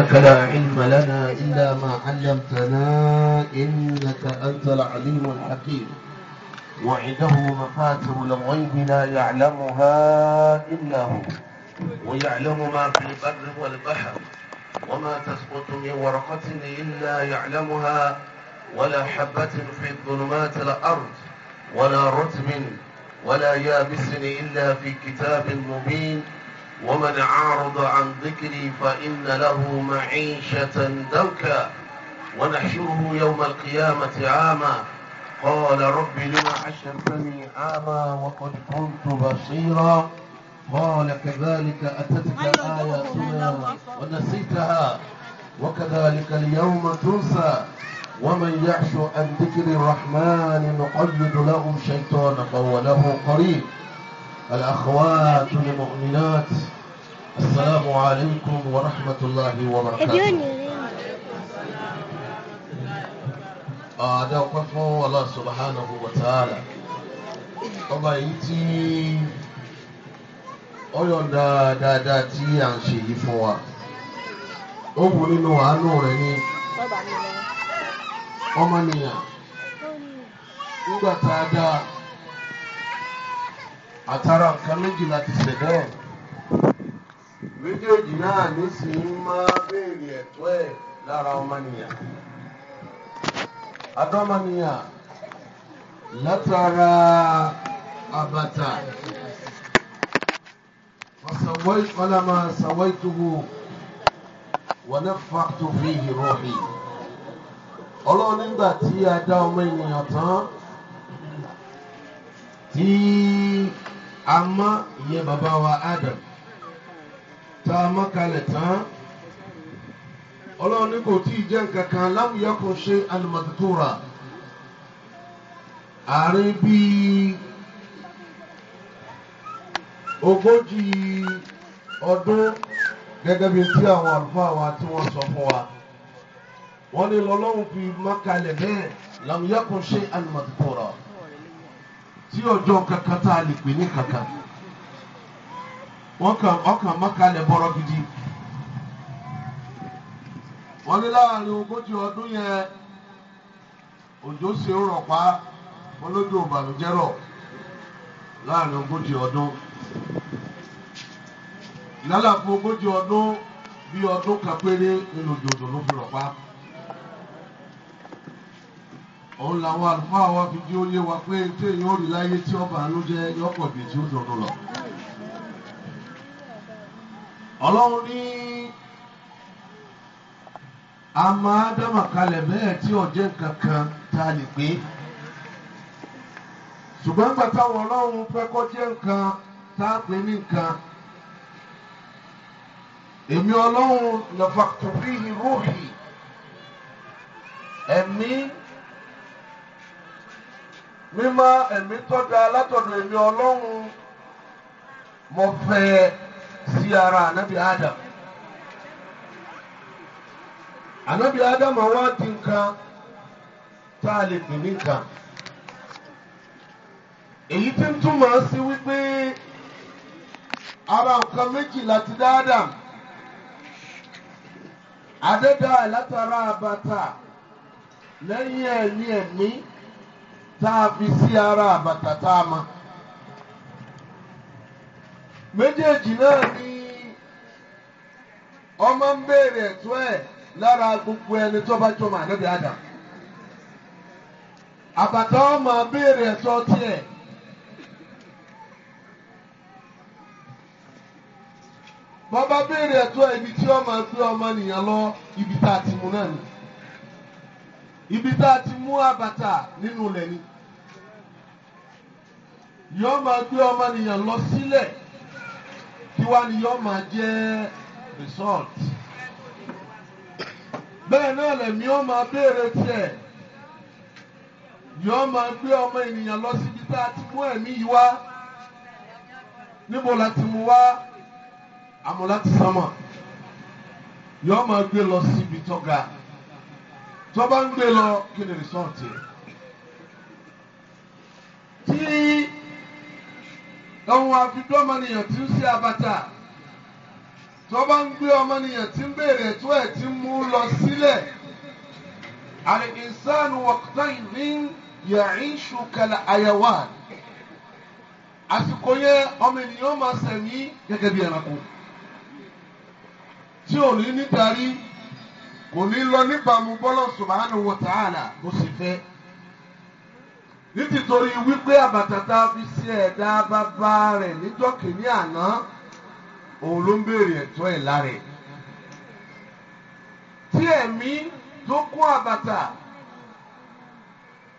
إنك لا علم لنا إلا ما علمتنا إنك أنت العليم الحكيم وعنده مفاتر الغيب لا يعلمها إلا هو ويعلم ما في البر والبحر وما تسقط من ورقة إلا يعلمها ولا حبة في الظلمات الأرض ولا رتب ولا يابس إلا في كتاب مبين ومن عارض عن ذكري فإن له معيشة دوكا ونحشره يوم القيامة عاما قال رب لما حشرتني عاما وقد كنت بصيرا قال كذلك أتتك أيوة، آياتنا ونسيتها وكذلك اليوم تنسى ومن يعش عن ذكر الرحمن نقيد له شيطان فهو له قريب الأخوات المؤمنات السلام عليكم ورحمة الله وبركاته Àdá ọpẹ́ fún Allah subhanahu wa ta'ala. Ọba yìí tí ó yọ̀ǹda dáadáa tí à ń ṣe yìí fún wa. Ó wù nínú àánú rẹ̀ ní ọmọnìyàn. Nígbà tá a dáa àtàrà nǹkan méjì láti ṣẹ̀dá ẹ̀ méjèèjì náà nísìnyí máa béèrè ẹ̀tọ́ ẹ̀ lára ọmọnìyàn adọ́mọnìyàn látara àbàtà wàlámà sàwáìtúwò wàlẹ́fàtò fìhì rọ̀hì ọlọ́run nígbà tí a dá ọmọ ènìyàn tán tí. Ama ye Baba wa Adam tá a mọ̀ kalẹ̀ tán ọlọ́run ní kò tí ì jẹ́ nǹkan kan lam yakun shay'an madhkura àárín bíi ogójì ọdún gẹ́gẹ́ bíi tí àwọn àlùfáà wa tí wọ́n sọ fún wa wọ́n ní lọ́lọ́run fi mọ̀ kalẹ̀ bẹ́ẹ̀ lam yakun shay'an madhkura. tí ọjọ́ kankan tá a lè pè ní kankan wọ́n kàn ọkàn mọ́kànlẹ̀ bọ́rọ̀ gidi wọ́n ní láàrin ogójì ọdún yẹn òjò ṣe ń rọ̀pá wọn lójú òbànújẹ́ rọ̀ láàrin ogójì ọdún lálàfo ogójì ọdún bíi ọdún kan péré nínú òjò ló fi rọ̀pá. òun làwọn àlùfáà wa fi jí ó wa pé téèyàn ò rí láyé tí ọba àánú jẹ yọpọ̀ bíi tí ó dọ̀dọ̀ lọ. ọlọ́run ní a máa dámà kalẹ̀ bẹ́ẹ̀ tí ọ̀jẹ̀ kankan ta lè gbé ṣùgbọ́n gbà táwọn ọlọ́run fẹ́ kọjá nǹkan tá a pè ní nǹkan èmi ọlọ́run lọ́fàkùnrin rúhì ẹ̀mí mímọ́ ẹ̀mí tó da látọ̀dọ̀ èmi ọlọ́run mo fẹ́ sí ara ànábì Adam ànábì Adam wá di nǹkan tá a lè pè ní nǹkan èyí tí ń túmọ̀ sí wípé ara nǹkan méjì láti dá Adam adẹ́dá látara àbàtà lẹ́yìn ẹ̀ ní ẹ̀mí. tá a ara abata taa ma méjèèjì náà ni ọmọ n béèrè ẹ̀tọ́ ẹ̀ lara gbogbo ẹni tó bá jọmọ ànábì Adam àbàtà ọmọ béèrè ẹ̀tọ́ tiẹ̀. bọ́bá béèrè ẹ̀tọ́ ibi tí ọmọ ẹgbẹ́ ọma nìyẹn lọ ibi tá a ti mú náà ni ibi tá a ti mú àbàtà nínú ilẹ̀ yóò máa gbé ọmọnìyàn lọ sílẹ̀ kí wá ni yóò máa jẹ́ result bẹ́ẹ̀ náà lẹ̀mí ó máa béèrè tiẹ̀ yóò máa gbé ọmọ ènìyàn lọ síbi tá a ti mú ẹ̀mí yìí wá níbo la ti mú wá àmọ́ láti sánmọ̀ yóò máa gbé lọ síbi tó ga tó bá ń gbé lọ kí ni result yẹ ẹ̀wọ̀n àfidú ọmọnìyàn tí ń ṣe àbàtà tó bá ń gbé ọmọnìyàn tí ń béèrè ẹ̀tọ́ ẹ̀ tí ń mú lọ sílẹ̀ àlìkìsánù wọ̀kútàn ní ya'ishu kal ayawan àsìkò yẹn ọmọ ènìyàn máa sẹ̀mí gẹ́gẹ́ bí ẹranko tí ò ní nítorí kò ní lọ níbàámu bọ́lọ̀ subhanahu wa ta'ala bó sì fẹ́. nítorí wípé àbàtà fi ṣe ẹ̀dá bàbá rẹ̀ níjọ́ kìíní àná òun ló ń béèrè ẹ̀tọ́ ẹ̀ lára tí ẹ̀mí tó kún àbàtà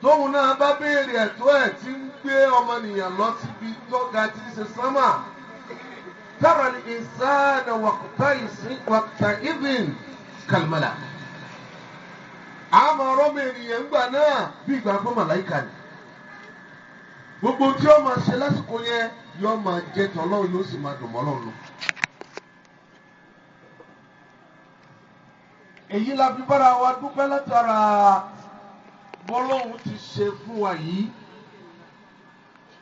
tóun náà bá béèrè ẹ̀tọ́ ẹ̀ tí ń gbé ọmọnìyàn lọ síbi tó ga tí ṣe sánmà tábà ni ìsáàdà wàkútà ìbìn àmọ̀ ọ̀rọ̀ mi ènìyàn ń gbà náà bí ìgbà fún gbogbo tí ó máa ṣe lásìkò yẹn yóò máa jẹ tọ́lọ́run yóò sì máa dùn mọ́ èyí la fi bára wa dúpẹ́ látara bọ́lọ́hún ti ṣe fún wa yìí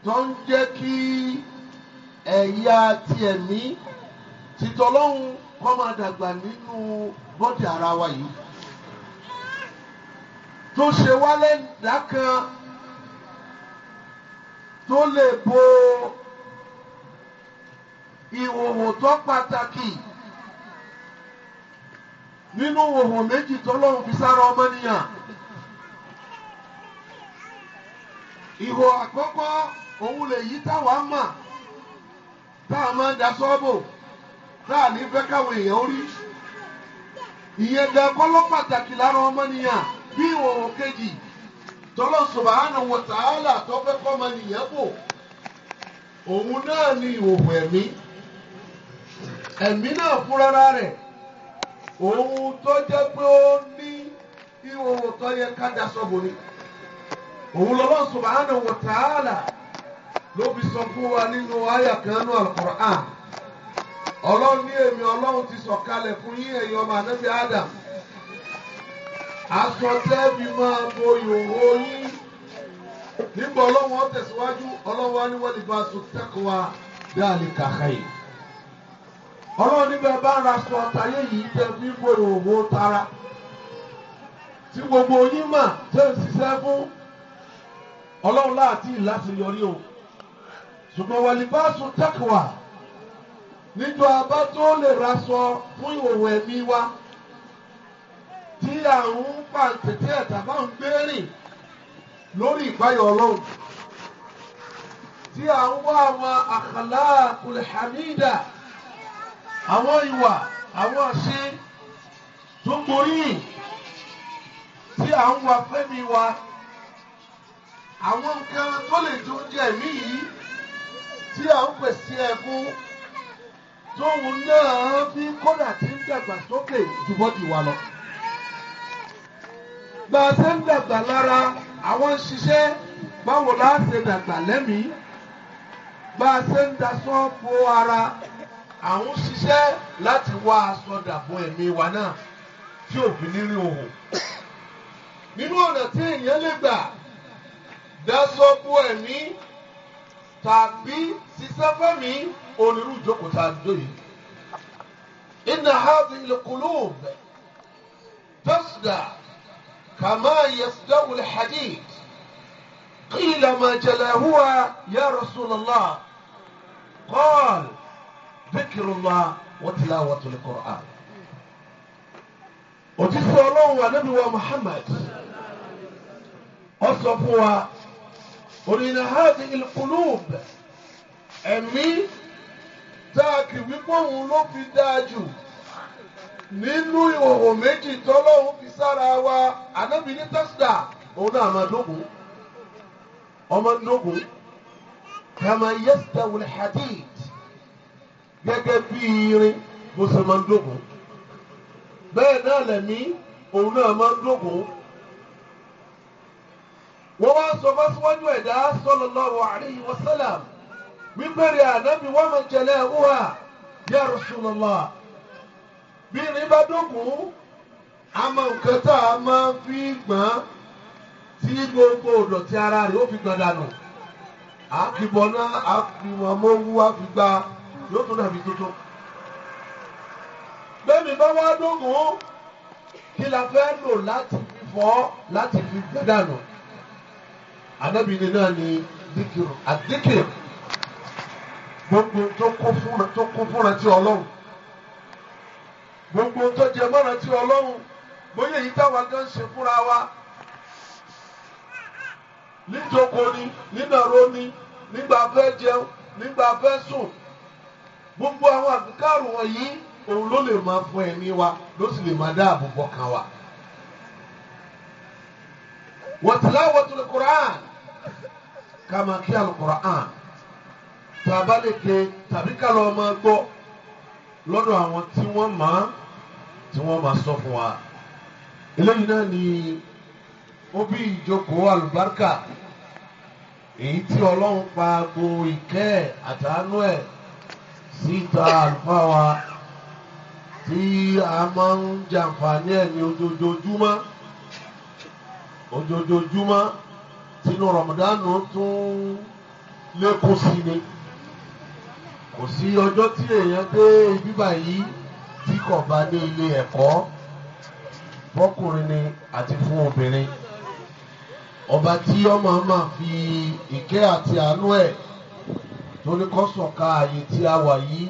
tó ń jẹ́ kí ẹ̀yà ti ẹ̀mí tìtọ́lọ́hún kọ́ máa dàgbà nínú bọ́dì ara wa yìí tó ṣe wá lẹ́ńdà tó lè bo ìhòhò tó pàtàkì nínú òhò méjì tọ́lọ́hùn fi sára ọmọnìyàn ìhò àkọ́kọ́ òun lè yí táwa mà tá a máa da sọ́ọ̀bù tá a ní fẹ́ káwọn èèyàn rí ìyẹn gan ló pàtàkì lára ọmọnìyàn bí ìhòhò kejì tọ́lọ́ subhanahu wa ta'ala tọ́fẹ́ kọ́mọ nìyẹn bò òun náà ni ìhòòhò ẹ̀mí ẹ̀mí náà fún rárá rẹ̀ òun tó jẹ́ pé ó ní ìhòòhò tó yẹ ká daṣọ ni òun lọ́lọ́ subhanahu wa ta'ala ló fi sọ fún wa nínú àyà kan nínú al-Qur'an ọlọ́run ní èmi ọlọ́run ti sọ̀kalẹ̀ fún yín ẹ̀yin ọmọ ànábì Ádámù asọtẹ́bi máa bo yòówó yín nígbà ọlọ́wọ́n tẹ̀síwájú ọlọ́wọ́ aníwọ́lì bá aṣọ tẹ́kọ̀ọ́ wa bí a lè kàkà yìí. ọlọ́run níbẹ̀ bá ra aṣọ àtàyè yìí tẹ fi bo yòówó tara tí gbogbo yín mà tẹ́ ń ṣiṣẹ́ fún ọlọ́run láti láti yọrí o ṣùgbọ́n wọ́n lè bá aṣọ tẹ́kọ̀ọ́ wa níjọ abá tó lè raṣọ fún ìwòwò ẹ̀mí wa tí àwọn pa tètè ẹ̀tà bá ń gbé rìn lórí ìpáyọ̀ ọlọ́run tí à ń wá àwọn àkàlà kùlẹ̀hámídà àwọn ìwà àwọn àṣẹ tó gboríyìn tí à ń wá fẹ́mi wa àwọn nǹkan tó lè tó jẹ́ mí yìí tí à ń pèsè ẹ̀kún tóun náà fi kódà tí ń dàgbàsókè jùbọ́ ti wà lọ bá a ṣe ń dàgbà lára àwọn ń ṣiṣẹ́ báwo la ṣe dàgbà lẹ́mìí bá a ṣe ń daṣọ bo ara àwọn ṣiṣẹ́ láti wá aṣọ dàbò ẹ̀mí wa náà tí òfin ní rí òwò nínú ọ̀nà tí èèyàn lè gbà daṣọ bo ẹ̀mí tàbí ṣiṣẹ́ fẹ́mi onírú ìjókòó tá a dó yìí. إن كما يصدر الحديث قيل ما جلاهها يا رسول الله قال ذكر الله وتلاوة القرآن òjíṣẹ́ ọlọ́run ànábì wa Muhammad ó sọ fún wa onínà hàdí ìlúkúlùb ẹ̀mí táàkì wípé òun ló fi dáa jù nínú ìhòòhò méjì tọ́lọ́hún fi sára wa ànábì ní tásídà òun náà máa dógùn ọmọ dógùn kàmá yẹ́sítà wùlẹ̀ hadid gẹ́gẹ́ bí irin bó ṣe máa dógùn bẹ́ẹ̀ náà lẹ̀mí òun náà máa dógùn wọ́n wá sọ bá síwájú ẹ̀dá sallallahu alayhi wa sallam wípé rẹ̀ ànábì wọ́n máa jẹlẹ̀ wúwa ya Rasulullah bí irin bá dókun àmọ́ nǹkan tá a máa fi gbọ́n tí gbogbo ìdọ̀tí ara rẹ̀ ó fi gbọ́n dànù àkìbọ̀ náà àkìwọ̀n mọ́wú á fi gba yóò tún dàbí tuntun. bẹ́ẹ̀ni bá wá dókun kí la fẹ́ lò láti fi fọ́ láti fi gbọ́n dànù. anábìnrin náà ni díkìrù àdíkìrù gbogbo tó kún fúnra tí ọlọ́run gbogbo tó jẹ mọ́nà tí ọlọ́run bóyá èyí táwa gan ṣe fúnra wa níjókòó ni nínàró ni nígbà fẹ́ jẹun nígbà fẹ́ sùn gbogbo àwọn àfikàrù wọ̀nyí òun ló lè máa fún ẹ̀mí wa ló sì lè máa dáàbò bọ̀ kan wa. watilawatul Qur'an kàmá kí al-Qur'an tàbá tàbí kálọ̀ ọmọ gbọ́ lọ́dọ̀ àwọn tí wọ́n máa tí wọ́n máa sọ fún wa eléyìí náà ni ó bí ìjókòó àlùbáríkà èyí tí ọlọ́run pa gbo ìkẹ́ àtàánú ẹ̀ síta àlùfáà wa tí a máa ń jàǹfààní ẹ̀ ní ojoojúmọ́ ojoojúmọ́ tinú rọ̀mọ̀dánù tún lékún sí ni kò sí ọjọ́ tí èèyàn dé ibi báyìí kíkọ̀ bá ní ilé ẹ̀kọ́ fọkùnrin ni àti fún obìnrin ọba tí ọmọ máa fi ìkẹ́ àti àánú ẹ̀ torí kọ́ sọ̀ka ààyè tí a wà yìí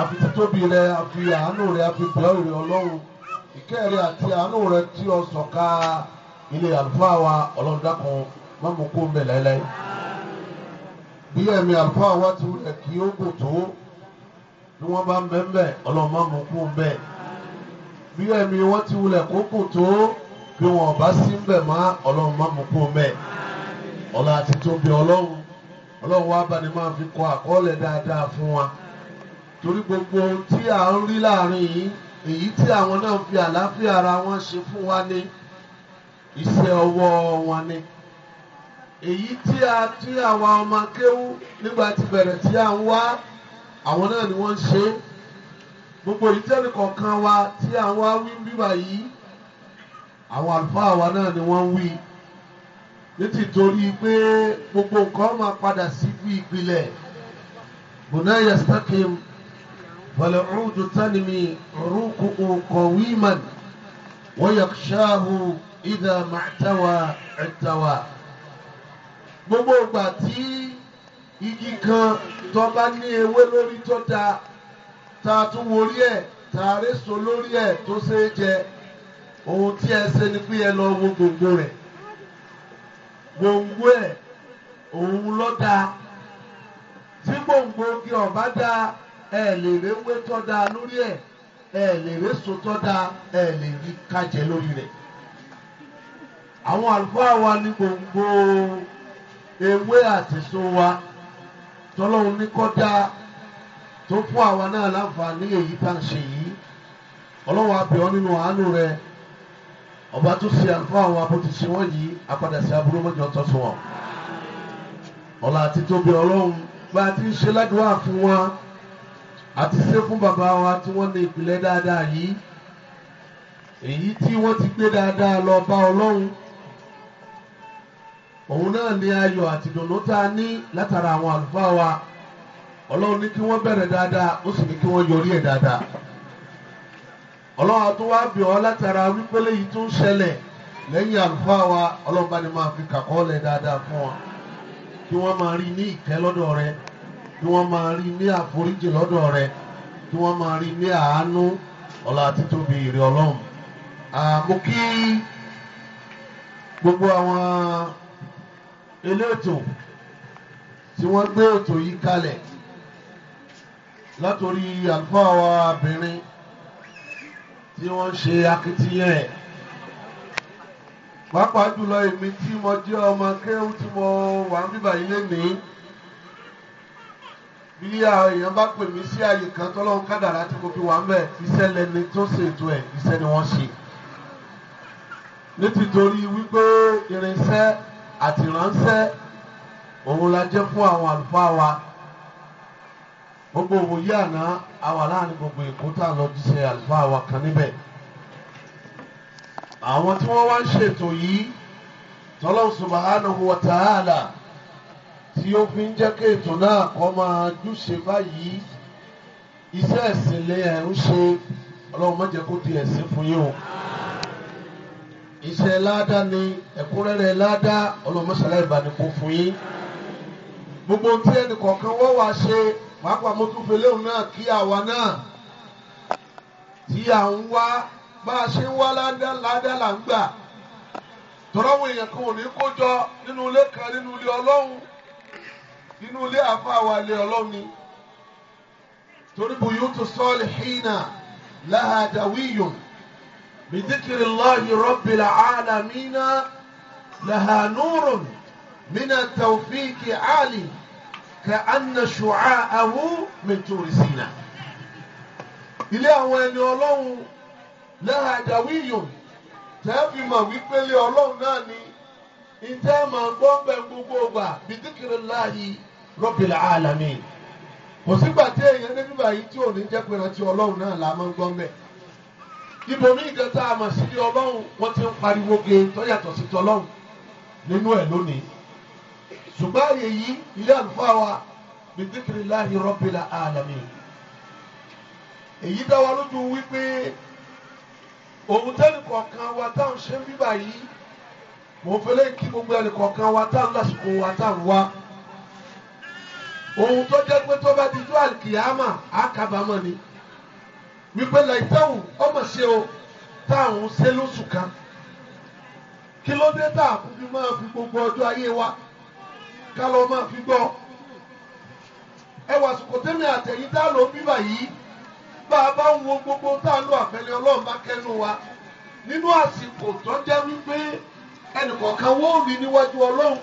àfitítóbi rẹ àfi àánú rẹ àfi bẹ́ẹ̀ rẹ ọlọ́run ìkẹ́ rẹ àti àánú rẹ tí ọ sọ̀ka ilé àlùfáà wa ọlọ́run dákun má mú kó ń bẹ̀ láéláé bí ẹ̀mí àlùfáà wa ti wúlẹ̀ kí ó gùn tó bí wọ́n bá ń bẹ́ ń bẹ́ ọlọ́mọ mú kú ń bẹ́ bí ẹ̀mí wọn ti wulẹ̀ kó kù tó bí wọn bá sí ń bẹ̀ mọ́ ọlọ́mọ mú kú ń bẹ́ ọlọ́ àti tóbi ọlọ́run ọlọ́run wa bá ní máa fi kọ àkọọ́lẹ̀ dáadáa fún wa torí gbogbo tí à ń rí láàrin yìí èyí tí àwọn náà fi àlàáfíà ara wọn ṣe fún wa ní iṣẹ́ ọwọ́ wọn ni èyí tí a tí àwa ọmọ kéwú nígbà tí bẹ̀rẹ̀ tí à ń wá àwọn náà ni wọ́n ń ṣe gbogbo ìjẹ́ni kọ̀ọ̀kan wa tí àwọn awí ń bíbà yìí àwọn àlùfáà wa náà ni wọ́n ń wí nítìtorí pé gbogbo nǹkan máa padà sí bí ìpìlẹ̀ bùnà yastakim wàlẹ̀ ọ̀rùjù tánimi rúkú qawiman wa yakshahu idha ma'tawa ẹ̀tàwà gbogbo ìgbà tí igi kan tó bá ní ewé lórí tó da tá a tún worí ẹ̀ tá a rí so lórí ẹ̀ tó ṣeé jẹ ohun tí ẹ ṣe ni pé ẹ lọ wo gbòǹgbò rẹ̀ gbòǹgbò ẹ̀ òun ló da tí gbòǹgbò igi ọ̀bá da ẹ lè rí ewé tó da lórí ẹ̀ ẹ lè rí so tó da ẹ lè rí kájẹ lórí rẹ̀ àwọn àlùfáà wa ní gbòǹgbò ewé àti so wa tọ́lọ́hún ní kọ́dá tó fún àwa náà láǹfààní èyí tá à ń ṣe yìí ọlọ́run abẹ́ọ́ nínú àánú rẹ ọba tó ṣe àlùfáà àwọn abótìṣe wọn yìí apàdà sí aburú mọ́jọ tó sùn wọn. ọ̀la àti tóbi ọlọ́run bá a ti ń ṣe ládùúgbò fún wọn àti ṣe fún bàbá wa tí wọ́n ní ìpìlẹ̀ dáadáa yìí èyí tí wọ́n ti gbé dáadáa lọ bá ọlọ́run òun náà ni ayọ̀ àti donota ni a ní látara àwọn àlùfáà wa ọlọ́run ní kí wọ́n bẹ̀rẹ̀ dáadáa ó sì ní kí wọ́n yọrí ẹ̀ dáadáa ọlọ́run àti wá bì ọ́ látara wípélé yìí tó ń ṣẹlẹ̀ lẹ́yìn àlùfáà wa ọlọ́run bá ní máa fi kàkọ́ọ̀lẹ̀ dáadáa fún wọn kí wọ́n máa rí ní ìkẹ́ lọ́dọ̀ rẹ kí wọ́n máa rí ní àforíjì lọ́dọ̀ rẹ kí wọ́n máa rí ní àánú ọlá àti gbogbo àwọn. elétò tí wọ́n gbé ètò yìí kalẹ̀ látòrí àlùfáà wa obìnrin tí wọ́n ṣe akitiyan ẹ̀ pàápàá jùlọ èmi tí mo jẹ́ ọmọ kéwù tí mo wà ń bíbà yìí lénìí bí èèyàn bá pè mí sí àyè kan tọ́lọ́run kádàrá tí mo fi wà ń bẹ̀ iṣẹ́ lẹni tó ṣètò ẹ̀ iṣẹ́ ni wọ́n ṣe ní wípé irinṣẹ́ àti ránṣẹ́ òun la jẹ́ fún àwọn àlùfáà wa gbogbo òwòye àná àwa láàrin gbogbo èkó tá a lọ jíṣẹ́ àlùfáà wa kan níbẹ̀ àwọn tí wọ́n wá ń ṣètò yìí tọ́lọ́hùn subhanahu wa ta'ala tí ó fi ń jẹ́ kí ètò náà kọ́ máa júṣe báyìí iṣẹ́ ẹ̀sìn lè ń ṣe ọlọ́run má kó di ẹ̀sìn fún yín o. iṣẹ́ ládàá ni ẹ̀kúnrẹ́rẹ́ ládàá ọlọ́mọṣẹ́lá ìbàdìkú fún gbogbo tí ẹnì kọ̀ọ̀kan wọ́n wá ṣe pàápàá mo tún fẹlẹ́ òun náà kí àwa náà tí à ń wá bá a ṣe ń wá ládàá là ń gbà tọ́lọ́wọ́ èèyàn kan ò ní kó jọ nínú ilé kan nínú ilé ọlọ́run nínú ilé àfáàwà ilé ọlọ́run ni بذكر الله رب العالمين لها نور من التوفيق عالي كأن شعاعه من طور سيناء ilé àwọn ẹni ọlọ́run náà àjàwíyùn tẹ́ẹ̀fì mọ̀ wípé ilé ọlọ́run náà ni ìtẹ́ máa ń gbọ́ bẹ́ẹ̀ gbogbo ọgbà bìtíkìrì láàyè Rabbil alamin kò sígbà tí èèyàn débi báyìí tí ò ní jẹ́ pé rántí ọlọ́run náà là máa gbọ́ bẹ́ẹ̀ ibomi ìdẹ́ta àmọ̀ sí ilé ọlọ́run wọ́n ti ń pariwo ge tọ́yàtọ̀ sí tọ́lọ́run nínú ẹ̀ lónìí ṣùgbọ́n àyè yìí ilé àlùfáà wa bìtìkìrì láàyè rọ́bìlà àlàmì èyí dá wa lójú wípé òun tẹ́lẹ̀ kọ̀ọ̀kan wa táwọn ṣe ń bíbà yìí mò ń fẹ́lẹ́ kí gbogbo ẹnì kọ̀ọ̀kan wa táwọn lásìkò wa táwọn wa ohun tó jẹ́ pé tó bá di ju àlìkìyàmà àkàbàmọ́ ni wípé láìpẹ́hùn ọmọ ṣe o táwọn ṣe lóṣù kan kí ló dé tá àkúndí máa fi gbogbo ọjọ́ ayé wa ká lọ máa fi gbọ́ ẹ wà sùkòtẹ́mì àtẹ̀yìn tá a lò bíbà yìí bá a bá ń wo gbogbo tá a lò àfẹlẹ́ ọlọ́run bá kẹ́nu wa nínú àsìkò tó jẹ́ wípé ẹnìkọ̀ọ̀kan wọ́n rí níwájú ọlọ́run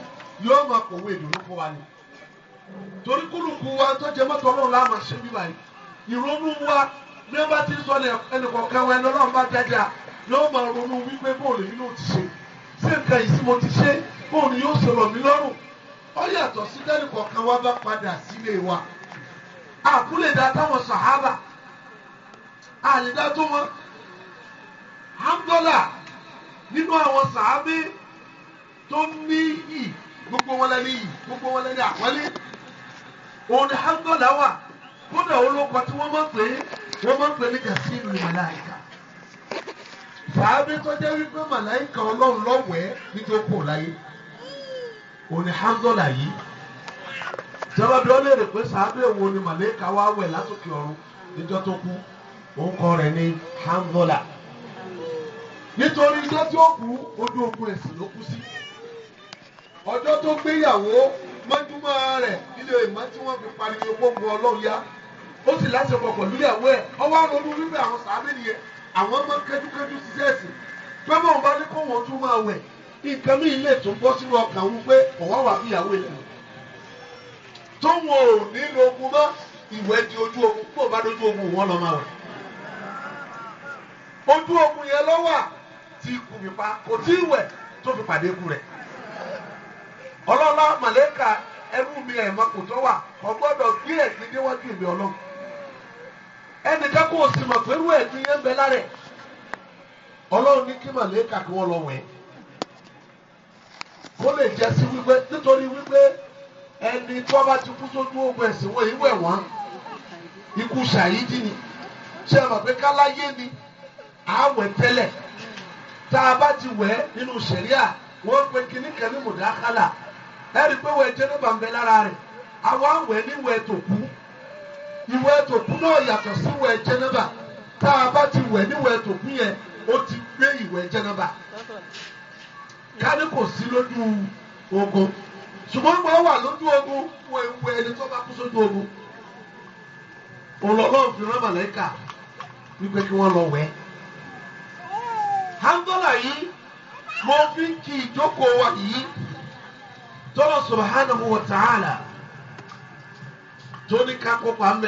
yóò máa kọ̀wé ìdùnnú fún wa ni torí kúlùkù wa tó jẹ mọ́tò ọlọ́run láàmú àṣẹ bíbà yìí ìrònú wa ní ọba tí ń sọ ẹnìkọ̀ọ̀kan wa ẹni ọlọ́run bá dájà yóò máa ronú wípé bóòlù yìí ló ti ṣe ṣé nǹkan yìí sí mo ti ṣe bóòlù yóò ṣe rọ̀ mí lọ́rùn ó yàtọ̀ sí tẹ́nìkọ̀ọ̀kan wa bá padà sílé wa àkúlè dá táwọn sàhábà àlìdá tó wọn hamdọ́là nínú àwọn sàábé tó ní yìí gbogbo wọn lẹ́ni yìí gbogbo wọn lẹ́ni àpọ́lé òun ni hamdọ́là wà kódà olóko tí wọ́n máa ń pè é. wọ́n ma ń pè ní kàṣíìrù màláìka sàábí tó jẹ́ wípé màláìka ọlọ́run lọ́wẹ̀ẹ́ níjókòó láyé òní hanzọ́là yìí ni bí yi. léèrè pé sàábí òun ni màláìka wá wẹ̀ látòkè ọ̀run níjọ́ tó kú òun kọ́ ní hanzọ́là nítorí ijọ́ tí ó kú ojú ogun ẹ̀sìn ló kú sí ọjọ́ tó gbéyàwó mọ́júmọ́ rẹ̀ nílé ìmọ̀ tí wọ́n fi pariwo gbogbo ó sì láṣepọ̀ pẹ̀lú ìyàwó ẹ̀ ọwọ́ àwọn olú wípé àwọn sàábé nìyẹn àwọn máa ń kẹ́júkẹ́jú ṣiṣẹ́ ẹ̀sìn pé mọ̀ bá ní kó wọ́n tún máa wẹ̀ nǹkan mi lè tún bọ́ sínú ọkàn òun pé ọ̀wá wà fún ìyàwó ẹ̀ tó wọn ò ní lógun mọ́ ìwẹ̀ di ojú ogun kó o bá dojú ogun wọn lọ máa wẹ̀ ojú ogun yẹn lọ wà tí ikú mi pa kò tí ì wẹ̀ tó fi pàdé ikú rẹ̀ ọlọ́lá màlẹ́kà ẹrú mi ẹ̀ mọ́ kò tọ́ wà ọgbọ́dọ̀ gbé ẹ̀sìn níwájú ìgbé ọlọ́run ẹnìkan kò sì mọ̀ pẹ̀lú ẹ̀dùn yẹn bẹ lára ẹ̀ ọlọ́run ní kí màlẹ́kà kí wọ́n lọ wẹ̀ kó lè jẹ́ wípé nítorí wípé ẹni tó bá ti kú sójú ogun ni ṣé ẹ mọ̀ pé káláyé ni tá a bá ti nínú pe pé ìwẹ̀ tòkú náà yàtọ̀ sí ìwẹ̀ jẹnẹba tá a bá ti wẹ̀ níwẹ̀ tòkú yẹn ó ti gbé ìwẹ̀ jẹnẹba kání kò sí lójú ogun ṣùgbọ́n wọ́n wà lójú ogun wọ́n ń wẹ ẹni tó bá kú sójú ogun òlọ́lọ́ fi rán màlẹ́kà wípé kí wọ́n lọ wẹ̀ handola yìí mo fi ń kí ìjókòó wa yìí tọ́lọ̀ subhanahu wa ta'ala tó ní ká kópa ń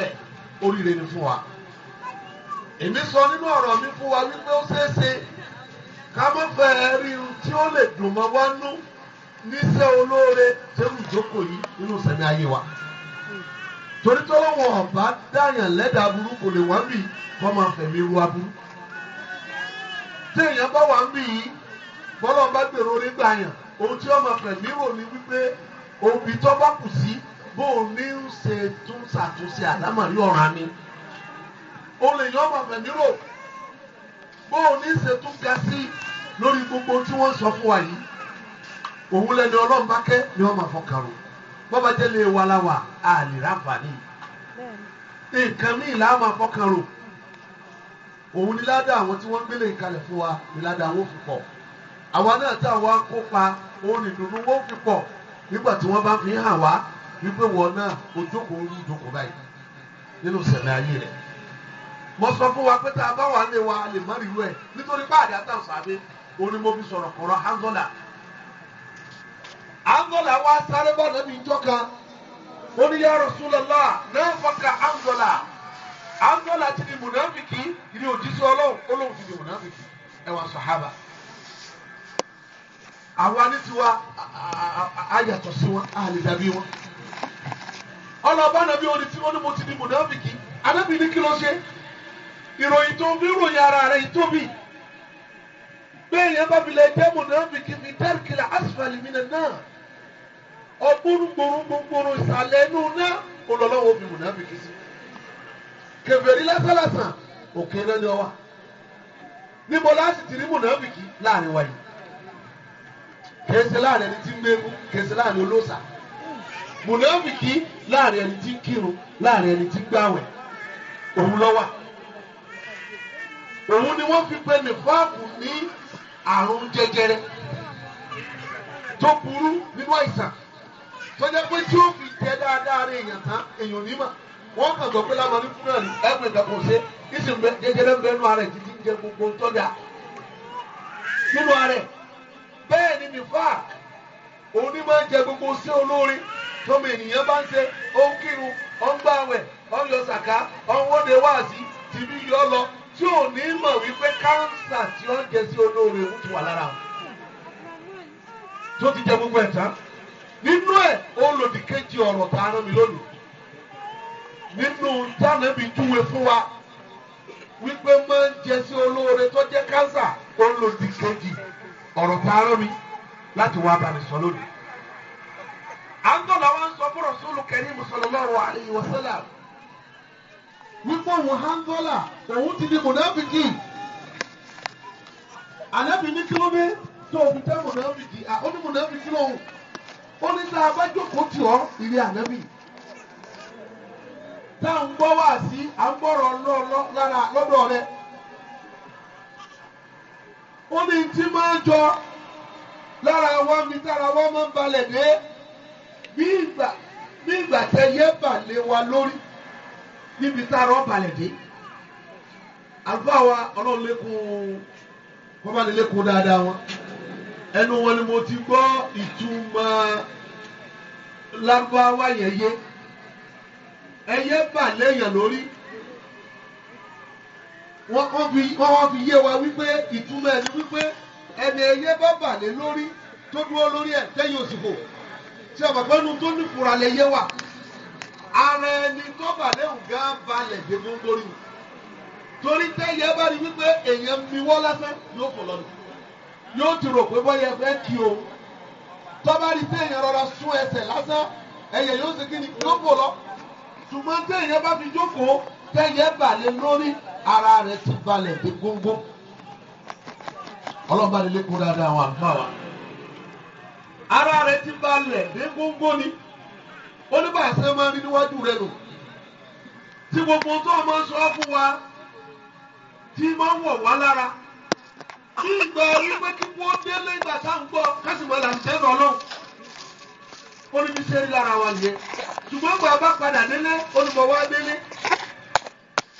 oríire ni fún wa èmi sọ nínú ọ̀rọ̀ mi fún wa wípé ó ṣeé ṣe ká má fẹ́ rí irun tí ó lè dùn mọ́ wá nú níṣẹ́ olóore tẹ́rù ìjókòó yìí nínú sẹ́mi ayé wa torí tọ́lọ́wọ́ ọ̀bá dáyàn lẹ́dà burú kò lè wá bì kọ́ máa fẹ̀mí ru aburú téèyàn bá wà ń bì yìí bọ́lá ọba gbèrò orí gbàyàn ohun tí wọ́n máa fẹ̀mí rò ní wípé òbí tó bá kù sí bó o ní ń ṣe tún ṣàtúnṣe àdámọ̀rí ọ̀ràn mi o lè yọ ọmọ fẹ̀mí rò bó o ní ṣe tún ga sí lórí gbogbo tí wọ́n sọ fún wa yìí òun lẹni ọlọ́run bá kẹ́ ni wọ́n máa fọkàn rò bọ́bá jẹ́ lè wa la wà á lè ráǹfààní nǹkan míì là á máa fọkàn rò òun ni ládà àwọn tí wọ́n gbélé ìkalẹ̀ fún wa ni ládà àwọn òfin pọ̀ àwa náà tá a kópa òun ìdùnnú wọn fi pọ̀ nígbà tí wọ́n bá fi hàn wá wípé wọn náà ojókòó ń jókòó báyìí nínú sẹ̀mí ayé rẹ̀ mo sọ fún wa pé tá a bá wà ní wa a lè má rí irú ẹ̀ nítorí wa sáré bá nàbí ìjọ kan ó ní na náà fọkà hanzola hanzola ti di mùnàfìkì ìdí òjíṣẹ́ ọlọ́run olóhùn ti di mùnàfìkì ẹ̀wà sọ̀hábà àwa ní tiwa a yàtọ̀ a ọlọ́ọ̀bá nàbí onímọ̀ ti di mùnàfìkì anábì ní kí ló ṣe ìròyìn tó bí ròyìn ara rẹ̀ yìí tóbi bẹ́ẹ̀ yẹn bá bilẹ̀ jẹ́ mùnàfìkì fi dárìkìlà asfali mi náà ọgbónúgbòrún gbòngbòrún ìsàlẹ̀ inú náà olọ́lọ́wọ́ fi mùnàfìkì sí kèfèrí lásánlásán òkè náà ni ọ wà níbo láti ti rí mùnàfìkì láàrin wa yìí kèsì láàrin ẹni tí ń gbé mú láàrin olóòsà mùnàfìkì láàrin ẹni tí ń kírun láàrin ẹni tí ń gbàwẹ̀ òun lọ́wà òun ni wọ́n fi pè ní fáàkù ní àrùn jẹjẹrẹ tó burú nínú àìsàn tọ́jà pé tí ó fi jẹ dáadáa rẹ èèyàn tán èèyàn onímọ̀ wọ́n kàn sọ pé lábọ̀ ní fúnra ní ẹgbẹ́ ìgbà kò ṣe ìsìn jẹjẹrẹ ń bẹ nínú ara ẹ̀ ń jẹ gbogbo tọ́jà nínú ara ẹ̀ bẹ́ẹ̀ ni ní fáàkù. òun máa ń jẹ gbogbo sí olórin tọ́mọ ènìyàn bá ń ṣe ó kírun ó ń gbàwẹ̀ wáàsí tìbí yọ lọ tí ò ní wípé káńsà tí ó ń jẹ sí ti wà lára o tó ti jẹ gbogbo ẹ̀ tán nínú ẹ̀ olòdìkejì ọ̀rọ̀ mi lónìí nínú dáná júwe fún wa wípé máa ń jẹ sí olóore tó káńsà láti wá bá mi sọ lónìí. à ń tọ́lọ̀ wá ń sọ fún Rasulu Karim sallallahu alayhi wa sallam wípé òun hangola òun ti di mùnàfìkì ànábì ní kílómi tó òun jẹ́ mùnàfìkì à ó ní mùnàfìkì lòun ó ní tá a bá jókòó tì ọ́ ìrì ànábì tá à ń gbọ́ wá sí à ń gbọ́rọ̀ lọ́ọ̀lọ́ lára lọ́dọ̀ rẹ̀ ó ní tí máa jọ lára wọn mi tára wọn máa ń balẹ̀ dé bí ìgbà bí ìgbà tẹ yẹ balẹ̀ wa lórí níbi tára wọn balẹ̀ dé àlùfáà wa ọlọ́run lékun wọ́n bá lè lékun dáadáa wọn ẹnu wọn ni mo ti gbọ́ ìtumọ̀ lárúbáwá yẹn yé ẹyẹ balẹ̀ yẹn lórí wọ́n fi yé wa wípé ìtumọ̀ ẹni wípé ẹni ẹyẹ bá bàlẹ́ lórí tó dúró lórí ẹ̀ tẹ́yìn òsìkò tí ọmọ pẹ́nu tó ní fura lẹ yé wà ara ẹni tó bàlẹ́ ògá balẹ̀ dèbò lórí o torí tẹ́yẹ bá rí wípé èèyàn mi wọ́ lásán yóò fò lọ́nà yóò ti rò pé bọ́yẹ fẹ́ kí o tọ́ba rí tẹ́yẹ rọra sún ẹsẹ̀ lásán ẹyẹ yóò ṣe kí ni yóò fò lọ ṣùgbọ́n tẹ́yẹ bá fi jókòó tẹ́yẹ balẹ̀ lórí ara rẹ̀ ti balẹ̀ gbogbo ọlọ́ba lè lékun dáadáa àwọn àgbà wa ara rẹ̀ ti ba lẹ̀ dé góńgó ni ó ní báyìí sẹ́ máa rí níwájú rẹ̀ lò tí gbogbo tó o máa ń sọ fún wa tí máa ń wọ̀ wá lára kí ìgbà orí pé kí wọ́n délé ìgbà tá à ń gbọ́ kásìmọ́ là ń tẹ́ lọ lọ́hùn ó ní bí sẹ́rí lára wa nìyẹn ṣùgbọ́n bàbá padà délé olùmọ̀ wá délé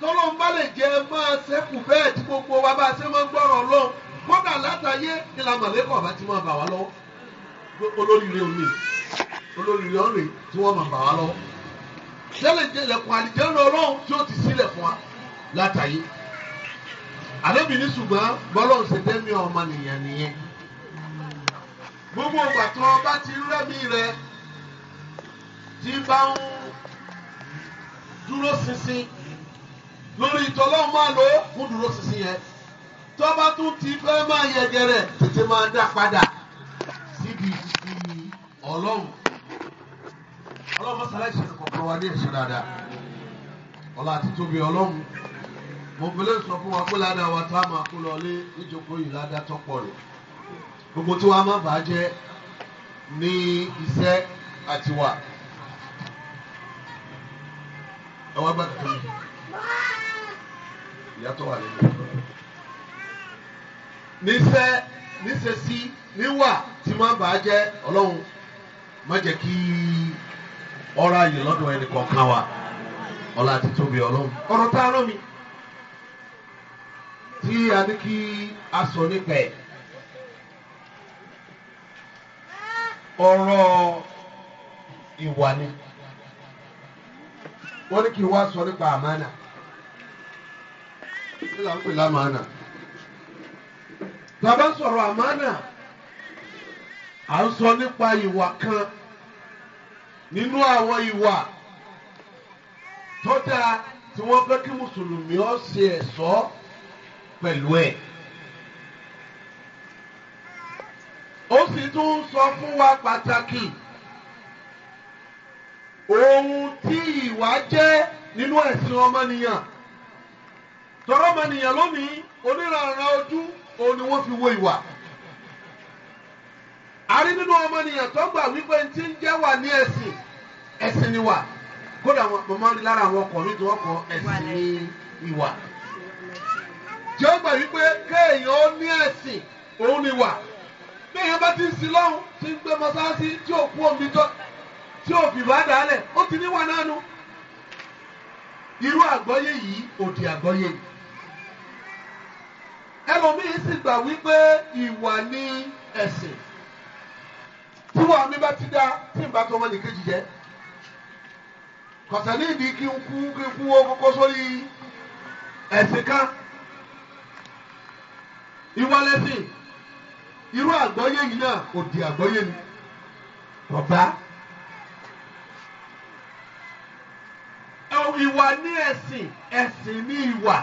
tọ́lọ́n bá lè jẹ́ máa ṣẹ́kù bẹ́ẹ̀ tí gbogbo wa bá ṣe máa ń gbọ́rọ̀ lọ́n kódà látàyé ni la mọ̀lẹ́kọ̀ bá ti máa bà wá lọ́wọ́ olóríire omi olóríire ọ̀rẹ́ tí wọ́n máa bà wá lọ́wọ́ tẹ́lẹ̀ jẹ́lẹ̀kùn àlìjẹ́rẹ́ ọlọ́run tí ó ti sílẹ̀ fún wa látàyé àlébi ní ṣùgbọ́n bọ́lọ́n ṣe dẹ́mi ọmọ nìyẹn nìyẹn gbogbo ìgbà tó ọba ti rẹ́mi rẹ tí bá ń dúró ṣinṣin lórí ìtọ́lọ́run máa lò ó fún dúró sísìn yẹn tọ́ba tún ti fẹ́ máa yẹgẹrẹ tètè máa dá padà síbi ìdí ọlọ́run ọlọ́run mọ́sálásí ṣe kọ̀ọ̀kan wa ní ẹ̀ṣẹ̀ dáadáa ọlá àti tóbi ọlọ́run mo fẹ́lẹ́ sọ fún wa pé ládàá wa tá a máa kó lọlé níjókòó yìí ládàá tọ́pọ̀ rẹ̀ gbogbo tí wàá má bàá jẹ́ ní iṣẹ́ àti wà ẹ wá gbàgbọ́ ìyàtọ̀ wà lẹ́nu níṣẹ́ níṣesí níwà tí máa bàá jẹ́ ọlọ́run má jẹ́ kí ọ̀rọ̀ ayè lọ́dọ̀ ẹnì kọ̀ọ̀kan wa ọlá ti tóbi ọlọ́run ọ̀rọ̀ tá a rán mi tí a ní kí a sọ nípa ẹ̀ ọ̀rọ̀ ìwà ni wọ́n ní kí wọ́n sọ nípa àmánà kí là ń pè lámàánà tá a bá sọ̀rọ̀ àmàánà à ń sọ nípa ìwà kan nínú àwọn ìwà tó dáa tí wọ́n fẹ́ kí mùsùlùmí ó ṣe ẹ̀ṣọ́ pẹ̀lú ẹ̀. ó sì tún sọ fún wa pàtàkì ohun tí ìwà jẹ́ nínú ẹ̀sìn ọmọnìyàn. tọrọ mọnìyàn lónìí oníranran ojú òun ni wọ́n fi wo ìwà àrí nínú ọmọnìyàn tó gbà wípé ti ń jẹ́ wà ní ẹ̀sìn ẹ̀sìn ni wà kódà mo rí lára àwọn ọkọ̀ nítorí ọkọ̀ ẹ̀sìn ni ti ń sin ti ń omi tọ́ tí ò fìbá dàálẹ̀ ó ti irú àgbọ́yé yìí ẹlòmíì sì gbà wípé ìwà ní ẹ̀sìn tí wàá mi bá ti dá tí n bá tó wọn nìkejì jẹ kọ̀sẹ̀ ní ìdí kí n kú kí n kú ó kókó sórí ẹ̀sìn kan ìwà lẹ́sìn irú àgbọ́yé yìí náà kò di àgbọ́yé mi bàbá. ìwà ní ẹ̀sìn ẹ̀sìn ní ìwà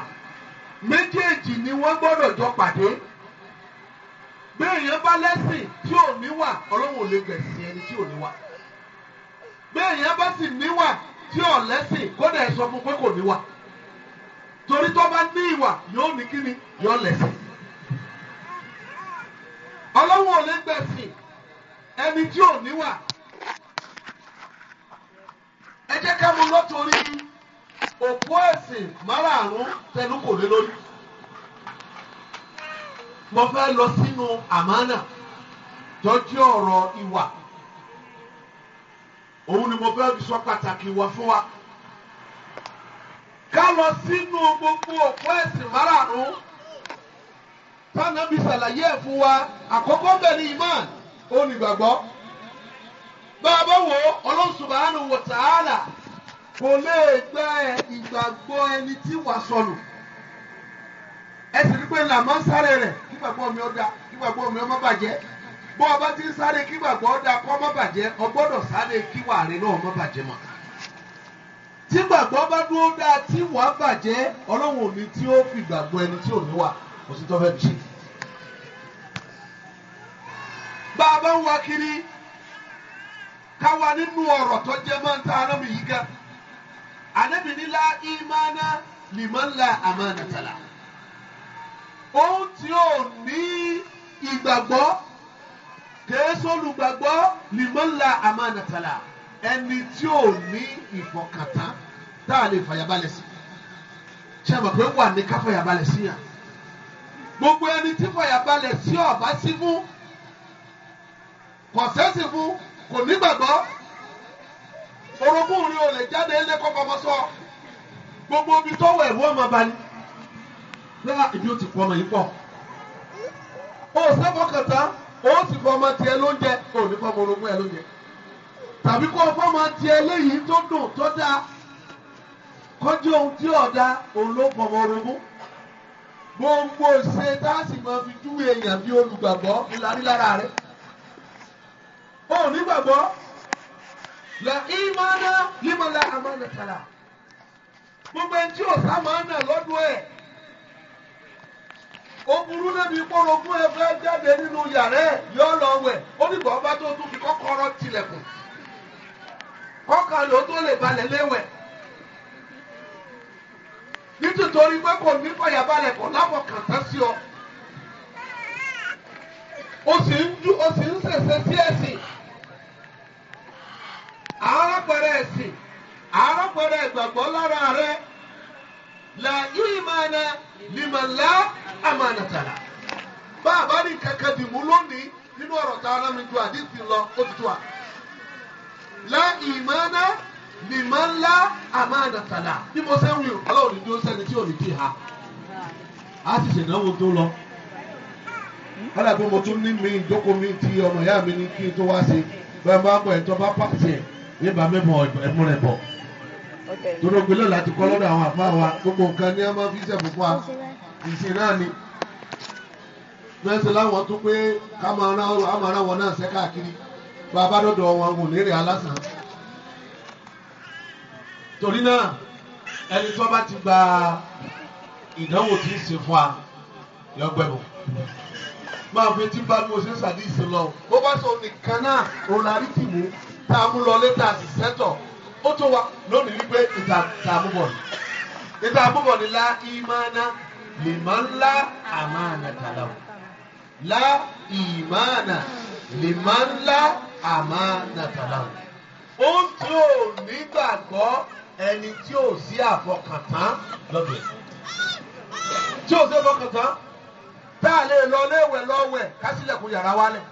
méjèèjì ni wọ́n gbọ́dọ̀ jọ pàdé béèyàn bá lẹ́sìn tí ò níwà ọlọ́run ò lè gbẹ̀sìn ẹni tí ò níwà béèyàn bá sì níwà tí ò lẹ́sìn kódà ẹ̀ sọ fún pé kò níwà torí tó bá ní ìwà yóò ní kíni yóò lẹ́sìn ọlọ́run ò lè gbẹ̀sìn ẹni tí ò níwà ẹ jẹ́ ká mú lọ́tọ̀ọ́rí. òpó ẹ̀sìn márààrún tẹnu kò lé lórí. lọ sínú àmánà tọ́jú ọ̀rọ̀ ìwà òun ni mo fẹ́ sọ pàtàkì ìwà fún wa. ká lọ sínú gbogbo òpó ẹ̀sìn márààrún tánàbí ṣàlàyé ẹ̀ fún wa àkọ́kọ́ ó bá a bá wo kò lè gbẹ ìgbàgbọ́ ẹni tí wàá sọnù ẹ sì ní pé là máa ń sáré rẹ̀ kí gbàgbọ́ mi ó kí gbàgbọ́ mi ó má bàjẹ́ bó ọba ti ń sáré kí gbàgbọ́ ó da kó má bàjẹ́ o sáré kí wà rẹ náà má bàjẹ́ mọ́ tí gbàgbọ́ bá dúró dáa tí wàá bàjẹ́ ọlọ́run ò ní tí ó fi gbàgbọ́ ẹni tí ò ní wà kò sí tó fẹ́ bí ṣe. bá a bá ń wá kiri ká wà nínú ọ̀rọ̀ tó jẹ́ máa ń ta arámi yìí gan anabi ní la imana liman la tala. ohun tí ó ní ìgbàgbọ́ kèésì olùgbàgbọ́ liman la amanatala ẹni tí ó ní ìfọkàntán tá a lè fàyàbalẹ̀ sí ṣé àmọ̀ pé wà ní ká fàyàbalẹ̀ sí gbogbo ẹni tí fàyàbalẹ̀ sí ọ̀bá sí fún kọ̀sẹ́sì fún kò nígbàgbọ́ orogún rí o lè jáde ẹsẹ kọ́ fọmọ sọ gbogbo omi tọwọ ẹ̀rú ọmọ bani náà èmi ò ti fọ ọmọ yìí pọ̀ o sẹ́fọ̀ kàtá o sì fọ ọmọ tiẹ̀ lóúnjẹ o ní fọ ọmọ orogún ẹ lóúnjẹ tàbí kó o fọ ọmọ tiẹ̀ léyìí tó dùn tó dáa kọjú ohun tí ọ̀dà òun ló fọ ọmọ orogún gbogbo ṣe tá a sì máa fi júwe èèyàn bí olùgbàgbọ́ ńlá rí lára rẹ̀ o nígbàgbọ́. la ìmọ̀nà límọ̀lá àmọ̀nà tàlà gbogbo ẹni tí ọ̀sá máa ń nà lọ́dún o ó burú níbi kórogún ebe fẹ́ jáde nínú yàrá ẹ̀ yọ lọ wẹ̀ tó tún fi tó lè balẹ̀ léwẹ̀ nítorí pé kò ní fàyàbalẹ̀ lábọ̀ sí ọ o sì ń sí ẹ̀sìn. àárọ̀pẹ̀rẹ̀ ẹ̀sìn àárọ̀pẹ̀rẹ̀ ìgbàgbọ́ lára rẹ là ìmàna lìmọ̀lá àmànàtàlà bá a bá ní kankan dìmú lónìí nínú ọ̀rọ̀ tá a rán mi ju àdìsí lọ ó ti tó a là ìmàna lìmọ̀lá àmànàtàlà bí mo ṣe ń wí ọlọ́run ní dúró sẹ́ni tí ò ní kí ha a sì ṣèdánwò tó lọ wọ́n dàbí mo tún ní mi ìjókòó mi ti ọmọ ìyá mi ní kí n tó wá sí bẹ́ẹ̀ máa ń bọ̀ ẹ̀ tó bá pàṣẹ bí bá mẹ́mọ̀ ẹ̀mú rẹ̀ bọ̀ torí ogun lọ́la ti kọ́ lọ́dọ̀ àwọn àfa wa gbogbo nǹkan ní ọmọ fi ṣẹ̀fù fún wa ìsìn náà ni mẹ́sẹ̀ láwọn tó pé ká máa rán wọn náà ṣẹ́ káàkiri bá a bá dọ̀dọ̀ wọn wò lérè alásàn torí náà ẹni tó bá ti gba ìdánwò tí ń ṣe fún wa lọ́gbẹ̀bọ̀ máa fi ti bá mi ò ṣe sàdí ìsìn lọ bó bá sọ nìkan náà òun la rí tì mú tá a mú lọ ó tó wa lónìí wípé ìta àmúbọ̀ ni ìta àmúbọ̀ ni lá ìmáná lèmán lá àmánà tàlà lá ìmáná lèmán lá àmánà tàlà ó tí ò nígbàgbọ́ ẹni tí ò sí àfọkàntán lọ́dọ̀ ẹ̀ tí ò sí àfọkàntán tá a lè lọ léwẹ̀ lọ́wẹ̀ kásílẹ̀kùn yàrá wálẹ̀.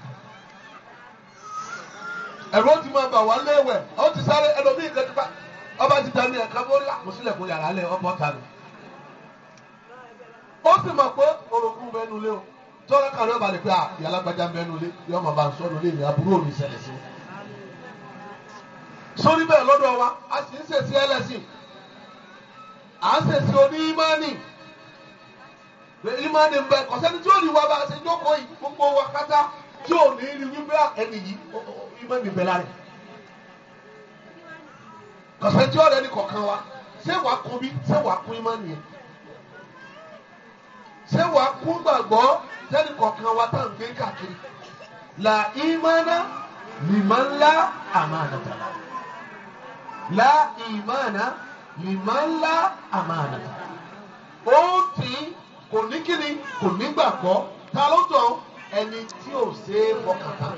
ẹ̀rọ ti máa bà wá léwẹ̀ ọ ti sáré ẹlòmíì lẹ́tìpá ọba ti dání ẹ̀ka bó rí àkọsílẹ̀kùn ah, yàrá lẹ̀ ọmọ ọ̀tá mi. ó sì mọ̀ pé orogún mẹ́nu ah, lé o tọ́lá kan náà mẹ́nu lé yọ ọmọ bá ń sọ́nu lé sí. sórí bẹ́ẹ̀ lọ́dọ̀ wa a sì ń ṣèṣe ẹlẹ́sìn à ń ṣèṣe oní ìmánì ìmánì ń bẹ kọ̀sẹ́ni tí ní wá bá a ṣe jókòó yìí gbogbo wa kátá tí ò ní rí ah, ẹni yìí ìmánì bẹ lára ẹ̀ kọ̀sẹ̀ tí ọ̀rẹ́ ni kọ̀ọ̀kan wa ṣé wàá kún bí ṣé wàá kún ìmánì yẹn ṣé wàá kún gbàgbọ́ sẹ́ni kọ̀ọ̀kan wa tá à ń gbé káàkiri là ìmánà lìmán lá àmánà tàlà là ìmánà lìmán lá àmánà tàlà ó ti kò ní kíni kò ní gbàgbọ́ ta ló tọ̀ ẹni tí ò ṣe é fọkàn tán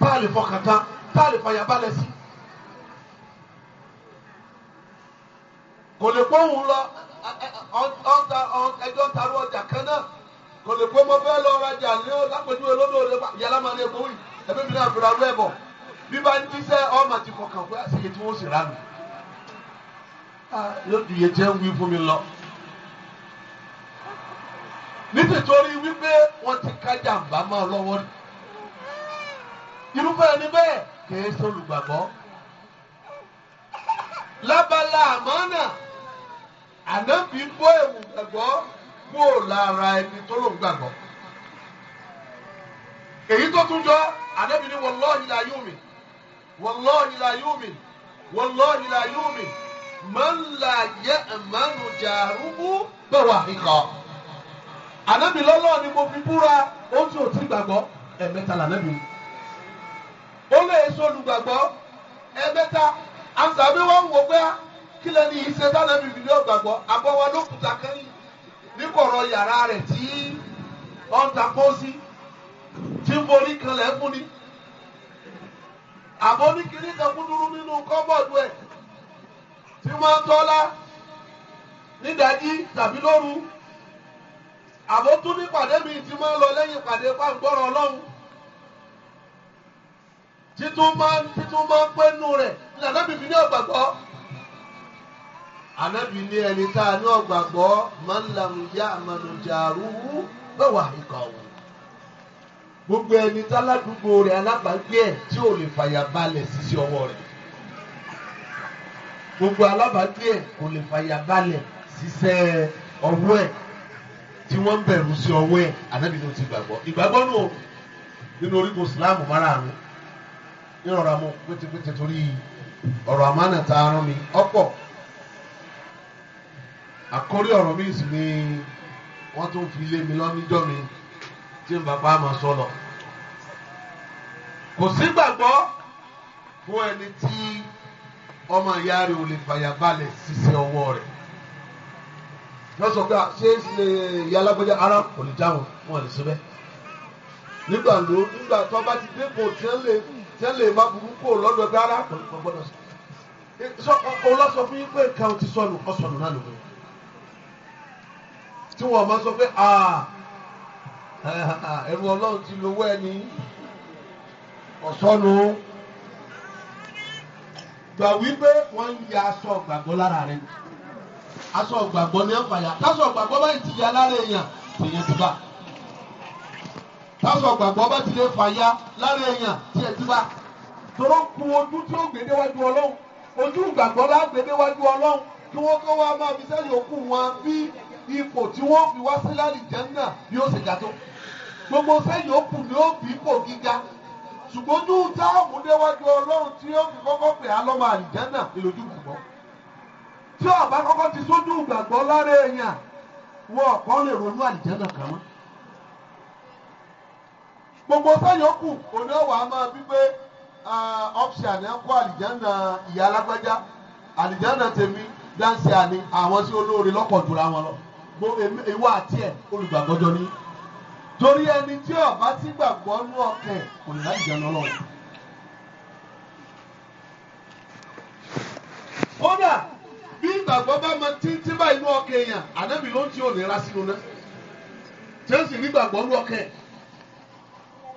tá a lè fọkàn tán tá a lè fàyàbalẹ̀ sí. kò lè pọ́hùn lọ ẹjọ́ ń tarú ọjà kan náà kò lè pọ́ mọ́ fẹ́ lọ rajà ní lápẹ̀júwe lọ́dọ̀ rẹ yàrá máa ní epo yìí ẹbí mi náà fura rẹ bọ̀ bí bá ń díṣẹ́ ọmọ ti kọkàn fún àṣeyẹ tí wọ́n sì rà mí. Ah, yóò dìye jẹ́ wí fún mi lọ. nítorí wípé wọ́n ti kájà ń bá máa lọ́wọ́ rí irúfẹ́ ẹni bẹ́ẹ̀ kìí sólùgbàgbọ́. lábala àmọ́nà ànábì ń bọ́ ẹ̀wù gbàgbọ́ kúrò lára ẹni tó lòún gbàgbọ́. èyí tó tún jọ ànábì ní wallahi la yu'min wallahi la yu'min wallahi la yu'min man la ya'manu jaruhu bawahiqa. ànábì lọ́lọ́ ni mo fi búra ó tún ò tí gbàgbọ́ ẹ̀mẹ́ta lànábì mi. o le esolu gbagbọ ẹgbẹta a tsammi wọn nwoke kile ni ise ntanebi video gbagbọ agbọ wọn lokuta kan yi yara rẹ ti on tapozi ti nbori kan le funi abụọ nikiri ọkpụdụrụ ninu comfort web ti ma n tola nida tabi lọrụ abụọ tun ni pade mi ti ma n lo ley títún máa ń títún máa ń pẹ́ nù rẹ̀ ní ànábì fi ní ọ̀gbàgbọ́. ànábì ní ẹni tá a ní ọ̀gbàgbọ́ máa ń lànà ìyá àmàlùjà rúwú bẹ́wà ikọ̀ wò. gbogbo ẹni tá aládùúgbò rẹ̀ alábàágbé ẹ̀ tí ò lè fàyà balẹ̀ sísí ọwọ́ rẹ̀. gbogbo alábàágbé ẹ̀ kò lè fàyà balẹ̀ sísẹ́ ọwọ́ ẹ̀ tí wọ́n bẹ̀rù sí ọwọ́ ẹ̀ ànábì ní o ti gbàgbọ́ ìgbàgbọ́ nù nínú orígun Islam márààrún ìrọ̀rọ̀ àmọ́ pétépété torí ọ̀rọ̀ àmánà tá a rán mi ọ̀pọ̀ àkórí ọ̀rọ̀ mi sì ni wọ́n tún fi lé mi lọ́níjọ́ mi tí n bàbá máa sọ lọ. kò sí gbàgbọ́ fún ẹni tí ọmọ ìyá rẹ̀ ò lè fàyà balẹ̀ ṣiṣẹ́ ọwọ́ rẹ̀ wọ́n sọ pé ṣé ìyá alágbèjà ara kò lè dáhùn wọn lè síbẹ̀ nígbà ló nígbà tó bá ti dé kò tí ń lè tẹ́ lè má burú kó lọ́dọ̀ pé ara kò gbọ́dọ̀ sọ ọlọ́sọ fún yín pé nǹkan ti sọnù ọ̀sọ̀nù náà lòun tí wọ́n máa sọ pé ẹ̀rù ọlọ́run ti lówó ẹni ọ̀sọ́nu gbà wípé wọ́n ń ya aṣọ ọ̀gbàgbọ́ lára rẹ̀ aṣọ ọ̀gbàgbọ́ ní ẹ̀fà yà káṣọ ọ̀gbàgbọ́ báyìí ti ya lára èèyàn tèèyàn ti bá táwọn gbàgbọ́ bá ti lè fàya lára èèyàn tí ẹ ti bá tóró kun ojú tí ó gbèdéwájú ọlọ́run ojú gbàgbọ́ lá gbèdéwájú ọlọ́run kí wọ́n kọ́ wá máa fi sẹ́yìn òkú wọn bí ipò tí wọ́n fi wá sí lálìjẹ́nà ni ó sì ga tó gbogbo sẹ́yìn òkú ni ó bí ipò gíga ṣùgbọ́n ojú táwọn déwájú ọlọ́run tí ó fi kọ́kọ́ pè á lọ́mọ àlìjẹ́nà ìlójú gbàgbọ́ tí ọ̀bá kọ́kọ́ ti sójú gbàgbọ́ lára èèyàn wọ́n kọ́ lè ronú àlìjẹ́nà kàn mọ́ gbogbo sẹ́yọ̀kù òní ọ̀wà máa bí pé option ẹ̀ kó àlìjánà ìyá alágbájá àlìjánà tèmi dáńsì àní àwọn sí olóore lọ́pọ̀ jùlọ àwọn lọ ìwọ àti ẹ̀ olùgbàgbọ́jọ ní. torí ẹni tí ọba ti gbàgbọ́ nú ọkàn kò ní láti jẹun lọ́wọ́. kódà bí ìgbàgbọ́ bá máa títí bá inú ọkàn èèyàn ànábì ló ń tí ò ní náà tí ó sì ní ìgbàgbọ́ nú ọkàn ẹ̀.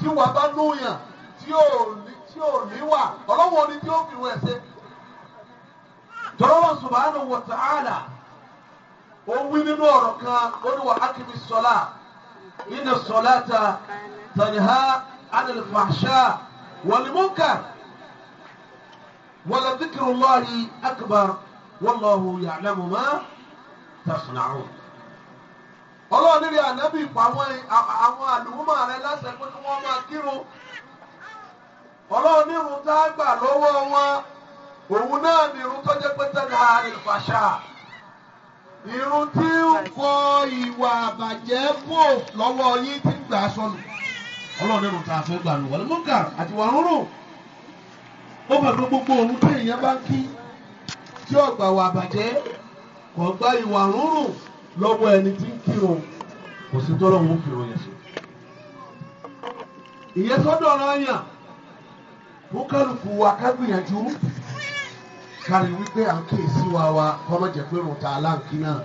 tí wàá bá lóyàn tí ò níwà ọlọ́wọ́ ni tí ó fi wẹ̀ ṣe. tọ́lọ́wọ́ subhanahu wa ta'ala ó wí nínú ọ̀rọ̀ kan ó ní wà ákìmí sọ́lá inna salata tanha anil fahsha wal munkar wala dhikrullahi akbar wallahu ya'lamu ma tasna'un ọlọ́run nílé ànábì pa àwọn àlùmọ́ rẹ láṣẹ pé kí wọ́n máa kírun ọlọ́run nírun tá a gbà lọ́wọ́ wọn òun náà nírun tó jẹ́ pé tẹ́lẹ̀ àrífàṣà irun tí ń kọ ìwà àbàjẹ́ kò lọ́wọ́ yín tí ń gbà sọnù ọlọ́run nírun tá a fẹ́ gbà lọ́wọ́ lọ́mọ́gà àti wà rúrùn ó bàgbé gbogbo òun tí èèyàn bá ń kí tí ọ̀gbà wà àbàjẹ́ kò ìwà rúrùn lọ́wọ́ ẹni tí ń kírun kò sí tọ́lọ́ ń kírun yẹn sí. ìyẹsọ́dọ̀ ọ̀rọ̀ yàn fún kálukú wa ká gbìyànjú kárí wípé à ń kíyèsí wa wa kọ́mọ̀jẹ̀ pé rùn ta aláǹkí náà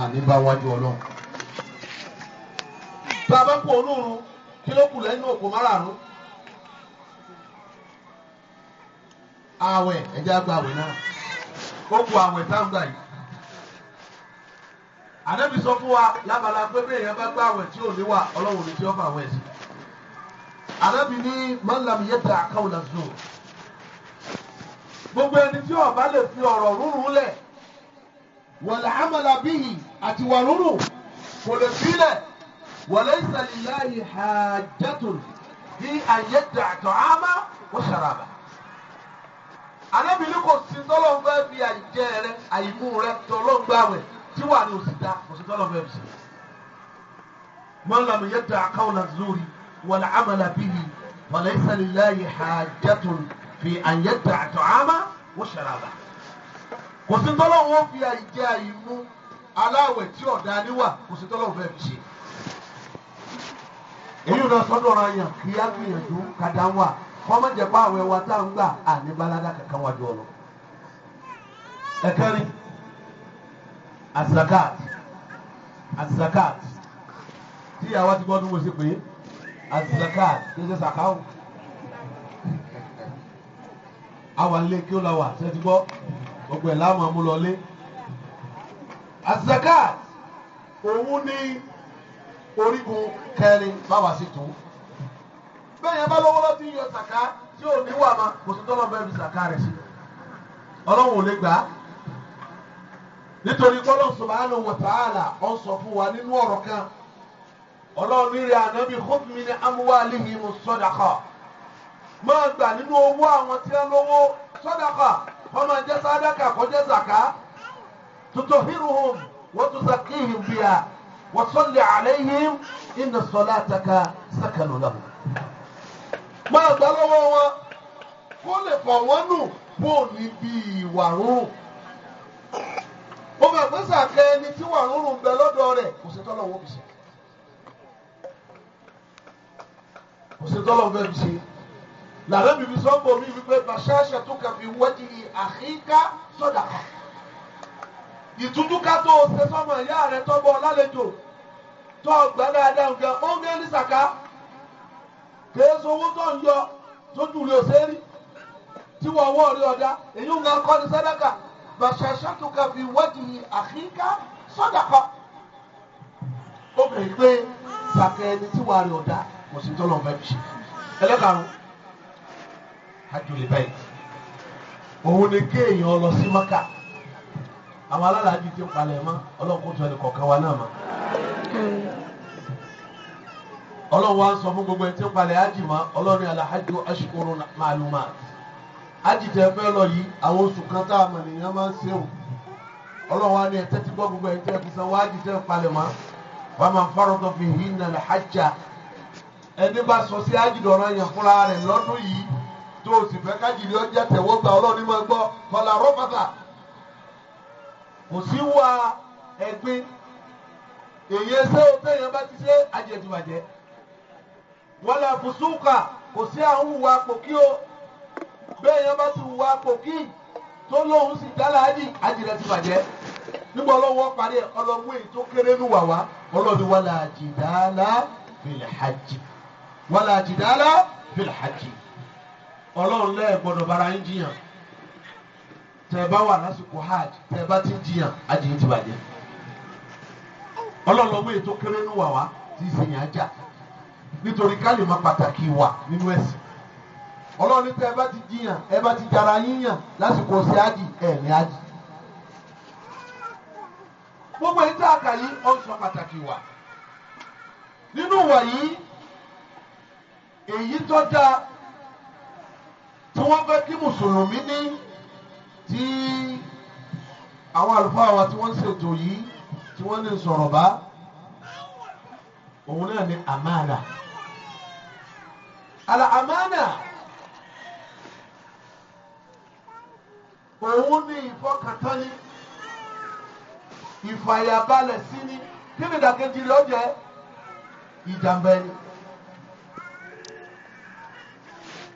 àní bá wájú ọlọ́run. bàbá kú onírun kí ló kù lẹ́nu òkú márààrún. ààwẹ̀ ẹ̀jẹ̀ àgbà àwẹ̀ náà ó kù àwẹ̀ táǹgbà yìí ànábì sọ fún wa lábala pé bí èèyàn bá gbá àwẹ̀ tí ò ní wà ọlọ́run ní tí ó fà wẹ̀ sí. ànábì ní mọ́lámi yẹ́ta àkàwùlà zò. gbogbo ẹni tí ó bá lè fi ọ̀rọ̀ rúrùn lẹ̀ wọ̀lẹ̀ àmàlà bíyì àti wà rúrùn kò lè fílẹ̀ wọ̀lẹ̀ ìsàlìláyì hajjatun ní àyẹ̀dà àtọ̀hámà wọ́n ṣàràbà. ànábì ní kò sí tọ́lọ́ tí wàá ní òsì dá òsì tọ́lọ̀ bẹ́ẹ̀ bìsí. mọ́nlá mi yẹ da qawla zuri wàlá amala bihi wàlá isalilayi hajjatun fi an yẹ da ta'ama wa sharaba. òsì tọ́lọ̀ wọn fi àìjẹ àìmú aláwẹ̀ tí ọ̀dà níwà òsì tọ́lọ̀ bẹ́ẹ̀ bìsí èyí lọ sọ́dọ̀ ọ̀rọ̀ yẹn kí á gbìyànjú kàdá wa kọ́mọ jẹ́ pé tá à ń gbà àní balada kankan azakat azakat tí ìyàwó ti gbọ́dún mo sì pé azakat kí ṣe sàkáwò àwa ń lé kí ó la wà ṣe ti gbọ́ gbogbo ẹ̀ láwọn amúlọlé azakat òun ní orígun kẹrin báwa sì tún bẹ́ẹ̀ yẹn bá lọ́wọ́ lọ́ ti yọ sàká tí ò ní wà má kò sí tọ́lọ́ bẹ́ẹ̀ fi sàká rẹ̀ sí ọlọ́run ò lè gbà á nítorí pọ́lọ́ subhanahu wa ta'ala ó sọ fún wa nínú ọ̀rọ̀ kan ọlọ́run ní rẹ̀ ànábì khudh min amwalihim sadaqa máa gbà nínú owó àwọn tí wọ́n lówó sadaqa wọ́n máa jẹ́ sádàkà kó jẹ́ zàká tutohiruhum wa tuzakkihim biha wa salli alayhim inna salataka sakanu lahum. máa gbà lọ́wọ́ wọn kó lè fọ̀ wọ́n nù kó níbi ìwà rúrùn mo mọ̀ pé sàkẹ́ ẹni tí wà ń rùn bẹ lọ́dọ̀ rẹ̀ kò sí tọ́lọ̀ wọ́n fi ṣe kò sí tọ́lọ̀ wọ́n fi ṣe làrá bìbí sọ́ńbọ̀ mi wípé bàṣáṣà tó kà fi wẹ́dì àhíká sọ̀dà kan ìtútúká tó ṣe sọ́mọ ìyá rẹ̀ tọ́gbọ́ lálejò tó ọgbà dáadáa nǹkan ó ń gé ní sàká kèé sowó tó ń yọ sójú rẹ̀ ò sẹ́rí tí wọ́n wọ́ rí ọ̀dá èyí ń ga kọ́ ní bàṣàṣàtúkà fi wájìlì àkíká sọ́dàkọ́. obìnrin pé sàkẹ́ ẹni tí wàá rí ọ̀dà kò sí tọ́lọ̀ ọ̀fẹ́ fi ṣe. ẹlẹ́karùn-ún hajjul bayt òun ni kéèyàn lọ sí maka àwọn alálàájì ti palẹ̀ mọ́ ọlọ́kùn tó ẹni kọ̀ọ̀kan wa náà mọ́. ọlọ́run wa ń sọ fún gbogbo ẹni tí palẹ̀ ájì mọ́ ọlọ́run alahajju ashkurun ma'lumat. àdìjẹ mẹ́lọ yìí àwọn oṣù kan tá a mọ̀ nìyẹn máa ń ṣéwù ọlọ́wọ́ á ní ẹ tẹ́tí gbọ́ gbogbo ẹ̀ tẹ́ fi san wá àdìjẹ palẹ̀mọ́ wà máa fọ́rọ̀ tó fi hìn nàlẹ́ hajjá ẹni bá sọ sí àjìdọ̀rọ̀ yẹn fúnra lọ́dún yìí tó o sì fẹ́ kájìlẹ̀ ọjà tẹ̀wọ́gbà ọlọ́ọ̀ni máa gbọ́ kọlà rọ́bàtà kò sí ẹgbin èyí o tẹ̀yẹ bá ti ṣe bẹ́ẹ̀ yẹn bá ti wá kòkí tó lóun sì dá láàjì àjìrẹ́ ti bàjẹ́ nígbà ọlọ́wọ́ parí ẹ̀ èyí tó kéré nù wà wá ọlọ́ni wà láàjì dáálá wà láàjì wà lásìkò hajj tẹ̀ ti jiyàn àjìrẹ́ ti bàjẹ́ ti nítorí pàtàkì ọlọ́run ní ẹ bá ti jiyàn ẹ bá ti jara yíyàn lásìkò ṣe ájì ẹ̀mí ájì. gbogbo èyí tá a kà yìí ó ń sọ pàtàkì wà nínú wà yìí èyí tó dáa tí wọ́n fẹ́ kí mùsùlùmí ní tí àwọn àlùfáà wa tí wọ́n ń ṣètò yìí tí wọ́n ní sọ̀rọ̀ òun náà ní àmàna. àlà àmàna. òun ní ìfọkàntán ni ìfàyàbalẹ̀ sí ni kí ni ìdàkejì rẹ̀ ó jẹ́ ìjàmbá ẹni.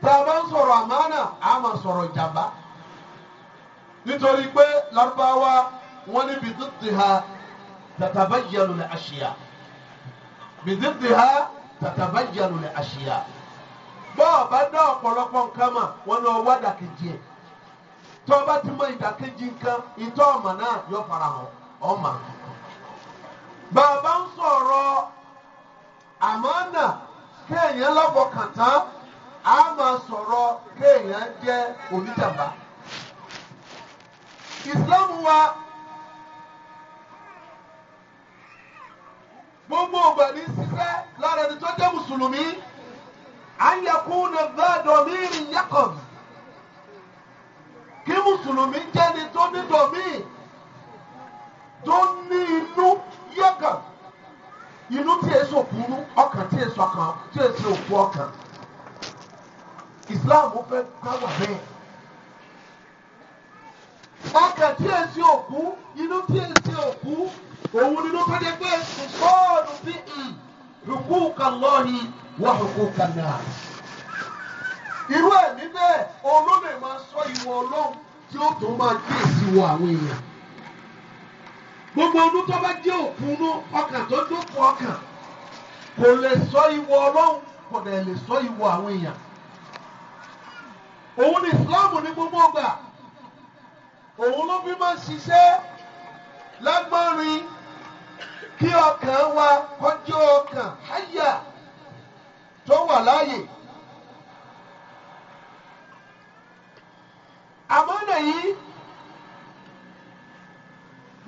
tá a bá ń sọ̀rọ̀ àmánà a máa sọ̀rọ̀ ìjàmbá nítorí pé Lárúbáwá wọn ní bìtìtìhà tatabayyanu li ashiya bìtìtìhà tatabayyanu li ashiya bọ́ọ̀ bá dá ọ̀pọ̀lọpọ̀ nǹkan mà wọn lọ wádàá kejì ẹ̀ tó o bá ti mọ ìdàkejì nǹkan ìtọ́ ọ̀mà náà yọ fara hàn ọ̀mà. bàbá ń sọ̀rọ̀ àmọ́nà kéèyàn lọ́bọ̀kàn tán á máa sọ̀rọ̀ kéèyàn jẹ́ oníjàmbá. ìsìlámù wa gbogbo ògbà ní sísẹ́ lára ẹni tó jẹ́ mùsùlùmí. an yakuna dha domirin yaqab kí mùsùlùmí jẹ́ni tó ní dọ̀mí tó ní inú yẹ̀gàn inú tí èso òkúrú ọkàn tí èso ọkàn tí èso òkú ọkàn Islam fẹ́ ká wà bẹ́ẹ̀ ọkàn tí èso òkú inú tí èso òkú òun nínú tó dé pé ṣùgbọ́n ọdún sí ìhùkú kan lọ́ọ̀hìn wọ́n hùkú kan náà irú ẹ̀ níbẹ̀ olóde máa sọ ìwọ ọlọ́run tí ó tó máa kíyèsí wọ àwọn èèyàn gbogbo ọdún tó bá jẹ́ òkun ọkàn tó dókun ọkàn kò lè sọ ìwọ ọlọ́run kò dẹ̀ lè sọ ìwọ àwọn èèyàn òun ni Islam ní gbogbo ọgbà òun ló fi máa ṣiṣẹ́ lágbọ́nrin kí ọkàn wa kọjọ́ ọkàn háyà tó wà láàyè. àmọ́nà yìí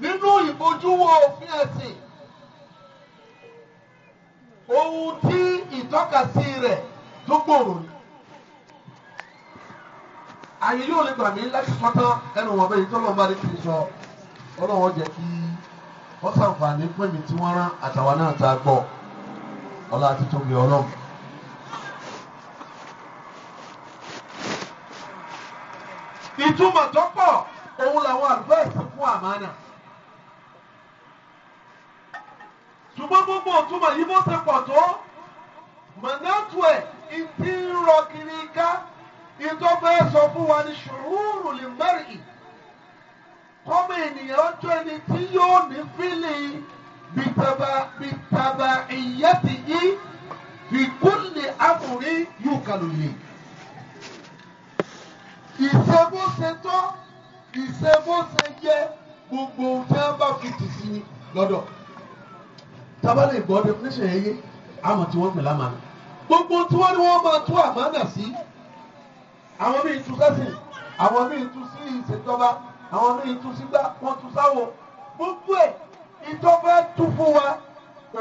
nínú ìbojúwò òfin ẹ̀sìn ohun tí ìtọ́kasí rẹ̀ tó gbòòrò ni àyè yóò lè gbà mí láti sọ́tán ẹnu wọn bẹ́ẹ̀ tọ́lọ́ bá lè fi sọ ọlọ́wọ́ jẹ́ kí wọ́n sàǹfààní pẹ̀mí tí wọ́n rán àtàwọn náà ta gbọ́ ọlá àti tóbi ọlọ́run. ìtumọ̀ tó pọ̀ òun làwọn àdúrà fún àmàna. ṣùgbọ́n gbogbo òtúmọ̀ yìí bó ṣe pọ̀ tó mọ̀nàtù ẹ̀ ìdí ń rọ kiri ká ìtọ́fẹ́ sọ fún wa ní ṣùrùrù lè mẹ́rì kọ́mọ ènìyàn ọjọ́ ẹni tí yóò ní fílì bìtàbà ìyẹ́tì yìí fi kúlì yóò kàlù yìí ìṣe bó ṣe tọ́ ìṣe bó ṣe yẹ gbogbo ohun tí wọ́n bá fi tì sí lọ́dọ̀ tábàlẹ̀ ìgbọ́ definition yẹn yé àmọ̀ tí wọ́n pè lámàánà gbogbo tí wọ́n ní wọ́n máa tú àmàánà sí àwọn míì tú sẹ́sìn àwọn míì tú sí ìṣèjọba àwọn míì tú sígbà wọ́n tú sáwọ gbogbo ẹ̀ ìjọba tú fún wa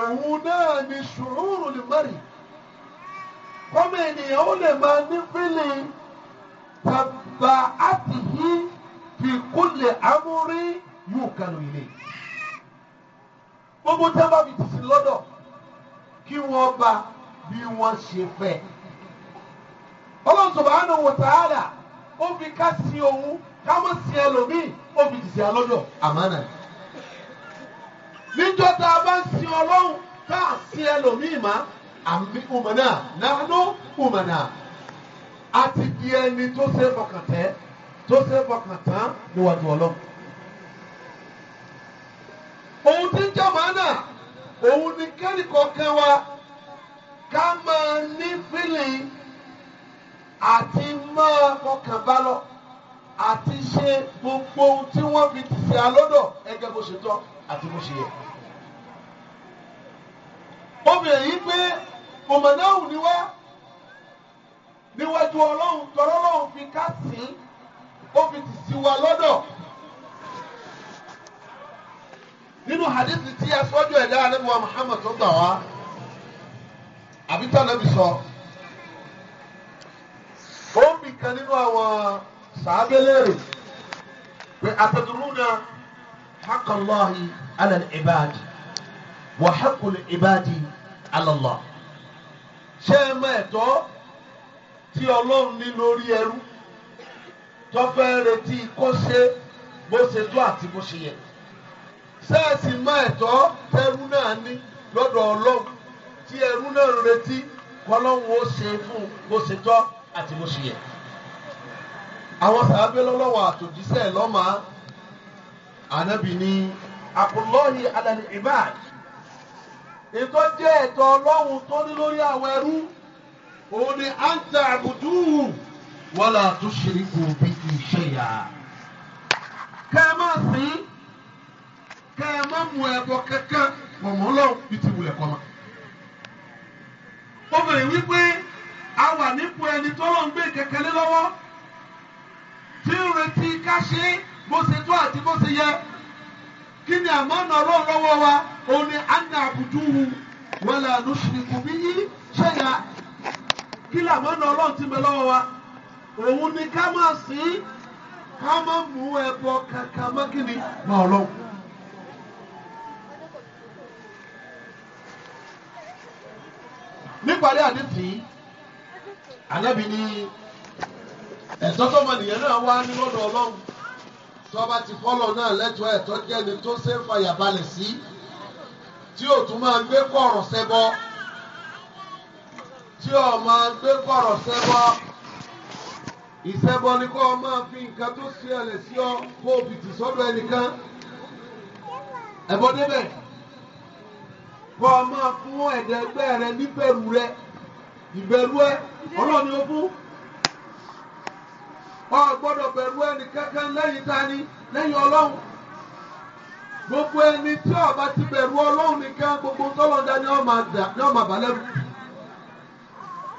òun náà ni sùúrù lè mọ̀rì kọ́mọ ènìyàn ó lè máa ní fílìn tàbá àtìhí fi kúlẹ̀ amúrí yóò kanu ilé. gbogbo tábà mi ti sí lọ́dọ̀ kí wọ́n bá bí wọ́n ṣe fẹ́. Ọlọ́run subhanahu wa ta'ala ó fi ká sí òun ká mọ̀ sí ẹlòmíì ó fi jìsí alọ́dọ̀ àmánà. níjọ́ tá a bá ń sin Ọlọ́run ká sí ẹlòmíì má àmì ùmọ̀nà nahnu ùmọ̀nà a ti di ẹni tó ṣe fọkàn tẹ́ tó ṣe fọkàn tán níwájú ọlọ́run. òun ti ń jọ̀mọ́ òun ni kẹ́nìkọ̀ọ̀kan wa ká máa ní fílìn àti máa fọkàn bá lọ àti ṣe gbogbo ohun tí wọ́n fi ti ṣe alọ́dọ̀ ẹgẹ́ bó ṣe tọ́ àti bó ṣe yẹ. obìnrin yìí pé òmìnira ni wá níwájú ọlọ́run tọrọ ọlọ́run fi ká sí ó fi tì sí wa lọ́dọ̀ nínú hadithi tí a sọ́jọ́ ẹ̀dá anábíwá Muhammad tó gbà wá àbítá nàbì sọ ó ń bì kan nínú àwọn sàábẹ́lẹ́rì pé àtẹ̀dùnúnà hakallahi ala al-ibad wa hakul ṣé ẹ mọ ẹ̀tọ́ tí ọlọ́run ní lórí ẹrú tó fẹ́ retí kó ṣe bó ṣe tó àti bó ṣe yẹ. sẹ́ẹ̀sì mọ ẹ̀tọ́ tẹ́rú náà ní lọ́dọ̀ ọlọ́run tí ẹrú náà retí kọ́lọ́run ó ṣe fún bó ṣe tọ́ àti bó ṣe yẹ. àwọn sàábé lọ́lọ́wọ́ àtòjíṣẹ́ lọ́mà ànábì ní àpòlọ́hìn alẹ́ ìbáàdì. ètò jẹ́ ẹ̀tọ́ ọlọ́run tó ní lórí àwọn ẹrú. o ni an ta abuduwu wala to seripu biyi sheya kee ma si kee ma mu ebo kekankan pomo lo bi ti wule koma o mewi pe a wa nipu eni to n gbe kekere lo wo ti o re ti ka to ati gbose ye ki ni amona ro rowo wa o ni an na abuduwu wela to kí làmọ́nà ọlọ́run ti mẹ lọ́wọ́ wa òun ni ká máa sìn ká má mú ẹbọ kankan mọ́kìnní mọ́ ọlọ́run. níparí àdìsí anábì ní ẹ̀tọ́ tọmọnìyàn náà wá ní lọ́dọ̀ ọlọ́run tọ́ba ti fọ́lọ̀ náà lẹ́tọ̀ọ́ ẹ̀tọ́ jẹ́ni tó ṣe é fàyàbalẹ̀ sí tí ò máa gbé kọ̀ọ̀rọ̀ ṣẹbọ tí o máa gbé kọ̀rọ̀ sẹ́bọ́ ìsẹ́bọ́ ni kó o máa fi nǹkan tó ṣe ẹ̀lẹ̀ sí ọ kó o fìtì sọ́dọ̀ ẹnìkan ẹ̀bọ débẹ̀ kó o máa fún ẹ̀dẹ̀ ẹgbẹ́ rẹ níbẹ̀rù rẹ ìbẹ̀rù ẹ ni ó fún ọ gbọ́dọ̀ bẹ̀rù ẹnì kankan lẹ́yìn tani lẹ́yìn ọlọ́run gbogbo ẹni tí ó bá ti bẹ̀rù ọlọ́run nìkan gbogbo tọ́lọ́dá ni ó máa bà lẹ́rù.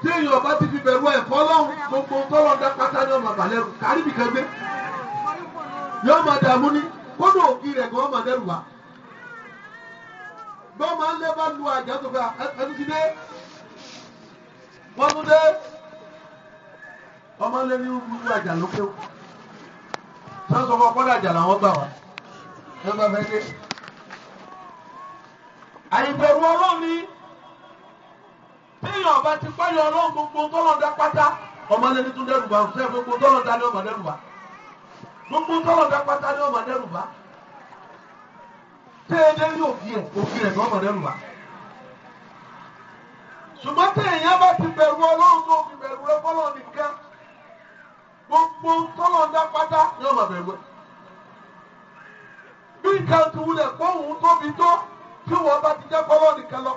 tí èèyàn bá ti fi bẹ̀rù ẹ̀fọ́ lọ́hùn gbogbo tọ́lọ́ dá pátá ní ọmọ àbàlẹ́rù kárí bìkan gbé yọ ọmọ dààmú ní kódò òkì rẹ̀ gan ọmọ dẹ́rù wá. gbọ́n máa ń lé bá lu àjà tó fẹ́ ti dé wọ́n dé ọmọ lé ní àjà fún làwọn gbà wá ẹ bá téèyàn ọba ti páyọ ọlọ́run gbogbo tọ́lọ́dá pátá ọmọlẹ́ni tún dẹ́rùbà ọ̀sẹ̀ gbogbo tọ́lọ́dá ni ọmọ dẹ́rùbà gbogbo tọ́lọ́dá pátá ni ọmọ dẹ́rùbà téèdé ní òfin ẹ̀ òfin ẹ̀ ní ọmọ dẹ́rùbà ṣùgbọ́n téèyàn bá ti bẹ̀rù ọlọ́run tó fi bẹ̀rù ẹ fọlọ́ nìkan gbogbo tọ́lọ́dá pátá ni ọmọ bẹ̀rù ẹ bí nǹkan ti wulẹ̀ pọ́hùn tóbi tó tí wọ́n bá ti jẹ́ fọlọ́ nìkan lọ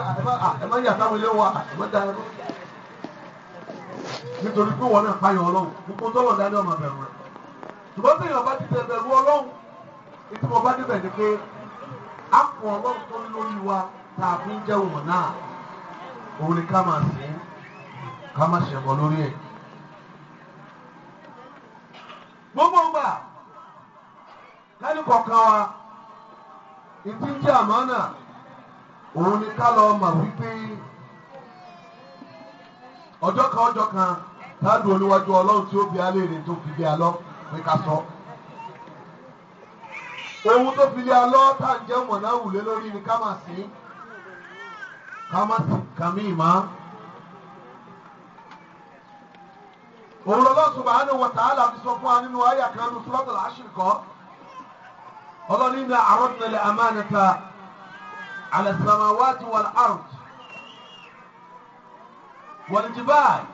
ẹ má yà táwọn ilé wa ẹ má da ẹ nítorí pé wọn náà payọ Ọlọ́run gbogbo tọlọ dání ọmọ bẹ̀rù rẹ ṣùgbọ́n bí èèyàn bá ti tẹ bẹ̀rù Ọlọ́run ètò ọba níbẹ̀ ni pé a kọ Ọlọ́run tó ń lórí wa tá a fi ń jẹ́ òun náà òun ni ká máa sìn ká máa ṣẹ̀bọ̀ lórí ẹ̀. gbogbo ọgbà lẹ́nu kọ̀ọ̀kan wa ìdíje àmọ́ náà òun ni ká lọ mà wípé ọjọ́ kan ọjọ́ kan táàdù oníwájú ọlọ́run tí ó bí alẹ́ rẹ̀ tó fi bí alọ́ pé ká sọ. ohun tó fi lé alọ́ tá à ń jẹ́ mọ̀nà wùlé lórí ni ká mà sí ká má sí kàmí ìmá. òun lọ́lọ́ subhanahu a ta'ala fi sọ fún wa nínú àyà kan ní suratul ọlọ́ni ní àrọ́dúnlẹ̀ amánata. على السماوات والأرض والجبال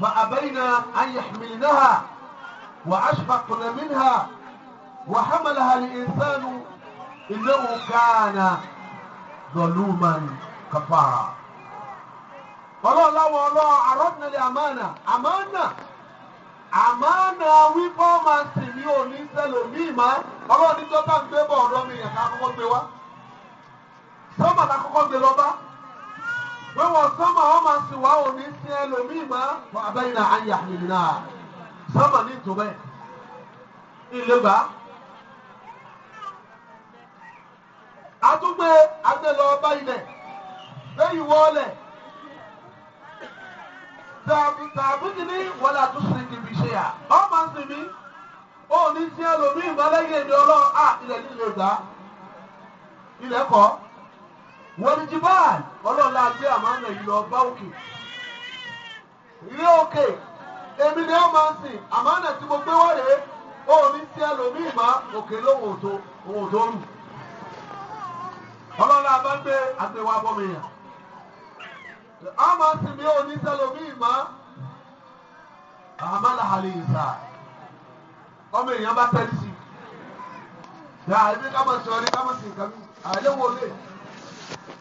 فأبينا أن يحملنها وأشفقن منها وحملها الإنسان إنه كان ظلوما كفارا ọlọ́run láwọn ọlọ́run àrọ́dúnrún lè àmàna àmàna àmàna wípé ọmọ àti mi ò ní ṣẹlẹ̀ òní ìmá tó bá ń gbé bọ̀ ọ̀dọ́ mi yẹn ká kọ́kọ́ gbé wá sọ́mà la kọ́kọ́ gbé lọ bá wíwọ̀ sọ́mà ọmọ àṣìwá òní sí ẹlòmíì má wà abẹ́yìn náà ayé àyè náà sọ́mà ní ìtòbẹ́ ìlébà. àtúgbé agbélọ ọba ilẹ̀ lẹ́yìn wọ́ọ̀lẹ̀ tààbùtì ní wọlé àtúnṣe kìbì ṣe à ọmọ ń sinmi ó ní sí ẹlòmíì má lẹ́yìn èdè ọlọ́run à ilẹ̀ nílẹ̀ gbà ilẹ̀ kọ́ wọ́n ti báà ọlọ́la gbé àmàlà yìí lọ bá òkè ilé òkè èmi ni ó máa ń sìn àmàlà tí mo gbé wọ́lé òun ní sí ẹlòmíì má òkè lóhùn òtó òhùn òtó rù ọlọ́la bá ń gbé àgbéwá bọ́mi yàn a máa sìn mí òun sí ẹlòmíì má àmàlà àlè ìta ọmọ èèyàn bá tẹ́lí sí i. Yàrá ibi ká máa sọ ọ́ ní ká máa sìn kàmí àyẹ̀wò lè.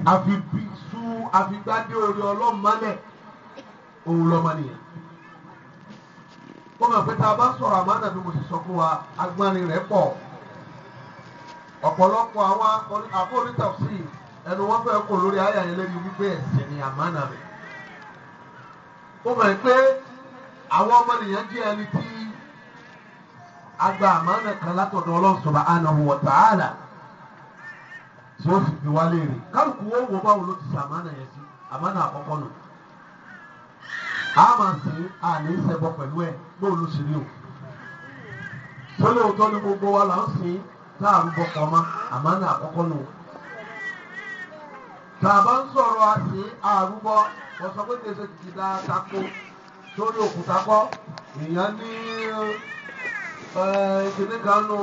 àfi bí sú àfigbádé orí ọlọ́run òun lọ́mọ nìyẹn. ó mọ̀ pé bá sọ̀rọ̀ àmánà bí mo sì sọ fún wa agbárin rẹ̀ pọ̀ ọ̀pọ̀lọpọ̀ àwọn ẹnu fẹ́ kó lórí wípé ẹ̀sìn ni àmánà rẹ̀. ó mọ̀ pé àwọn ọmọ jẹ́ ẹni tí agba àmánà kan látọ̀dọ̀ ọlọ́run subhanahu wa tí ó fi bí wá léèrè kálukú wo wo báwo ló ti ṣe àmánà yẹn sí àmánà àkọ́kọ́ nù a máa sè é a ní ṣẹbọ pẹ̀lú ẹ̀ bóun ló ṣe rí o sọlẹ̀ òótọ́ ni gbogbo wa là ń sè é tá a rúbọ pọ̀ mọ́ àmánà àkọ́kọ́ nù tá a ń sọ̀rọ̀ a sè é a rúbọ ti da tako sórí òkúta kọ́ èèyàn ní ìṣẹ̀lẹ̀ kan nù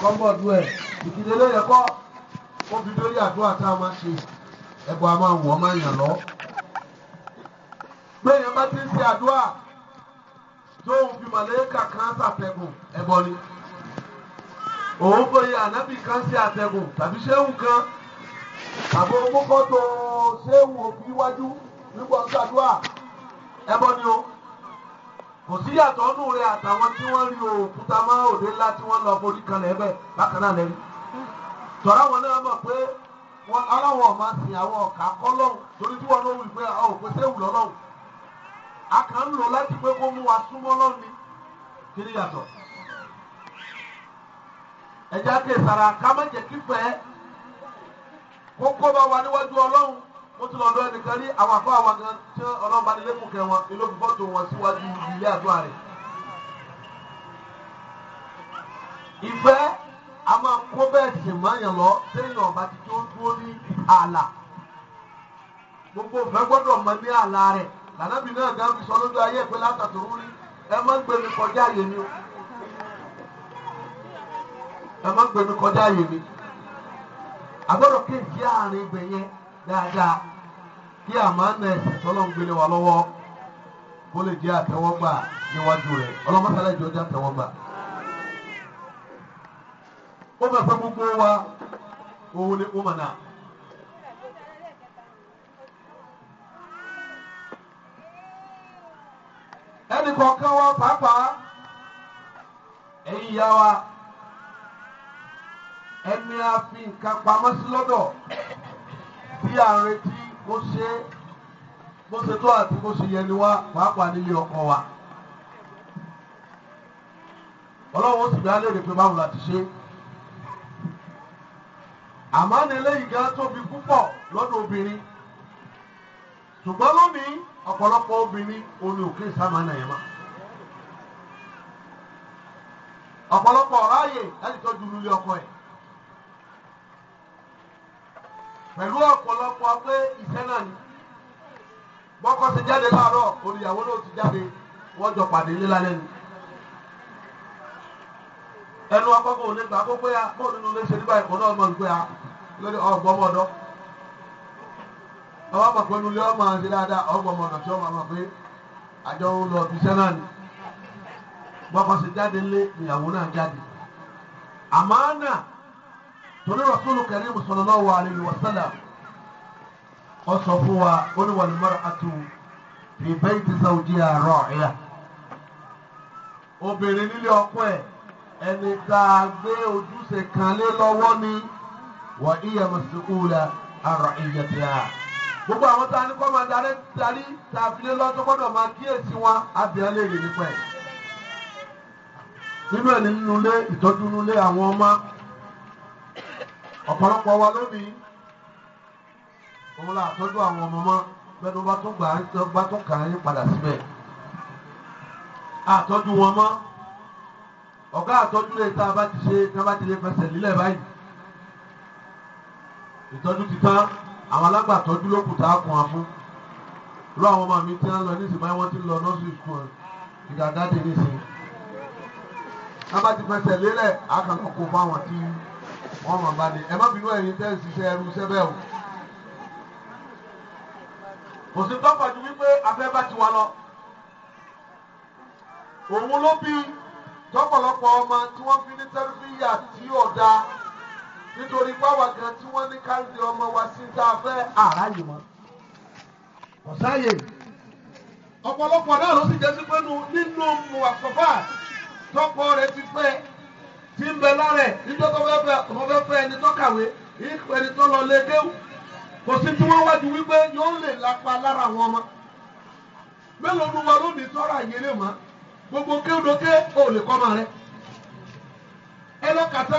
kọ́ńbọ̀dù ẹ̀ ìdílé lẹ́yẹ̀kọ́ ó fi dórí àdúrà tá a máa ṣe ẹbọ a máa wọ̀ ọ́ máa yàn lọ. pé èèyàn bá ti ń ṣe àdúrà tóun fi màlẹ́kà kan ṣàtẹ̀gùn ẹbọ ni. òun fòye ànábì kan ṣe àtẹ̀gùn tàbí ṣéwù kan àbò kókó tó ṣéwù òfin iwájú nígbà ṣàdúrà ẹbọ ni o kò sí yàtọ̀ ọ̀nù rẹ̀ àtàwọn tí wọ́n rí òkúta máa òde ńlá tí wọ́n lọ forí kalẹ̀ ẹ̀bẹ̀ bákan náà lẹ́yìn. tọ́ra wọn náà mọ̀ pé wọn aláwọ̀ máa sìn àwọn ọ̀kà torí tí wọn náà wù pé àwọn òpè sẹ́wù lọ́lọ́hùn a kàn ń lò láti pé kó mú wa súnmọ́ lọ́hùn ni lọ lọ ẹnìkan rí àwọn àfọ àwọn tí ọlọ́run bá nílé wọn a máa kó bẹ́ẹ̀ sì mọ́yàn lọ sẹ́yìn ọ̀bá ti tó dúró ní ààlà gbogbo òfẹ́ gbọ́dọ̀ mọ ní ààlà rẹ̀ lànàbí náà gán fi sọ lójú ayé ìpè látàtò rúrí ẹ má gbé mi kọjá àyè mi o ẹ má gbé mi kọjá àyè mi àárín ibẹ̀ yẹn dáadáa kí àmàna ẹ̀sìn tọ́lọ̀ ń gbélé wa lọ́wọ́ kó lè jẹ́ àtẹ́wọ́gbà ó mọ̀ pé gbogbo wa òun ni ó mọ̀ náà. ẹnì kọ̀ọ̀kan wa pàápàá ẹ̀yin ìyá wa ẹni a fi nǹkan pamọ́ sí lọ́dọ̀ bí à ń retí ṣe bó ṣe tó àti bó ṣe yẹ ni pàápàá nílé ọkọ wa ọlọ́run ó sì gbé alẹ́ rè pé báwo la ti ṣe é àmọ́ ní eléyìí gan tóbi púpọ̀ lọ́dọ̀ obìnrin ṣùgbọ́n lónìí ọ̀pọ̀lọpọ̀ obìnrin oní òkè sàmánà yẹn má ọ̀pọ̀lọpọ̀ ọ̀ráyè láti tọ́jú nílé ọkọ ẹ̀ pẹ̀lú ọ̀pọ̀lọpọ̀ pé iṣẹ́ náà ni bọ́kọ ti jáde láàárọ̀ olùyàwó náà ti jáde wọ́n jọ pàdé nílá lẹ́nu. ẹnu ọkọ kò lè gbà ya pé a bóòlù ló lè náà mọ̀ pé a lórí ọgbọ́mọdọ́ ọwọ́ pàpẹ nulẹ̀ ọmọ àti dáadáa ọgbọmọdọ tí ọmọ àmọ́ àjọ ń lọ ibi iṣẹ́ ni bọ́kọ̀sí jáde lé ìyàwó náà jáde àmánà torí rasúlù karim sallallahu alaihi wasallam ọ sọ fún wa ó ní ẹni tá a gbé ojúṣe kan lé lọ́wọ́ ni wà íyà mùsùlùmí àrò ìyẹ̀tìyà. gbogbo àwọn tá a ní kọ́ máa darí darí tá a fi lé lọ́tọ́ gbọ́dọ̀ máa kíyèsí wọn àbíyá lè rè nípa ẹ̀. nínú ẹ̀ nínú ilé ìtọ́jú nínú ilé àwọn ọmọ ọ̀pọ̀lọpọ̀ wa lónìí òun là tọ́jú àwọn ọmọ mọ́ gbẹdọ̀ bá tún gbà á tún kà á yín padà síbẹ̀ àtọ́jú wọn mọ́ ọ̀gá àtọ́jú lè tá a bá ti ṣe tá a bá ti lè fẹsẹ̀ nílẹ̀ báyìí ìtọ́jú ti tán àwọn alágbàtọ́jú ló kù tá a kùn á fún irú àwọn ọmọ mi tí wọ́n lọ ní ìsìnbáyé wọ́n ti lọ nọ́ọ̀sì school ìdàgá dé nísìnyí tá a bá ti fẹsẹ̀ lélẹ̀ a kàn kó fáwọn tí wọ́n mọ̀ bá ní ẹ má bínú ẹ̀yin tẹ́ ẹ̀ ṣiṣẹ́ ẹrú sẹ́bẹ̀ o kò sí tọ́pọ̀ ju wípé afẹ́ bá ti wá lọ òun ló bí tọ́pọ̀lọpọ̀ ọmọ tí wọ́n fi ní tẹ́rìfíyà tí ọ̀dà nítorí pàwọ̀ gan tí wọ́n ní káńtì ọmọ wa sí tá a fẹ́ àráyè mọ́. ọ̀sáyè ọ̀pọ̀lọpọ̀ náà ló sì jẹ́ sí pé nínú àkọ́fà tọ́pọ̀ rẹ̀ ti pẹ́ tí ń bẹ lára ẹ̀ níjọ́ tó fẹ́ fẹ́ ọmọ fẹ́ fẹ́ ẹni tó kàwé ẹni tó lọ lé kéwù kò sí tí wọ́n wájú wípé yóò lè lápa lára àwọn ọmọ mélòó ni wọn lónìí tọ́ra yẹlé mọ́ gbogbo kéwòdókè ò lè kọ́ rẹ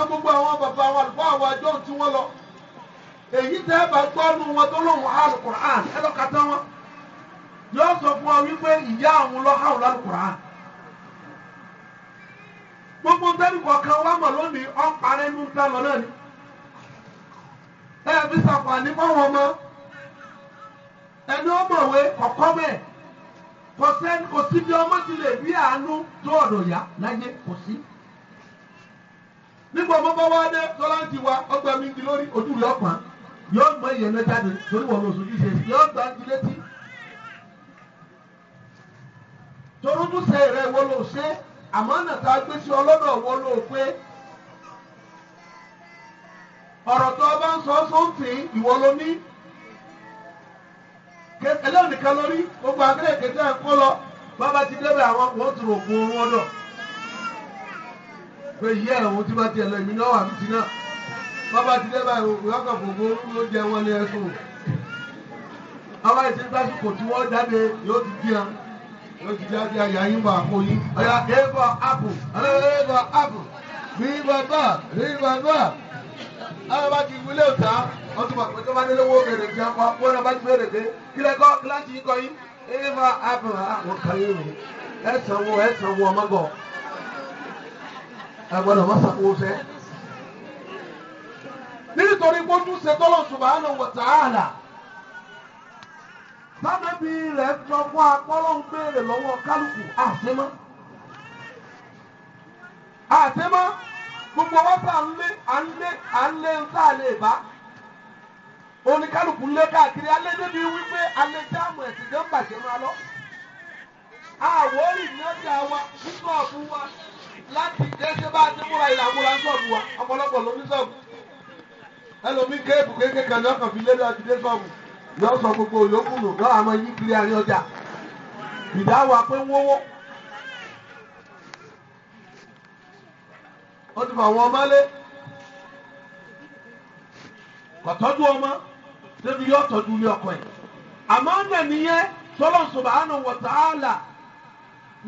gbogbo àwọn bàbá wa àlùfáà àwọn àjọ tí wọ́n lọ èyí tẹ́ bá gbọ́ nu wọn tó lóun ha alukur'an ẹ lọ wọn yóò sọ fún wa wípé ìyá àwọn lọ ha alukur'an gbogbo kọ̀ọ̀kan mọ̀ lónìí nù ta lọ náà ni ẹni ọmọwé kò sẹ́ni kò sí bí ọmọ ti lè rí àánú tó ọ̀dọ̀ yá láyé kò sí. nígbà ọmọ bá wá dé tọ́láǹtì wa ọgbà mi di lórí ojú rẹ̀ ọ̀pá yóò mọ ìyẹn jáde torí wọn lọ sojú ṣe yóò gbà ń di létí. torúdúṣe rẹ̀ wọ́n lò ṣe àmọ́ nàta gbé sí ọlọ́dọ̀ wọ́n lò pé ọ̀rọ̀ tó o bá ń sọ sóńtì ìwọ ló ní. eléyìí nìkan lórí gbogbo abẹ́rẹ́ kéde ẹ̀kọ́ lọ bàbá ti débẹ̀ àwọn wọ́n tún òkú orun wọn pé yí ti bá ti lọ èmi náà wà mí ti náà ti débẹ̀ ìwọ́kọ̀ fòfò orun ló jẹ wọn ẹ̀sùn àwọn ẹ̀sìn gbásùkò tí wọ́n jáde yóò ti di hàn yóò ti jáde àyà yín bọ̀ àpò yín ọ̀yà àpò àpò rí wọ́n tún mọ̀ pé tó bá délé owó bèrè jẹ́ ọkọ̀ wọn náà bá ti bèrè dé kílẹ̀ kọ́ kíláàsì yìí kọ́ yín eva abra àwọn ah, kan yìí rè é sanwó ẹ sanwó ọmọ gọ̀ ẹ gbọ́dọ̀ wọ́n sanwó fẹ́. nítorí pé ó tún ṣe tọ́lọ̀ subhanahu wa ta'ala sábẹ́bí rẹ̀ sọ fún akọ́lọ́ ń béèrè lọ́wọ́ kálukú àṣemọ́ àṣemọ́ gbogbo wọn bá ń lé à ń lé à ń lé ń bá oníkálukú lé káàkiri alẹ́ débi wípé alẹ́ jáàmù ẹ̀sìn jẹ́ ń bàjẹ́ máa lọ. àwọn orí ìnájà wa nínú ọ̀bù wa láti jẹ́jẹ́ bá a ti múra ìlà múra sọ́ọ̀bù wa ọ̀pọ̀lọpọ̀ ló ní sọ́ọ̀bù. ẹlòmíín kéèbù kéékèèké ni ọkàn fi lélẹ̀ àti dé sọ́ọ̀bù yọ sọ gbogbo yòókù nù lọ́ àmọ́ yí kiri àárín ọjà ìdáwà pé wọ́wọ́. ó ti fọ àwọn ọmọ lé kọ̀tọ́jú ọmọ débi yóò tọ́jú ilé ọkọ ẹ̀ àmọ́ ọ̀nà nìyẹn tọ́lọ̀ subhanahu wa ta'ala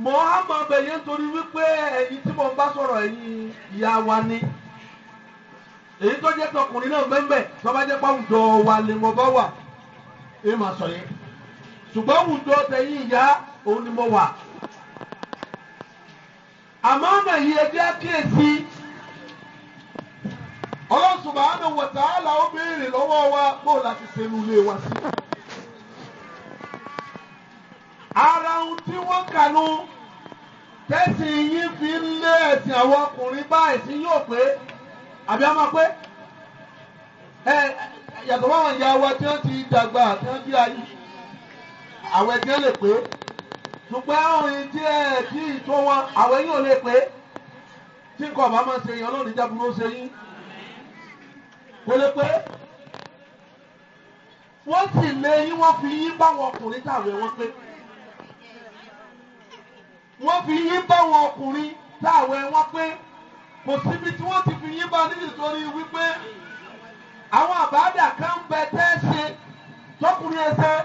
mọ́ á mọ ọbẹ̀ wípé ẹ̀yin tí mo bá sọ̀rọ̀ ẹ̀yin ìyá wa ni èyí tó jẹ́ tọkùnrin náà mẹ́mbẹ́ tó bá jẹ́ pàwùjọ wa lè wọ́n bá wà èyí máa sọ yẹn ṣùgbọ́n àwùjọ tẹ̀yìn ìyá òun ni mo wà àmọ́ ọ̀nà yìí ẹ kíyèsí ọlọ́run subhanahu wa ta'ala ó béèrè lọ́wọ́ wa bó láti ṣẹlú ilé wa sí. ara ohun tí wọ́n kànú tẹ́sí yín fi ń lé ẹ̀sìn àwọn ọkùnrin bá ẹ̀sìn yóò pé àbí a máa pé ẹ yàtọ̀ báwọn ìyá wa tí wọ́n ti dàgbà tí wọ́n ti ayé àwọn ẹ̀jẹ̀ lè pé ṣùgbọ́n àwọn ìdí ẹ̀ tí ìtọ́ wọn àwọn ẹ̀yìn ò lè pé tí nǹkan ọ̀bá máa ṣe yàn lónìí jábúrò ṣe yín pélepé wọ́n sì lé yín wọ́n fi yín báwọn ọkùnrin táwọn ẹ̀wọ̀n pé wọ́n fi yín báwọn ọkùnrin táwọn ẹ̀wọ̀n pé kò síbi tí wọ́n ti fi yín bá nítorí wípé àwọn àbádà kan ń bẹ tẹ́ ṣe tọkùnrin ẹsẹ̀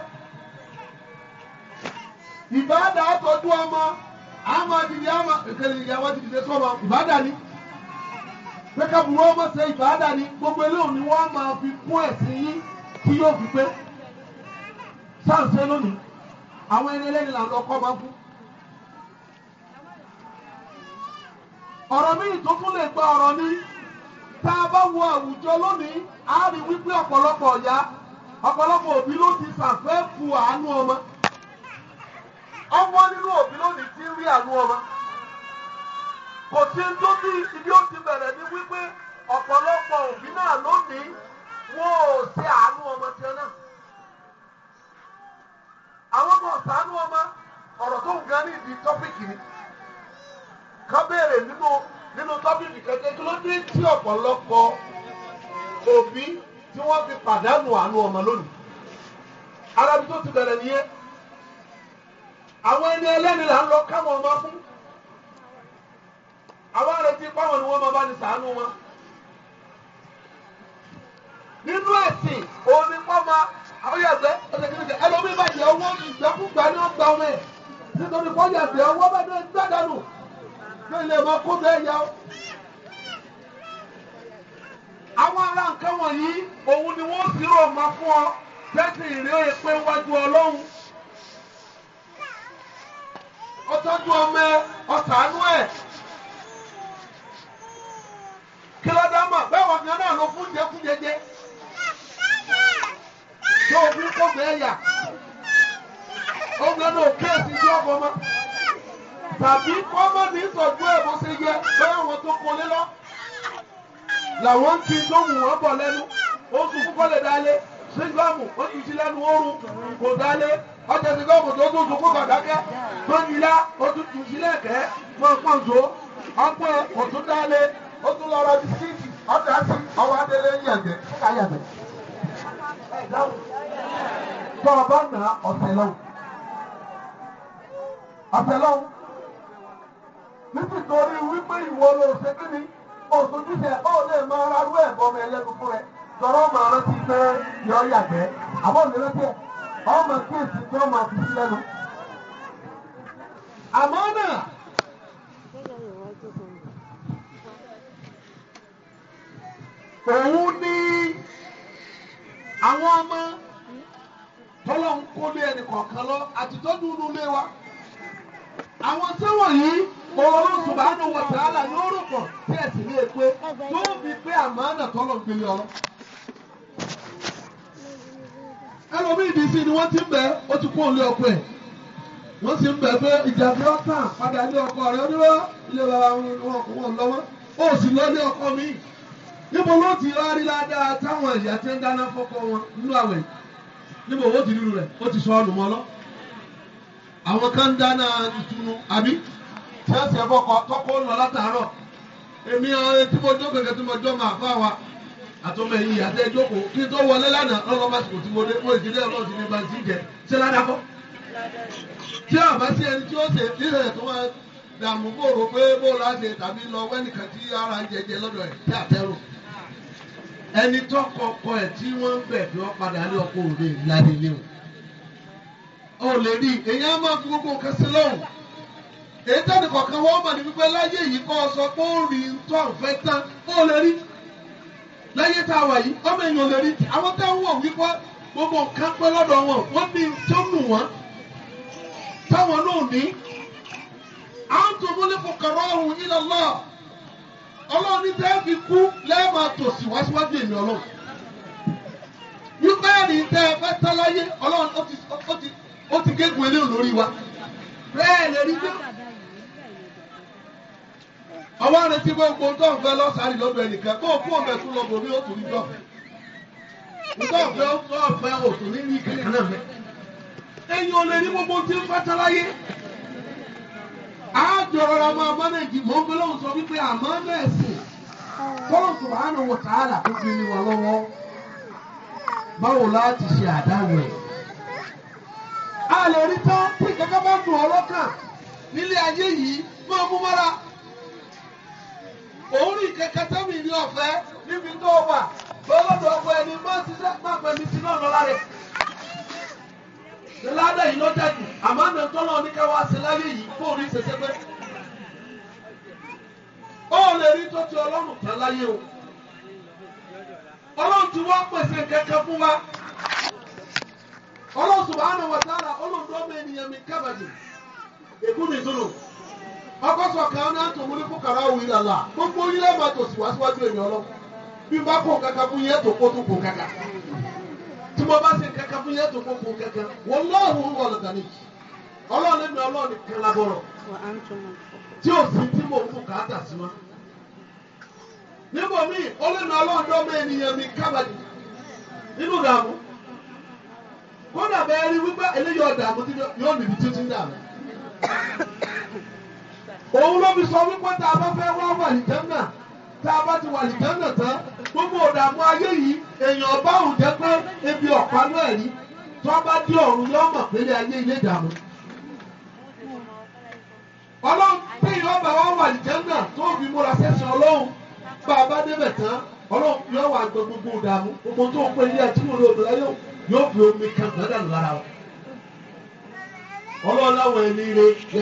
ìbádà tọjú ọmọ àwọn àdìrí àwọn ìkẹlẹ ìyàwó àdìrí sọmọ ìbádà ni. pé kábùrú ọmọ ṣe ìbáàdà ni gbogbo eléyìí ni wọ́n fi kún ẹ̀sìn yín tí yóò fi pé sáǹsẹ lónìí àwọn ẹni ẹlẹ́ni là ń máa fún. ọ̀rọ̀ míì tó fún lè gba ọ̀rọ̀ ni tá a bá wo àwùjọ lónìí a rí wípé ọ̀pọ̀lọpọ̀ ọ̀yá ọ̀pọ̀lọpọ̀ òbí ló ti fu àánú ọmọ ọmọ nínú òbí lónìí kò sí tó bí ibi ó ti bẹ̀rẹ̀ ní wípé ọ̀pọ̀lọpọ̀ òbí náà lónìí wọ́n ò àánú ọmọ tiẹ̀ náà. àwọn ọmọ ọ̀sánú ọmọ ọ̀rọ̀ tó ń gan ní ìdí tọ́pìkì ni ká nínú nínú tọ́pìkì ọmọ lónìí. tó ti bẹ̀rẹ̀ nìyẹn àwọn ẹni ẹlẹ́ni là ń lọ káwọn àwọn àrètí páwọn ni wọ́n máa bá ní sàánú wọn. nínú ẹ̀sìn omi pọ́nmá àwòyàgbẹ́ ẹ̀sẹ̀kẹ̀sẹ̀ ẹlòmí bá yẹ owó ìgbàkúgbà ní ọgbà ọmọ ẹ̀ nítorí pọ́yàgbẹ́ owó bá dé gbàdánù kí ilé ọmọ kó bẹ́ẹ̀ yá o. àwọn ará nǹkan wọ̀nyí òun ni wọ́n ti rò máa fún ọ jẹ́sìn ìrírè pé wájú ọlọ́run ọtọ́jú ọmọ ẹ ọ̀sánú ẹ̀ kí ló dá mà bẹ́wọ̀n kan náà ló fún jẹkújẹjẹ tó o fún kó bẹ́ẹ̀ yà ó gbé náà kéèsì tí ó fọmọ tàbí kọ́mọ́nì ìtọ́jú ẹ̀ bó ṣe yẹ bẹ́ẹ̀ wọn tó kọlé lọ làwọn ń ti tó wù wọ́n bọ̀ lẹ́nu oṣù kúkọ́ lè dálé sígbàmù ó ti ti lẹ́nu oorun kò dálé ọjà sígbàmù tó tó oṣù kúkọ́ dákẹ́ tó nílá ó tún tù sílẹ̀ kẹ́ mọ́ pọ́n tó ọpẹ́ dálé. tún lọ ra bisikíìtì ọ̀dà sí ọwọ́ adélé ń yàgbẹ́ fún ká yàgbẹ́. tó o bá nà ọ̀sẹ̀ lọ́wọ́ ọ̀sẹ̀ lọ́wọ́ nítorí wípé ìwọ ló ṣe kí ni òṣojúṣe ó lè máa rárú ẹ̀bọ mi ẹlẹ́nu rẹ ọmọ rẹ ti fẹ́ yọ yàgbẹ́ àbọ̀ tiẹ̀ ọmọ tí fi àmọ́ náà. òun ní àwọn ọmọ tọ́lọ̀ ń kó lé ẹnì kọ̀ọ̀kan lọ àtìtọ́jú inú ilé wa àwọn sẹ́wọ̀n yìí òun Subhanu yóò rò tí ẹ̀sìn lè pé yóò fi pé àmánà tọ́lọ̀ gbélé ọ ẹlòmíì dì í sí ni wọ́n ọkọ ẹ̀ wọ́n sì ń bẹ̀ pé ọkọ rẹ̀ níbo ló ti rárí ládàá táwọn ẹ̀yà ti ń dáná fọ́kọ́ wọn nínú àwẹ̀ níbo ó ti rírun rẹ̀ ó ti sọ ọ́ lùmọ́ lọ. àwọn kan dáná ìtùnú àbí tí wọ́n ti ẹ̀fọ́ kọ́kọ́ lọ látàárọ̀ èmi àwọn tí mo jó gẹ́gẹ́ tí mo jó máa fà wá àtọmọ ẹ̀yìn àti ẹjọ́ kò kí n tó wọlé lánàá lọ́lọ́ bá sìkò tí mo dé mo ìdílé ọlọ́run ti ní bá ti jẹ ṣé ládàá kọ́ tí a sí ẹni tí ó ṣe ìṣẹ̀lẹ̀ tó máa dààmú bòrò pé bó láṣẹ tàbí lọ wẹ́nìkan tí ara ń jẹjẹ lọ́dọ̀ ẹ̀ tí àtẹ́rù ẹni tó kọkọ ẹ̀ tí wọ́n ń bẹ̀bí wọn padà lé ọkọ òde ìlànà ilé o. ó lè rí èyí á máa fi gbogbo nǹkan sí lọ́hùn. èyí tẹ́lẹ̀ kọ̀ọ̀kan wọ́n mọ̀ ní pípẹ́ láyé yìí kọ́ ọ sọ pé ó rí tó àǹfẹ́ tán ó lè rí. láyé tá a wà yìí ọmọ èèyàn lè rí àwọn tá ń wọ̀ wípé gbogbo nǹkan pẹ́ lọ́dọ̀ wọn wọ́n ní tó nù wọ́n táwọn náà ní. àwọn tó múlẹ̀ fọkàrọ̀ ọ̀hún ilẹ̀ lọ́ọ̀ ọlọ́run ní tẹ́ fi kú lẹ́ẹ̀ma tòsí wá síwájú èmi ọlọ́run wípé ẹ̀rí tẹ́ ẹ fẹ́ tán láyé ọlọ́run ó ti gégùn eléyìí lórí wa bẹ́ẹ̀ lè rí pé àwọn arìnrìn gbogbo tó ń fẹ́ lọ́sàárì lọ́dọ̀ ẹnìkan kó o kó o mẹ́tún lọ́gbọ̀n mi ó tún ní jọ tó ń fẹ́ òtún ní ní náà mẹ́ ẹ̀yin ò lè rí gbogbo tí ń fẹ́ tán láyé àjọrọra máa mánéjì mọ́ pé lóun sọ wípé àmọ́ náà sìn tọ́lọ̀tù àánú wò tààlà tó fi wọn lọ́wọ́ báwo láti ṣe àdáwọ̀ ẹ̀. a lè rí tán tí kankan bá dùn ọ́ lọ́kàn nílé ayé yìí máa mú mọ́ra òun rí kankan tẹ́mi ní ọ̀fẹ́ níbi tó wà bọ́lọ́dọ̀ ọkọ ẹni máa ṣiṣẹ́ pàpẹ́ mi sí náà lọ́la rẹ̀. ládà yìí lọ́jà a àmọ́ àmì tọ́lọ́ ní ká wá sí láyé yìí kó rí ṣẹṣẹ pé ó lè rí tó ti ọlọ́run láyé o ọlọ́run tí wọ́n pèsè kẹ́kẹ́ fún wa ọlọ́run subhanahu wa ta'ala ọlọ́run tó ènìyàn mi kábàdì èkú ní ìdúró ọkọ̀sọ̀ kan náà tó múlí fún kàrá òwì gbogbo orílẹ̀ síwájú èmi ọlọ́run bí tí mo bá se kankan fún yẹn tó kó kó kankan wọn lọ́ọ̀rù wọn lọ́ọ̀dà ni ọlọ́run lẹ́nu tí o sí tí mo fún kàátà sí ma. níbo mi ọlọ́run ọlọ́run dọ́mọ ènìyàn mi kábàdì nínú kódà bẹ́ẹ̀ rí wípé eléyìí yóò òun ló tá a bá ti wà lìjọ́ náà tán gbogbo ọ̀dààmú ayé yìí èèyàn bá òun jẹ́ pé ebi ọ̀pá náà rí tó bá dé ọ̀run yóò mọ̀ pé ayé ilé dààmú. ọlọ́run téèyàn ọba wa wà lìjọ́ náà tó fi múra sẹ́sìn ọlọ́run bá a bá débẹ̀ tán ọlọ́run yóò wà gbẹ gbogbo ọ̀dààmú gbogbo tó ń pè ní ẹtí wọn lòdì láyò yóò fi omi kan gbọ́dọ̀ lára ọlọ́run láwọn ẹni rẹ̀ yẹ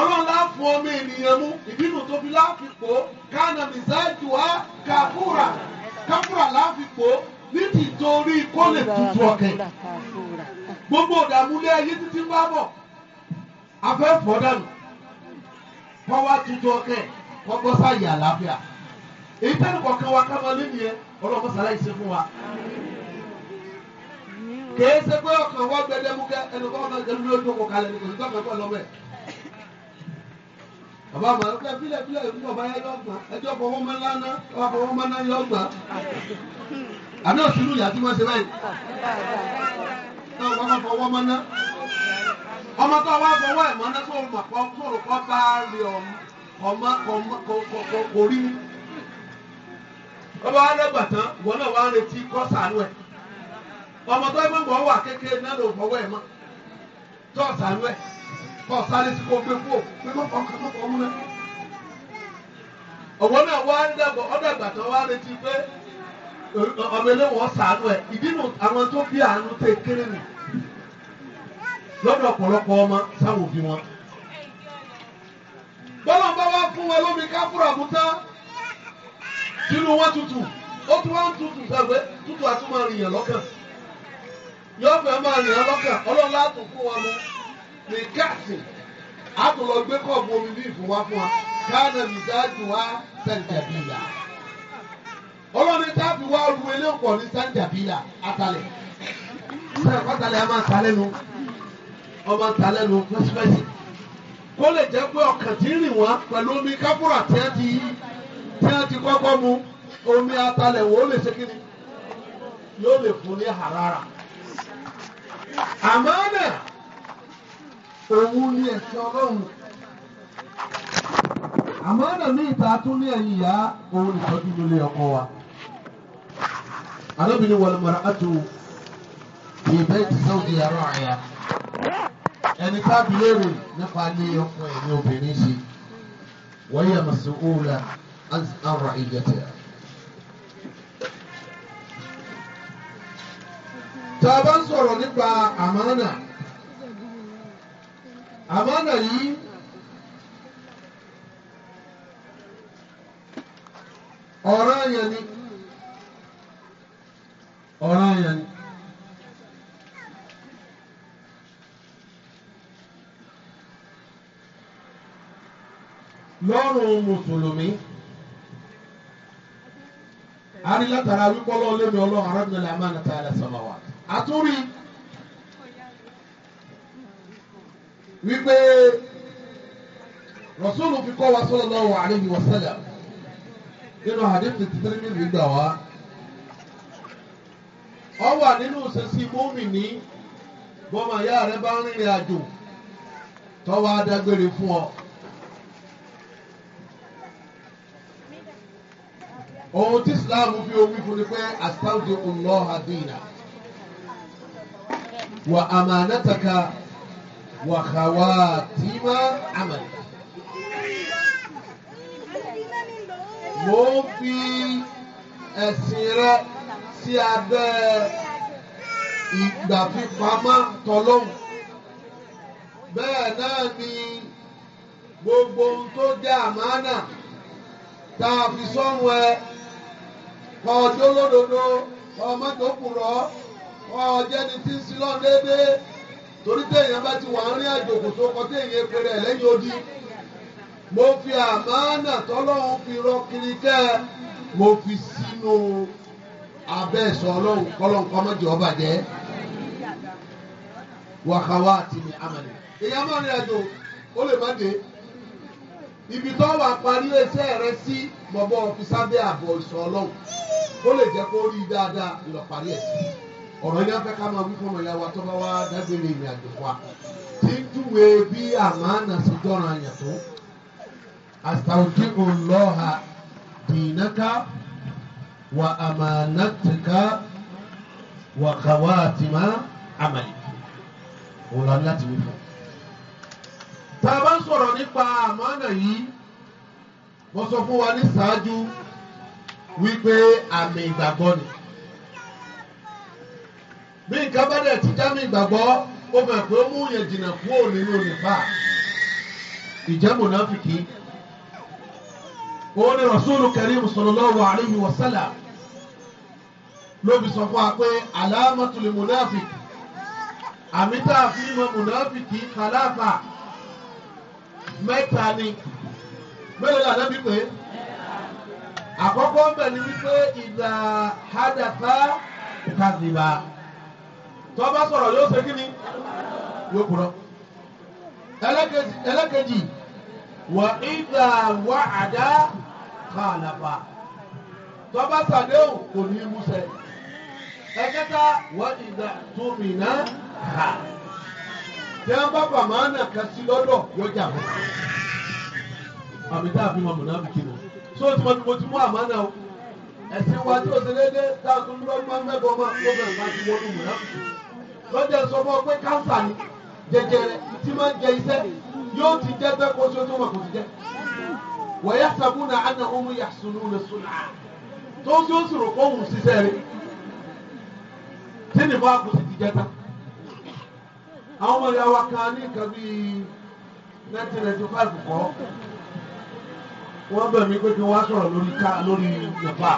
ọlọ́run lá fún ọmọ ènìyàn mú ìbínú tó fi láàfipò kánà mìsáàjù wa kàfúrà kàfúrà láàfipò ní ti torí kó lè tutù ọkẹ́ gbogbo ìdààmúlé ayé títí ń bá bọ̀ afẹ́fọ́ dànù kọ́ wá tutù ọkẹ́ kọ́ gbọ́ sáyé àlàáfíà èyí tẹ́lẹ̀ kọ̀ọ̀kan wa ká máa lé nìyẹn ọlọ́run sàlàyé ṣe fún wa kèé ṣe pé ọkàn wa gbẹdẹmú kẹ ẹnì kan ọkàn jẹ lórí ojú kò kalẹ̀ nìkan ìgbà kan kọ́ lọ́wọ́ bàbá àmà ló fẹ́ bílẹ̀ bílẹ̀ ìlú ọba yẹn lọ́gbà ẹjọ́ fọwọ́ mọ́ ńlá ná ọba fọwọ́ mọ́ ńlá yẹn lọ́gbà. àná sùúrù yàtí wọ́n ṣe báyìí. náà wọ́n fọwọ́ mọ́ ná. ọmọ tó wá fọwọ́ ẹ̀ mọ́ ná tó mọ̀ kọ́ sọ̀rọ̀ kọ́ bá rí ọmọ kò rí mi. ọba wa lọ́gbà tán wọ́n náà wá retí kọ́ sàánú ẹ̀. ọmọ tó ẹ kọ́ sáré sí kó gbé kó pé mọ́kọ́ kan mọ́kọ́ mú náà. ọ̀wọ́ pé ọmọ eléwọ̀n sàánú ẹ̀ ìbínú àwọn tó bí àánú tẹ kéré lọ́dọ̀ ọ̀pọ̀lọpọ̀ ọmọ sáwọn òbí wọn. ń bá wá fún wọn lómi káfúrà sínú wọn ní káàsì àtọ̀lọ́ gbé kọ́ọ̀bù omi bí ìfún wa fún wa káàdà mìsáájú wa sàǹjàbílà ọlọ́ni táàbì wa ru eléwọ̀n ní sàǹjàbílà àtàlẹ̀ sẹ́yìn pátálẹ̀ a máa ta lẹ́nu ọmọ ta lẹ́nu fẹ́sifẹ́sì kó lè jẹ́ pé ọkàn tí ń rìn wá pẹ̀lú omi kápúrà tí a ti tí a ti kọ́kọ́ mu omi atalẹ̀ wò ó lè ṣe kí ni yóò lè fún ní harara àmọ́ náà òun ni ẹ̀sìn ọlọ́run àmọ́ ọ̀nà ní ìta tún ní ẹ̀yìn ìyá òun ìtọ́jú nílé ọkọ wa. arábìnrin wọlé mọ̀ra àtò ìbẹ́ ti sọ́ọ̀dì yàrá àyà ẹni tábì léèrè nípa ní ọkọ ẹ̀ obìnrin ṣe wọ́n yẹ màsíwòlá àrà ìyẹ̀tẹ̀. tá a bá ń sọ̀rọ̀ nípa àmánà àmánà yìí ọ̀ràn yẹn ni ọ̀ràn yẹn ni. lọ́rùn mùsùlùmí a ní látara wípọ́ lọ́ọ́ ọlọ́run arábìnrin àmánà tá àtúrí. wípé rasulu fi kọ́ wa sallallahu alayhi wa sallam nínú hadithi títí mi gbà wá ọ wà nínú sẹ́sí mọ́mìnì bọ́mọ ìyá rẹ bá ń rìnrìn àjò tọ́wọ́ adágbére fún ọ. ohun tí Islam fi omi fún ni pé astaghfirullah adina wa amanataka wàhàwàtìmá عمل Mo ń fi ẹ̀sìn rẹ sí abẹ́ ìgbà fífamọ́ tọ́lọ́hùn. Bẹ́ẹ̀ náà ni gbogbo ohun tó jẹ́ àmánà tá a fi sọ́run ẹ kọ́ lódodo kọ́ ọmọ tó tí ń sin déédéé torí téèyàn bá ti wà ń rí àjò kò tó kọ téèyàn péré ẹ̀ lẹ́yìn odi mo fi àmánà tọ́lọ́hún fi rọ kiri kẹ́ ẹ mo fi sínú abẹ́ ẹ̀sọ́ ọlọ́run kọ́lọ́hún kọ́mọ́jì ọba jẹ́ wàhálà àti mi amẹ̀lẹ̀. èèyàn máa ń àjò ó lè má dé ibi tó wà parí iṣẹ́ rẹ sí bọ̀bọ̀ fi sábẹ́ àbọ̀ ìsọ̀ ọlọ́run ó lè jẹ́ kó rí dáadáa ìlọ̀parí ẹ̀ sí ọ̀rọ̀ yẹn fẹ́ ká máa wí fún ọmọ ìyá wa tó bá wá dágbére ìrìn àjò wa tí ń júwe bí àmàna sí jọ̀ràn àyàn tó àtàwùjẹ́ òǹlọ́ha dìínàká wà àmànàtìká wà kàwáàtìmá àmàlì òun la ní láti wí fún. tá a bá ń sọ̀rọ̀ nípa àmàna yìí wọ́n sọ fún wa ní ṣáájú wípé àmì ìgbàgbọ́ ni bí nǹkan bá dẹ̀ ti já mi gbàgbọ́ ó fẹ́ pé ó mú yẹn jìnnà kúrò nínú nìfà ìjẹ́ mùnáfìkì òun ni rasulu karim sallallahu alayhi wa sallam ló fi sọ fún wa pé alámàtúlì mùnáfìkì àmì tá a fi mọ mùnáfìkì kàláfà mẹ́ta ni mẹ́lẹ̀ lànà bí pé àkọ́kọ́ ń bẹ̀ ni wípé ìdá hadatha kàdìbà tó bá sọ̀rọ̀ yóò ṣe kí ni yóò kúrọ̀. ẹlẹ́kejì wà ìdá wà àdá kàlàfà tó bá ṣàdéhùn kò ní í múṣẹ. ẹ̀kẹta wà ìdá tómìnà hà tí wọ́n bá bàmá nà kásí lọ́dọ̀ yóò jà wọ́n. àmì tá a fi mọ̀ mọ̀nà àbíkí nù. sóòtú mo ti mú o ẹ̀sìn wa tí o ṣe déédéé dáa tó ń lọ́gbọ́n mẹ́bọ̀ máa ń kó bẹ̀rẹ̀ láti wọ́n lù mọ̀nà àbíkí lọ́jà sọ fún ọ pé káńsà ni jẹjẹrẹ tí máa ń jẹ iṣẹ́ yóò ti jẹ́ bẹ́ẹ̀ kó ṣoṣo mà kò ti jẹ́ wọ́yà sàbúnà àná ọmú yà sùnú lè sùnà tó ń sọ́sù rò kó wùn ṣiṣẹ́ rẹ̀ tí nìbọn àkùsì ti jẹ́ ta àwọn ọmọ ìyá wa kan ní nǹkan bíi nineteen ninety five kọ́ wọ́n bẹ̀ mí pé kí wọ́n á sọ̀rọ̀ lórí ká lórí Yorùbá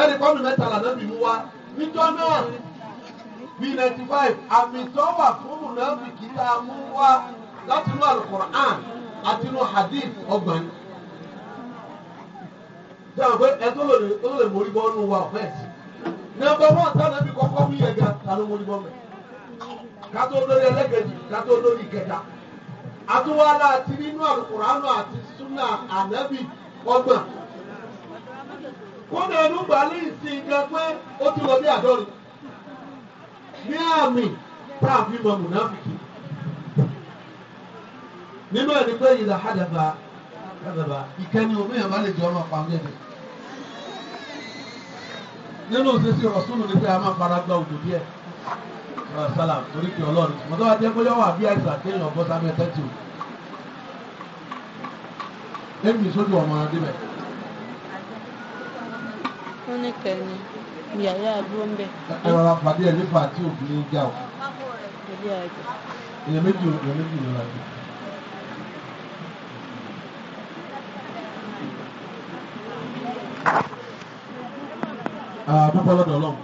ẹnì kan nù mẹ́ta làdá mi mú wa níjọ́ náà bí ninety five àmì tó wà fún mùnàfíkì tá a mú wá láti inú alukur'an àti inú hadith ọgbọ̀n. Sọ̀rọ̀ pé ẹ tó lè tó lè mórí bọ́ nù wa ọ̀fẹ́ sí. Nọ́mbà wọn sáà nàbí kọ́kọ́ wí yẹn gan ta ló mórí bọ́ mẹ́. Kátó lórí ẹlẹ́gẹ̀dì kátó lórí ìkẹta. Àtúwálá àti nínú alukur'an àti súnà ànábì ọgbọ̀n. Kódà ẹnu gbà ìsìn gan pé ó ti lọ bí àdọ́rin ní àmì tá a fi mọ mùnáfìkì nínú ẹni pé ìlà hàdàbà hàdàbà ìkẹni omi ẹ̀ má lè jọ ọmọ pàmò ẹ̀dẹ̀ nínú sísè ọ̀sùn ní pé a máa fara gba òdò díẹ̀ sálà torí pé ọlọ́run mọ̀tọ́ wa jẹ́ pé yọ wà bí àìsàn kéèyàn ọ̀bọ sábẹ́ tẹ́tù lẹ́yìn ìṣojú ọmọ adébẹ̀. ó yàrá àdúró ń bẹ̀. ẹ rọra pàdé ẹ nípa tí òbí ń jà o. èèyàn méjì èèyàn méjì ló ra jù. dúpẹ́ lọ́dọ̀ ọlọ́run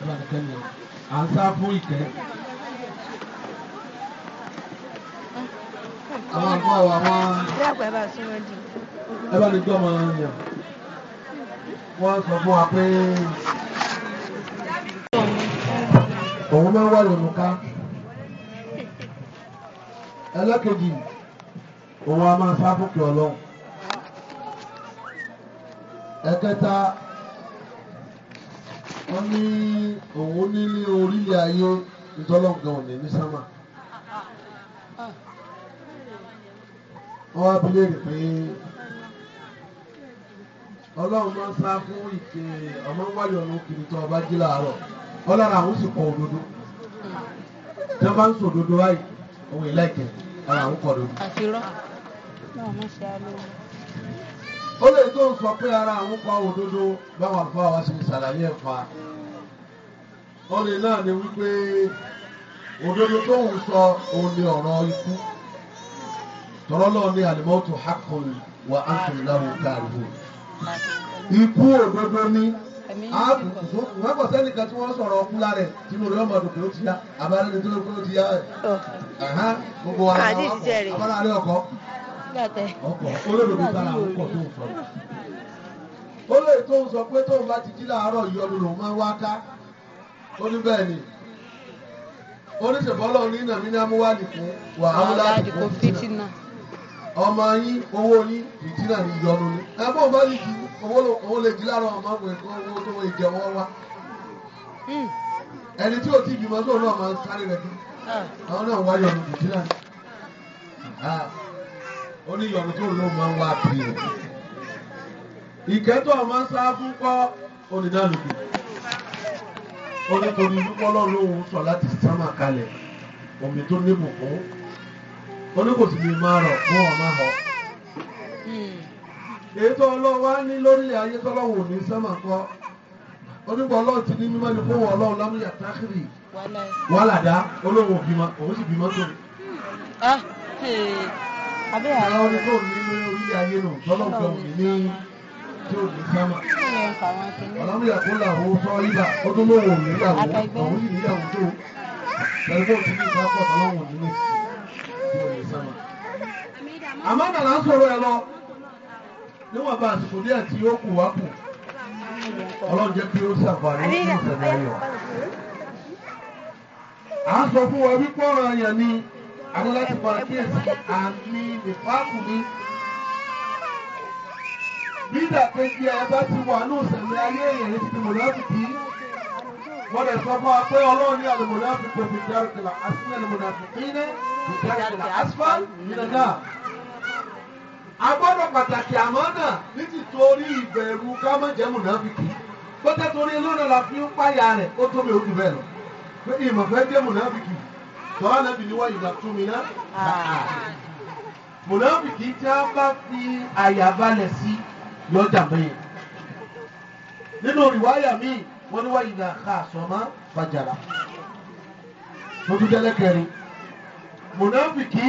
ẹ bá ti kẹ́ni o à ń sá fún ìkẹ́. àwọn àgbà wa wọn. ẹ bá lè gbọ́ ọmọ yẹn wọ́n sọ fún wa pé òun máa ń wà lónìí ká ẹlẹ́kejì òun a máa sá fún kí ọlọ́run ẹ̀kẹta wọ́n ní òun ní ní orílẹ̀ ayé ìtọ́lọ́gbọ̀n òní ní sámà wọ́n á bi léèrè pé. ọlọ́run máa ń sá fún ìpè ọmọ ń wáyọ̀ ní kiri tó ọba jí làárọ̀ ọlọ́run àwọn sì kọ òdodo tí wọ́n bá ń sọ òdodo ara àwọn kọ òdodo. ó lè tó sọ pé ara àwọn kọ òdodo sọ òun ni ọ̀rọ̀ ikú ni àlùmọ́tò hakùn wà ikú òdodo ni wọ́pọ̀ sẹ́nìkan tí wọ́n sọ̀rọ̀ ọkú lára ẹ̀ tí mo rí ọmọ ọdún kúrò ti yá abára lè dúró kúrò ti yá ẹ̀ gbogbo wa abára rẹ ọkọ ọkọ olódodo sára àwọn ọkọ tó ń sọ ó lè tó ń sọ pé tóun bá ti jí láàárọ̀ yìí ọdún lòun máa ń wá ká ó ní bẹ́ẹ̀ ni oníṣèbọ́lọ́ ní nàmínàmúwá nìkú wàhálà àdìkú fìtínà ọmọ yín owó yín fìtínà ní ìyọnu ni ẹgbẹ́ òun bá lè di owó lè di lára ọmọ owó tó wọ́n ìjẹ wọ́n wá hmm. ẹni tí o ti bímọ tó náà máa ń sáré rẹ kí ah. àwọn náà wá yọnu fìtínà ni ah. ó ní ìyọnu tó lóun máa ń wá bí rẹ ìkẹ́tọ̀ máa ń sá fún kọ́ onídàlùkù ó ní torí wípọ́ lọ́rùn òun sọ láti sámà kalẹ̀ omi tó ní oníkòsí lè máa rọ̀ fún ọ̀nà họ. Hmm. ètò ọlọ́wà ní lórílẹ̀ ayé tọ́lọ́wò ní sẹ́mọ̀kọ́ onígbọ̀ ọlọ́run ti ní mímọ́ ni fún wọn ọlọ́run lámúyà tákìrì wàlàdá olóhùn òbí ma òun sì bí mọ́tò. Ah, àwọn onígbò ní orílẹ̀ ayé nù tọ́lọ́wò ní tí ò ní sámà. ọ̀làmúyà kó làwọn sọ ibà ó tún lóhùn òun òun sì níyàwó tó àmọ́ nàlá ń sọ̀rọ̀ ẹ lọ níwọ̀n bá àsìkò díẹ̀ tí ó kù wá kù ọlọ́run jẹ́ kí ó ṣàǹfààní sí ìṣẹ̀lẹ̀ ayọ̀. à ń sọ fún wa wípé ọ̀rọ̀ ayàn ni àwọn láti pa kíyèsí àmì nìfàkù ni. bí ìdàkejì ẹ bá ti wà ní ìṣẹ̀lẹ̀ ayé èèyàn ti mọ̀lẹ́bìtì wọ́n lè sọ fún wa pé ọlọ́run ní àlùmọ̀lẹ́bìtì kò fi dárúkìlà àti ní àlùmọ̀lẹ́bìtì ní ìdárúkìlà asfal nínú náà a gbọ́dọ̀ pàtàkì àmánà ní tìtorí ìbẹ̀rù kámọ́jẹ́mù náà fi kì í pọ́tẹ́ torí lónà la fi ń páyà rẹ̀ ó tó mi ò jù bẹ́ẹ̀ lọ pé ìmọ̀fẹ́ jẹ́ mùnáfìkì tọ́wọ́ náà bìí wáyé ìgbà tún mi náà ah. mùnáfìkì tí a bá fi àyà balẹ̀ sí yọjà mẹ́yìn nínú ìwáyà mi wọ́n ní wáyé ìgbà ká àsọ̀mọ́ fàjàrà tó tún jẹ́lẹ́ kẹrin mùnáfìkì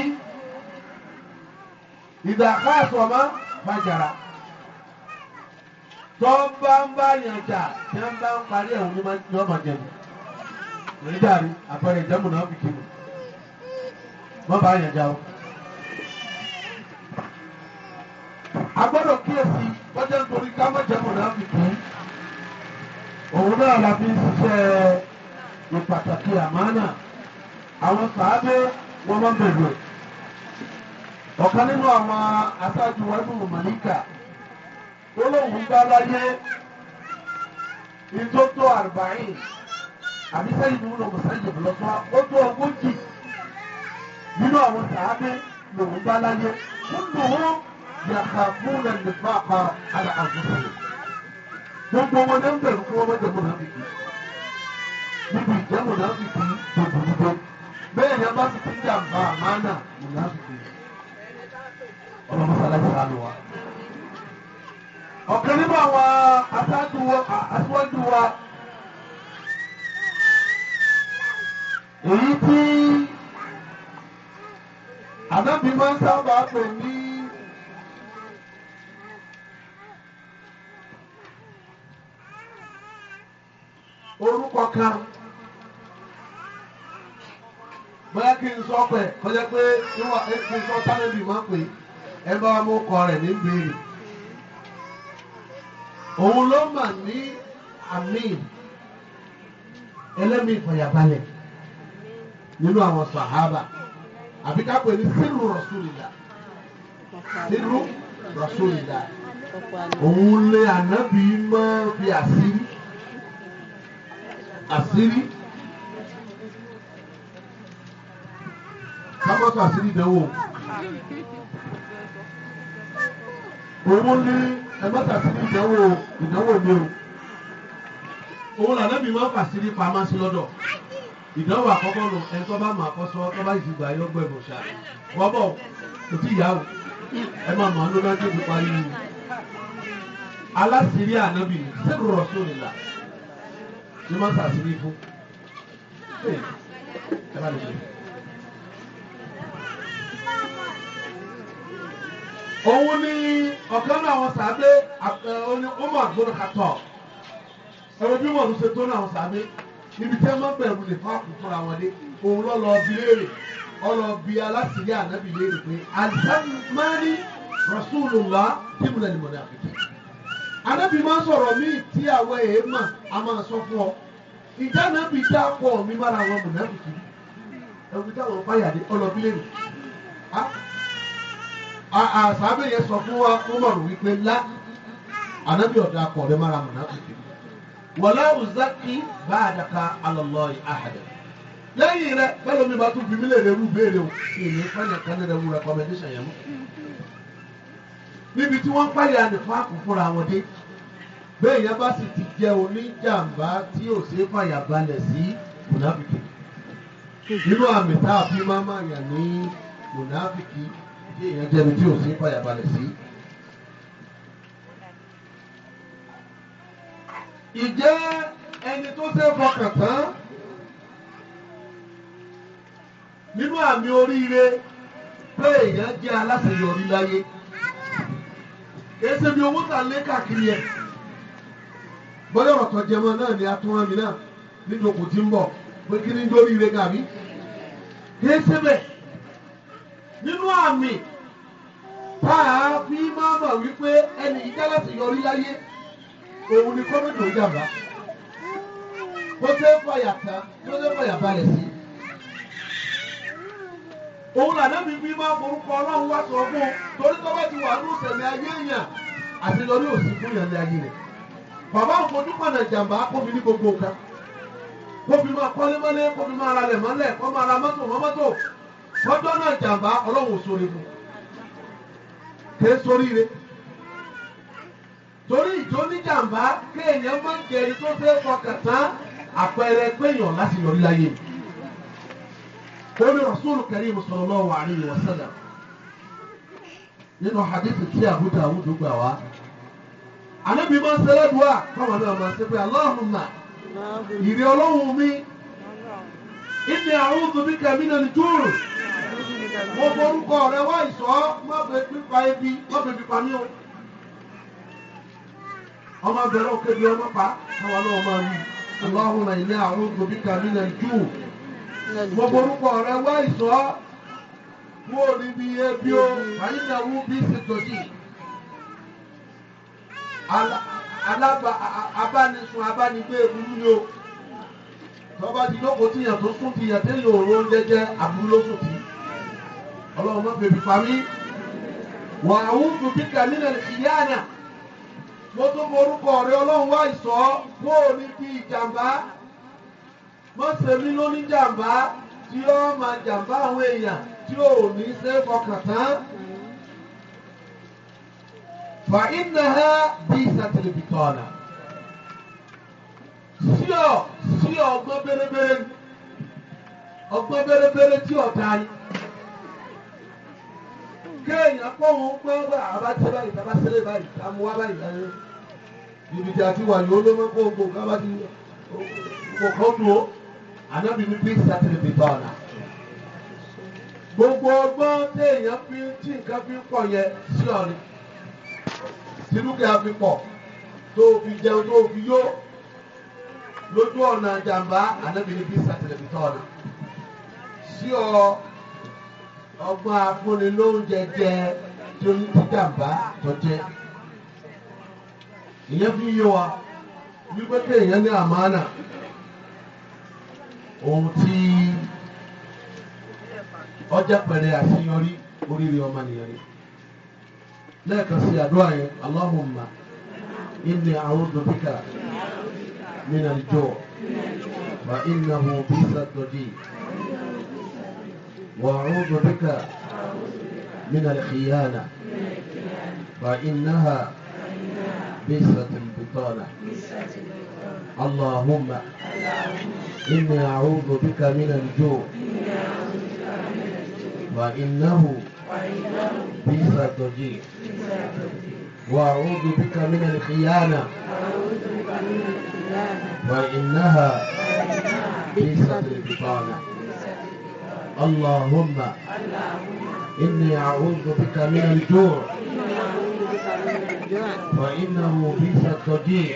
ìdá káàtọ̀ mọ́ bàjàrà tó ń bá ń bá yàn jà tí wọ́n bá ń parí ẹ̀wọ̀n ní wọ́n máa jẹ̀mú èyí dàbí àpẹẹrẹ ìjẹ́mu náà fi kiri wọ́n bá yàn jà o. a gbọ́dọ̀ kíyèsí bọ́jà nítorí ká má jẹ́mu náà fi kiri òun náà la fi ń ṣiṣẹ́ ìpàtàkì àmánà àwọn sàábé wọ́n máa ń bẹ̀rù ọ̀kan nínú àwọn aṣáájú wẹ́bù mọ̀líkà tó lóun gbá láyé ìtótó àrùbáyìn àbí sẹ́yìn nínú mùsàlùmí lọ́tọ́ ó tó ogójì nínú àwọn sàábé lòun gbá láyé kúndùn wọn yàtọ̀ fún ẹnìfà kan àrà àgùntàn gbogbo wọn ní ń bẹ̀rù fún ọmọ jẹ̀mú náà bìbí níbi ìjẹ́mú náà bìbí gbogbo bẹ́ẹ̀ yẹn bá ti ti ń jàǹbá àmánà mùnà bìbí ọlọ́run sálájú sánú wa. ọ̀kan nínú àwọn aṣáájú wa aṣíwájú wa èyí tí ànábì máa ń sábà pè ní. orúkọ kan bóyá kí n sọ pé kọjá pé níwọ̀n kí n sọ sáré bì máa pè é ẹ bá wọn mú kọ rẹ̀ ní béèrè òun ló mà ní amin ẹlẹ́mìí ìfọ̀yàbalẹ̀ nínú àwọn sàhábà àbí ká pè ní sírù rasulillah sírù rasulillah òun lé ànábì máa fi àṣírí àṣírí kábọ́tò àṣírí ìdánwò òun ní ẹgbẹ́tàsí ní ìdánwò ìdánwò mi o òun làná mi máa ń fàṣírí pamọ́ sí lọ́dọ̀ ìdánwò àkọ́kọ́ nù ẹni tó bá máa kọ́sọ́ tó bá ìdìgbà yọ gbọ́ ẹ̀bùn ṣáà wọ́n bọ̀ kò tí ìyá o ẹ máa mọ̀ ọ́nú lọ́jọ́ ìdí parí ni alásìírí ànábì sẹ́kù rọ̀ṣù nìlà ni máa ń fàṣírí fún ẹ bá lè ṣe. òun ni ọ̀kan náà àwọn sàbẹ ọni ọmọ àgbọdọ kàtọ ẹrọ bí wọn ṣe tó náà àwọn sàbẹ níbi tí wọn bẹ̀rù lè fún àkùnfún àwọn dé òun lọ lọ bí léèrè ọlọbi alásìlẹ ànábì léèrè pé alisamani rasulullah tìmùlẹ ni mọdà àfẹtẹ ànábì máa sọ̀rọ̀ mí tí àwọn èèmà a máa sọ fún ọ ìjà ànábì dá pọ mi mára àwọn mọdà àfẹtẹ ẹwùdí àwọn fáyà dé ọlọbi léèrè àṣàbẹ̀ yẹn sọ fún wa Umaru wípé lá ànábì ọ̀dà kọ̀ ọ̀rẹ́ mara mùnàfíkì wọlé ọ̀zákì bá àdàkà alọ́lọ́ àhàdà lẹ́yìn rẹ bẹ́ẹ̀ lómi bá tún fi mílẹ̀ rẹ rú béèrè o èmi fẹ́lẹ̀ kan rẹ wú rẹkọmẹdéṣàn yẹn mú níbi tí wọ́n pààyà nìfọ́ àkùnfúnra wọn dé bẹ́ẹ̀ yẹn bá sì ti jẹ́ oníjàmbá tí ò ṣeé fàyà balẹ̀ sí mùnàfíkì nínú àmì tá a fi máa máa yà ní mùnàfíkì tí èèyàn jẹ́bi tí ò sí fàyàbalẹ̀ sí. ìjẹ́ ẹni tó ṣe fọkàn tán nínú àmì oríire pé èèyàn jẹ́ aláṣeyọrí láyé èsè mi owó tà lé káàkiri ẹ̀ bọ́lá ọ̀rọ̀ tó jẹmọ́ náà ni atúnwá mi náà nínú òkú tí ń bọ̀ pé kí ni ń dórí ire gàmí kí nínú àmì báà fi máa mọ̀ wípé ẹni ìjálẹ̀sì yọrí láyé òun ni gómìnà ó jàmbá bó ṣe ń fọyà tán bó ṣe ń fọyà balẹ̀ sí. òun làdá mi fi máa forúkọ ọlọ́run wá sọ fún un torí tó bá ti wà ní ìṣẹ̀lẹ̀ ayé èèyàn àti lórí òsì fún ìyànjú ayé rẹ̀. bàbá òfojú pàdà jàmbá kó mi ní gbogbo nǹkan kó mi máa kọ́lé mọ́lé kó mi máa ra lẹ̀ mọ́lẹ̀ kó máa ra mọ́tò mọ́mọ́tò lọ́jọ́ náà jàǹbá ọlọ́run ò sórí mu kè é sórí rẹ̀ torí ìjó níjàǹbá kéèyàn máa ń jẹ ẹni tó fẹ́ fọkàn tán àpẹẹrẹ péyàn láti yọrí láyé orí rasúlù karim sallallahu alaihi wa sallam nínú hadith tí Abu Dawud gbà wá anábì máa ń ṣẹlẹ̀ dùá káwọn náà máa ṣe pé Allahumma ìrì ọlọ́run mi inni a'udhu bika minal juu' mo forúkọ rẹ wá ìṣọ́ má fẹ́ pípa ebi má fẹ́ pípa ní o ọmọ bẹ̀rẹ̀ òkè bí ọmọ pa káwọn náà máa rí aláhùn náà ilé àwọn òbí kàmí náà jù mo forúkọ rẹ wá ìṣọ́ wo níbi ebi o àyínáwó bí ṣètòjì alába abánisun abánigbé eburú ni o tọ́ba ti lóko tíyàn tó sún tìyàn tẹ́lẹ̀ òórùn jẹ́jẹ́ àbúrò sùn tì ọlọ́run má bèbí pa mí wọ́n àwọn tó bí kàmínà ìyáàna mo tó forúkọ rẹ ọlọ́run wá ìsọ́ kó o ní bí ìjàmbá má ṣe mí lóní jàmbá tí ó máa jàmbá àwọn èèyàn tí ò ní ṣe fọkàn tán. fa bí ìsàtìlẹ̀bìtọ̀ ọ̀nà sí ọ sí ọgbọ́n bẹ́rẹ́bẹ́rẹ́ ọgbọ́n bẹ́rẹ́bẹ́rẹ́ tí ọ̀tá yìí kéèyàn kó wọn pé bá àbá tẹ báyìí tá a bá ṣẹlẹ̀ báyìí tá a mú wá báyìí láyé jìbìtì àti wà ní olómọ kó o kò ká bá ti kò kọ́ dùn ó ànábì ní bí sátìrì bìtà ọ̀la. gbogbo ọgbọ́n téèyàn fi tí nǹkan fi pọ̀ yẹ sí ọ̀rẹ́ tìlúkẹ́ àfi pọ̀ tó o fi jẹun tó o fi yó lójú ọ̀nà jàǹbá ànábì ní bí sátìrì bìtà ọ̀la. sí ọ. ọgbọ́n afúnilóúnjẹ jẹ torí dídàmbá tọ́jẹ. ìyẹn fi yé wa wípé kéèyàn ní àmánà ohun tí ọjà pẹ̀rẹ̀ àṣeyọrí oríire ọmọnìyàn ni. lẹ́ẹ̀kan sí àdúrà yẹn Allahumma inni a'udhu bika min al ma wa innahu bí sàtọ́jì. وأعوذ بك من الخيانة فإنها بسة البطانه اللهم إني أعوذ بك من الجوع فإنه بسة ضجيج وأعوذ بك من الخيانة فإنها بسة البطانة اللهم إني أعوذ بك من الجوع فإنه بئس الصديق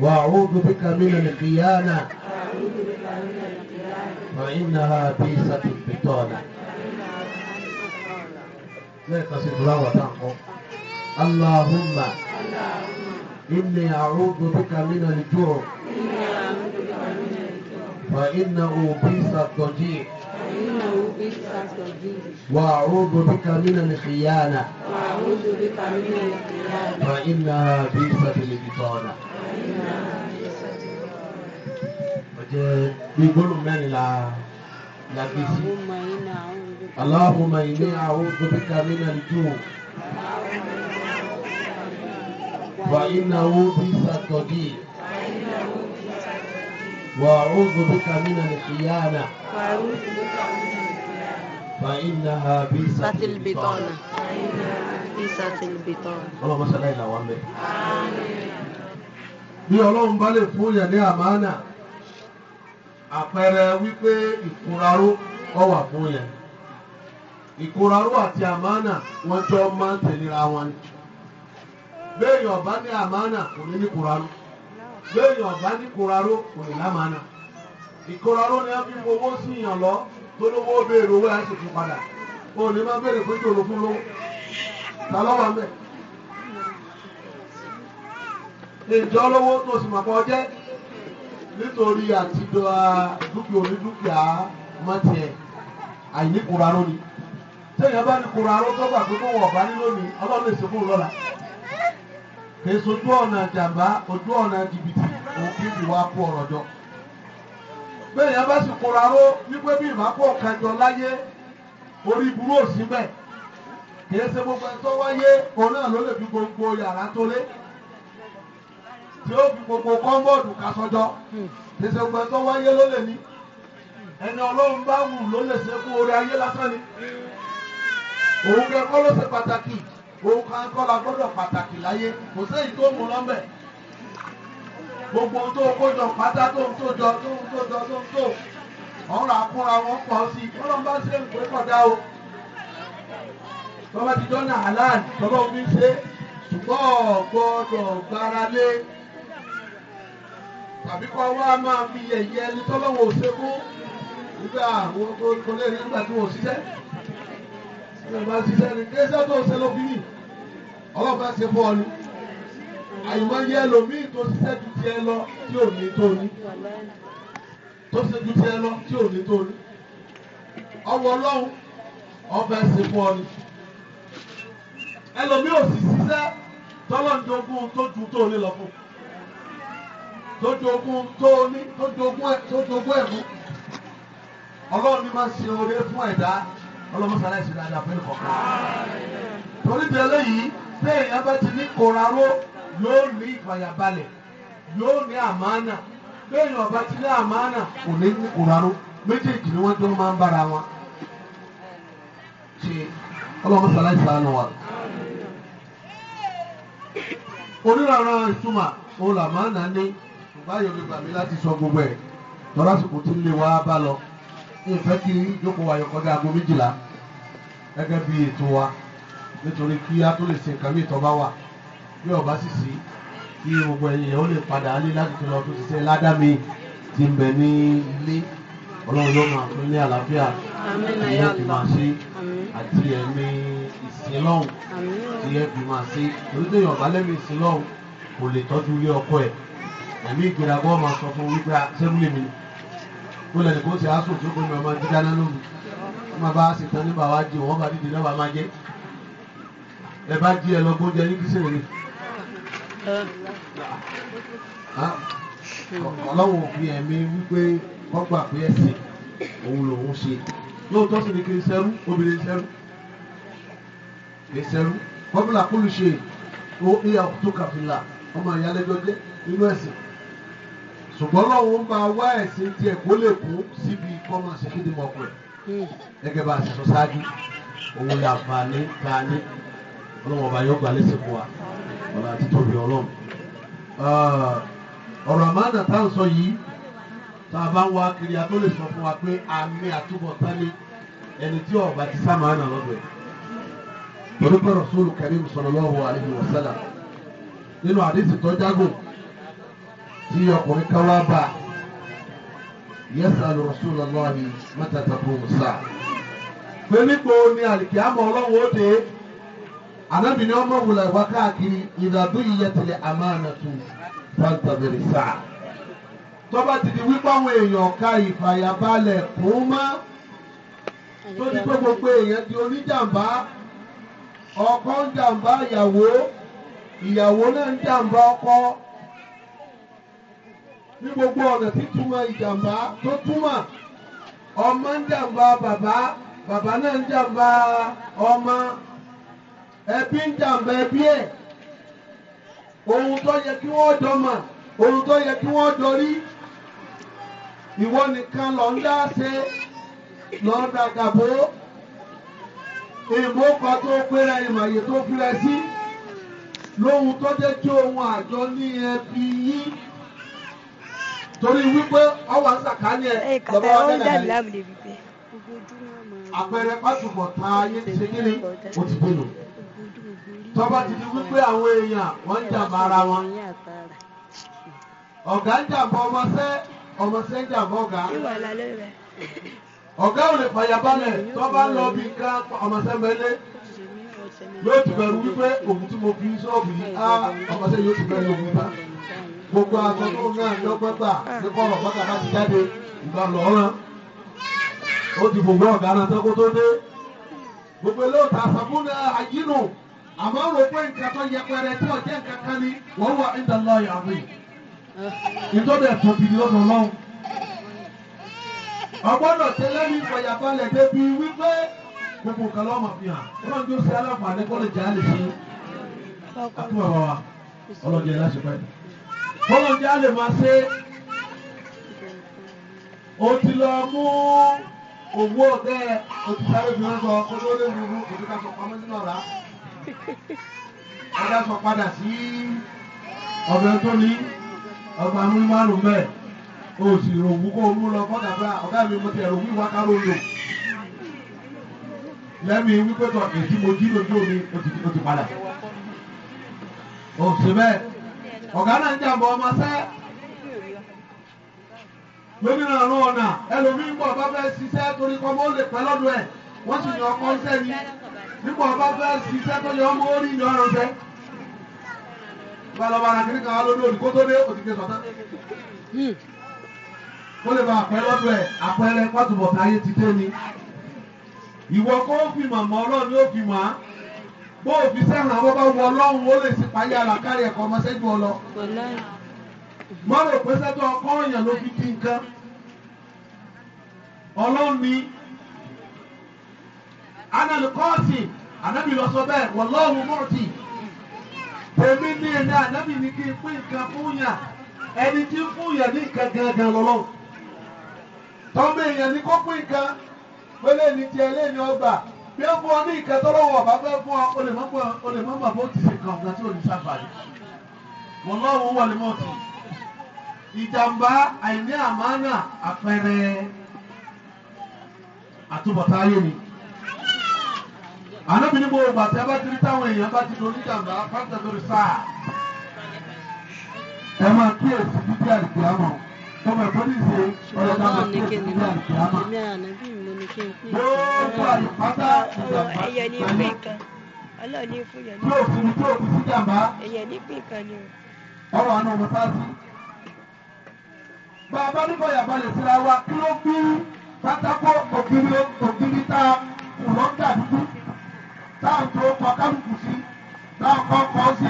وأعوذ بك من الخيانة فإنها بئست البطانة لك سيدنا اللهم إني أعوذ بك من الجوع فإنه في الضجيع وأعوذ بك من الخيانة وأعوذ بك من الخيانة فإنها في البطانة بيقولوا من لا لا اللهم إني أعوذ بك من الجوع فإنه في الضجيع وأعوذ بك من الخيانة وأعوذ بك من فإنها بيسة البطانة بيسة البطانة اللهم صل على محمد bí ọlọ́run bá lè fún yẹn ní àmánà àpẹẹrẹ wípé ìkóraró ọwà fún yẹn ìkóraró àti àmánà wọ́n jọ máa ń tẹ̀léra wọn. béèyàn bá ní àmánà kò ní ní kóraró gbẹ̀yìn ọ̀gá ní kóraró kò lè lámàánà ìkóraró ni a fi mú owó sí ìyàn lọ tó lówó béèrè owó láti padà o ní máa béèrè fún ìjòrò fún lówó ta lọ́wọ́ mẹ́. ìjọ lówó tó sì màpọ̀ jẹ́ nítorí àtijọ́ dúkìá onídúkìá mọ́tìẹ̀ àìní kóraró ni tẹ́yìn bá ní kóraró tó gbà pé kó wọ̀ ọ̀gá ní ọlọ́run lè ṣe fún un lọ́la kìí sojú ọ̀nà jàmbá ojú ọ̀nà jìbìtì òun kì í fi wá kó ọ̀rọ̀ jọ. bẹ́ẹ̀ yẹn bá sì kóra ró wípé bí ìbápọ̀ kájọ láyé orí burú òsì bẹ́ẹ̀ kìí ṣe gbogbo ẹ̀tọ́ wáyé òun náà ló lè fi gbogbo yàrá tó lé tí ó fi gbogbo kọ́ńbọ̀dù kásọjọ́ kìí ṣe gbogbo ẹ̀tọ́ wáyé ló lè ní ẹni ọlọ́run bá wù ló lè ṣe kú orí ayé lásán ni òun kẹ́kọ́ ló ṣe pàtàkì òun kan kọ́ la gbọ́dọ̀ pàtàkì láyé kò séyìí tó mú lọ́mbẹ̀ gbogbo tó kójọ pátá tó ń tó jọ tó ń tó jọ tó ń tó ọ̀rọ̀ àkúnra wọn pọ̀ sí i ọlọ́run bá ṣe ń pè kọ̀dá o tọ́ba ti dọ́nà halal tọ́ba omi ṣe ṣùgbọ́n gbọ́dọ̀ gbára lé tàbí kọ́ wá máa fi yẹ̀yẹ́ ẹni tọ́lọ́wọ́ òṣèkú nígbà wo kò lè rí nígbà tí wọ́n ṣiṣẹ́ tí wọ́n bá ṣiṣẹ́ ni kí ẹsẹ́ tó ṣe ló fi mí ọlọ́run bá ṣe fún ọlú àyùmọ̀ yẹ ẹlòmíì tó ṣiṣẹ́ ju tiẹ̀ lọ tí ò ní tó ní tó ṣe ju tiẹ̀ lọ tí ò ní tó ní ọwọ́ ọlọ́run ọba ṣe fún ọ ni ẹlòmíì ò sì ṣiṣẹ́ tọ́lọ́njogún tó ju tó ní lọ fún tó jogún tó ní tó jogún ẹ̀ tó jogún ẹ̀ mú ọlọ́run ni máa ṣe oore fún ẹ̀dá ọlọ́mọ sàlẹ̀ dáadáa fún ẹnì kọ̀ọ̀kan torí ti eléyìí. téèyàn bá ti ní kóraró yóò ní ìfàyàbalẹ̀ yóò ní àmánà téèyàn ọba ti ní àmánà kò ní ní kóraró méjèèjì ni wọ́n tó máa ń bára wọn ṣe ọlọ́mọ sàlàyé sàánù wa. onírànà ìtumà òun làmánà ní ṣùgbọ́n ayọ̀ mi láti sọ gbogbo ẹ̀ lọ́rọ́sùkù tí ń lé wa bá lọ ìfẹ́ kiri ayọ̀kọ́dé aago méjìlá gẹ́gẹ́ nítorí kí a tó lè ṣe nǹkan míì tó bá wà bí ọba sì sí kí gbogbo ènìyàn ó lè padà lé lágbègbè lọ tó ti ṣe ládàmì ti ń bẹ ní ilé ọlọ́run yóò máa fún ní àlàáfíà tí yóò fi máa ṣe àti ẹ̀mí ìsinlọ́hùn tí yóò fi máa ṣe onídé yorùbá lẹ́mí ìsinlọ́hùn kò lè tọ́jú ilé ọkọ ẹ̀ ẹ̀mí ìgbéraga ọmọ sọ fún wípé sẹ́múlẹ̀ ah, mi kó lẹ́nu kó ti aṣọ tó gbé mi ọmọ dídáná lómi wọ́n máa bá a ṣètàn nígbà wá jẹun wọ́n bá dídì náà bá máa jẹ́ ẹ bá jí ẹ lọ gbóúnjẹ yín kí sèré ọlọ́wọ́ òfin ẹ̀mí wípé wọ́n gbà pé ẹ̀sìn òun lòun ṣe lóòótọ́ sì ni kì í ṣẹ́rú obìnrin ṣẹ́rú kì í ṣẹ́rú kọ́mílà kúlù ṣe ó ìyá tó kàfìlà ọmọ ìyálẹ́jọ́ jẹ́ nínú ẹ̀sìn ṣùgbọ́n lọ́wọ́ máa wá ẹ̀sìn tiẹ̀ kó lè kú síbi kọ́mọ ṣèkéde mọ́kùnrin gẹ́gẹ́ bá a ṣe sọ ṣáájú òun làǹfààní ta ní ọlọ́run ọba yóò gba lẹ́sìn fún wa ọ̀la àti tóbi ọlọ́run. Ah, ọ̀rọ̀ àmàna tá à ń sọ yìí tá a bá ń wá kiri àtó lè sọ fún wa pé àmì àtúbọ̀tán ni ẹni tí ọba ti sá màá nà lọ́dọ̀ ẹ̀. torí pé rasúlù karim sallallahu alaihi wa sallam nínú àdéhùn tó jágò tí ọkùnrin kan wá bá yẹsàlù rasúlù lọ́ọ̀hìn mẹ́tẹ̀ẹ̀tẹ̀ fún un sáà. pé àlìkí àmọ́ ọlọ́run ó dé anabi ni ọmọ wula ẹwà káàkiri ìdàdú ìyẹtìlẹ àmàna tu fàtàbẹrẹ sáà tọ́ba ti di wípé àwọn èèyàn ka ìfàyàbalẹ̀ kó má tó di pé gbogbo èèyàn di oníjàmbá ọkọ ń jàmbá ìyàwó ìyàwó náà ń jàmbá ọkọ ní gbogbo ọ̀nà tí túmọ̀ ìjàmbá tó túmọ̀ ọmọ ń jàmbá bàbá bàbá náà ń jàmbá ọmọ ẹbí ń jàǹbá ẹbí ẹ̀ ohun tó yẹ kí wọ́n dọ́mà ohun tó yẹ kí wọ́n dorí ìwọ nìkan lọ ń dá ṣe lọ dàgàbó èèmọ kan tó péra ìmọ̀ye tó fira sí lóhun tó jẹ́ kí ohun àjọ ní ẹbí yín torí wípé ọwọ́ ń sàkánì ẹ̀ lọ́wọ́ wọn nílẹ̀ yìí àpẹẹrẹ pàtùbọ̀ tá a yé ṣe kí ni ó ti dé lò tọ́ba ti di wípé àwọn èèyàn wọ́n ń jàmbá ara wọn. ọ̀gá ń jàmbá ọmọṣẹ́ ọmọṣẹ́ ń jàmbá ọ̀gá. ọ̀gá ò lè fàyà balẹ̀ tọ́ba ń lọ bí nǹkan ọmọṣẹ́ mẹ́lẹ́ yóò ti bẹ̀rù wípé òun tí mo fi ṣọ́ọ̀bù yìí á ọmọṣẹ́ yóò ti bẹ̀rù òun bá. gbogbo aṣọ tó náà ní ọgbọ́n gbà ní kọ́lọ̀ pátá bá jáde ìgbà lọ́ọ́rán àmọ́ rò pé nǹkan tó yẹ pẹrẹ tí ọ̀jẹ́ nǹkan kan ní wọ́n wà inda Allahi azim ìtọ́jú ẹ̀tọ́ gidi lọ́dọ̀ Ọlọ́run. ọgbọ́dọ̀ tẹ́lẹ̀ ní ìfọ̀yàbalẹ̀ débi wípé gbogbo nǹkan lọ́mọ fi hàn ọlọ́run tó ṣe aláǹfààní kọ́lé jẹ́ àlè ṣe àtúbọ̀ bá wa ọlọ́run jẹ́ láṣẹ pẹ́ẹ́lú. ọlọ́run jẹ́ àlè máa ṣe o ti lọ mú owó ọ̀gá ẹ̀ o ti sáré fi rán sọ ọdún ó lé nínú ìdíkàtọ̀ pamọ́ sínú ọ̀rá. ọjà sọ padà sí ọbẹ̀ tó ní ọgbà amúlùmárùn bẹ́ẹ̀ o sì rògbò kó o mú lọ kọ́ dàbà mi mo ti ẹ̀rọ wí wá káró lò lẹ́mi wípé tọ̀ èsì mo jí lójú omi o ti padà o sì bẹ́ẹ̀ ọ̀gá náà ń ọmọ sẹ́ ẹlòmíín bọ̀ bá fẹ́ ṣiṣẹ́ torí kọ́ lè pẹ́ lọ́dún ẹ̀ wọ́n nípa ọba fẹ́ ṣiṣẹ́ tó yọ ọmọ orí ìyọ ọ̀rọ̀ fẹ́. Balọ̀bàrà kìíní kan wá lórí olùkó tó dé òtítì sọ̀tán. Kó lè ba àpẹẹrẹ lọ́dọ̀ ẹ̀ àpẹẹrẹ pátùbọ̀tà ayé ti tó ni. Ìwọ kó fi màmá ọlọ́run yóò fi màá. Bó o fi sẹ́hàn àwọn bá wọ ọlọ́run ó lè sì payé ara kárí ẹ̀kọ́ ọmọ sẹ́jú ọ lọ. Mọ́rò pé sẹ́tọ̀ ọkọ ọ̀yàn ló fi di nǹkan. Ọlọ́run ni ana anal kọ́ọ̀tì ànábì lọ sọ bẹ́ẹ̀ wallahu mu'ti tèmi ní ẹni ànábì ní kí n pín nǹkan fún yàn ẹni tí ń fún yàn ní nǹkan gangan lọ́lọ́ tọ́mọ èèyàn ní kó pín nǹkan pélé ní tiẹ̀ lé ní ọgbà bí ó fún ọ ní nǹkan tọ́lọ́wọ́ ọ̀bá fẹ́ fún ọ o lè mọ́ bàbá ó ti ṣe kàn ọ̀gá tí ò ní sábàlì wallahu huwa al-mu'ti ìjàmbá àìní àmánà àpẹẹrẹ àtúbọ̀tá ayé ni anábìnrin bò bàtí abátiri táwọn èèyàn bá ti dorí jàmbá pàtàkì sáà ẹ máa kíyèsí dídí àdìgbì àmọ́ ọmọ ẹ̀kọ́ ní ìṣe ọlọ́dà máa kíyèsí dídí àdìgbì àmọ́. gbogbo àyípadà ìjàmbá ìjàmbá ọlọ́ọ̀ni fún yẹn ní. yóò fún mi sí jàmbá. èèyàn àna ọmọ sáàsì. bá a nígbà yàgbá lè síra wa kí ló gbé pátákó ògiri ògiri tá a kù lọ́ńdà dúdú táwọn tó kọ kálukú sí táwọn kọ kọ sí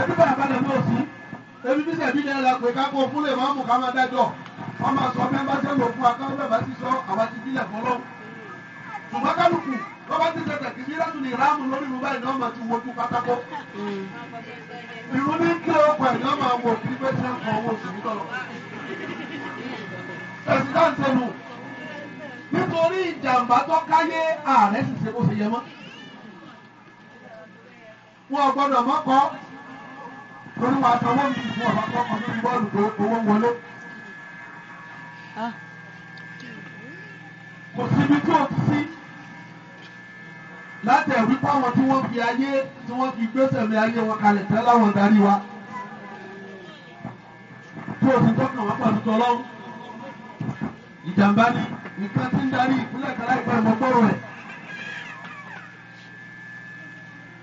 ẹbí bàbá lè mọ̀ sí ebi bí sẹ̀bi yẹn la pé kápò fún lè máa mú ká máa dájọ́ wọ́n máa sọ mẹ́mbà sẹ́wọ̀n fún akáwọn bàbá sì sọ àwọn ti bílẹ̀ fọlọ́ ṣùgbọ́n kálukú wọ́n bá ti sẹ̀tẹ̀ kí bílẹ̀ tún ní ìráàmù lórí ìlú báyìí náà máa ti wojú pátákó ìlú ní kí ọkọ̀ ẹ̀ náà máa wò kí pé ṣe ń kọ owó oṣù nítorí ìjàmbá tó káyé ààrẹ sì ṣe ṣe yẹ mọ́ wọn gbọ́dọ̀ mọ́kọ́ torí wọn àtàwọn mi fún ọ̀bá kọ́kọ́ lórí bọ́ọ̀lù tó owó wọlé. Ah. kò síbi tí o ti sí láti ẹ̀rí fáwọn tí wọ́n fi ayé tí wọ́n fi gbésẹ̀ mi ayé wọn kalẹ̀ tẹ́ láwọn darí wa tí o sì tọ́kàn wọn pàtó tọ́lọ́ ìjàmbá ni nǹkan tí ń darí ìpínlẹ̀ kan láìpẹ́ ìmọ̀gbọ́rọ̀ rẹ̀.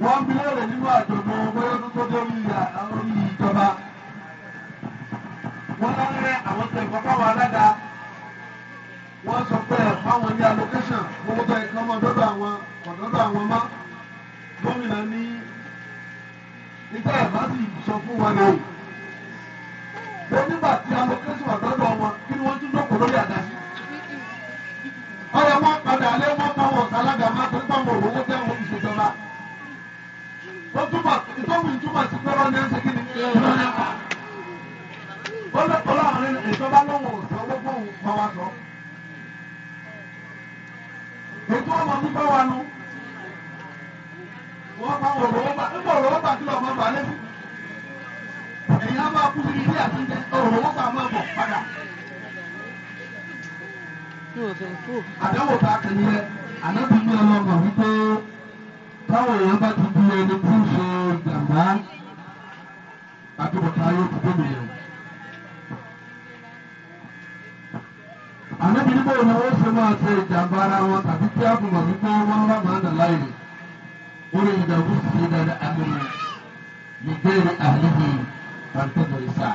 wọ́n ń bilé rẹ̀ nínú àjọ̀dún bóyá tó tó dé orí orí ìjọba. wọ́n lárẹ́ àwọn tó ẹ̀kọ́ fáwọn alága wọ́n sọ pé fáwọn ní allocation owó tó ẹ̀kọ́ ọmọ dọ́dọ̀ àwọn ọ̀dọ́dọ̀ àwọn mọ́. gómìnà ní nígbà ẹ̀bá sì sọ fún wa náà. wọ́n nígbà tí allocation ọ̀dọ́dọ̀ wọn kí ni wọ́n tún dọ́kọ̀ lórí àdáṣe. ọ̀rẹ́ wọn padà lé wọn fáwọn ọ̀sán alága máa tó ń pàmò òwò tẹ́wọ̀n ó túbọ̀ ìtọ́wù ìtúbọ̀ sí pé wọ́n ní ẹsẹ̀ kí ni ló ní pa. ó lè kọ́ láàrin ìjọba lóhùn ọ̀sán gbogbo wọn wá sọ. ètò ọmọ mi bá wa nu wọ́n bá wọ̀ lọ́wọ́ bá ń bọ̀ lọ́wọ́ bá kí lọ́ọ́ máa lẹ́sìn. ẹ̀yin á máa kú sí ilé àtúnjẹ òrùwọ́ bá máa bọ̀ padà. àdéhùn ta kìnìyẹ ànábìyí táwọn èèyàn bá ti di ẹni tí ń ṣe jàmbá àtúbọ̀tá yóò ti dé nìyẹn. ànábi níbo ni wọ́n ṣe máa ṣe ìjàmbá ara wọn tàbí tí a fún màmí pé wọ́n wá máa dà láyè orí ìdàgbù sí dada amúlẹ̀ nìgbẹ́rẹ́ àlejò pàǹtẹ́tọ̀ ìsà.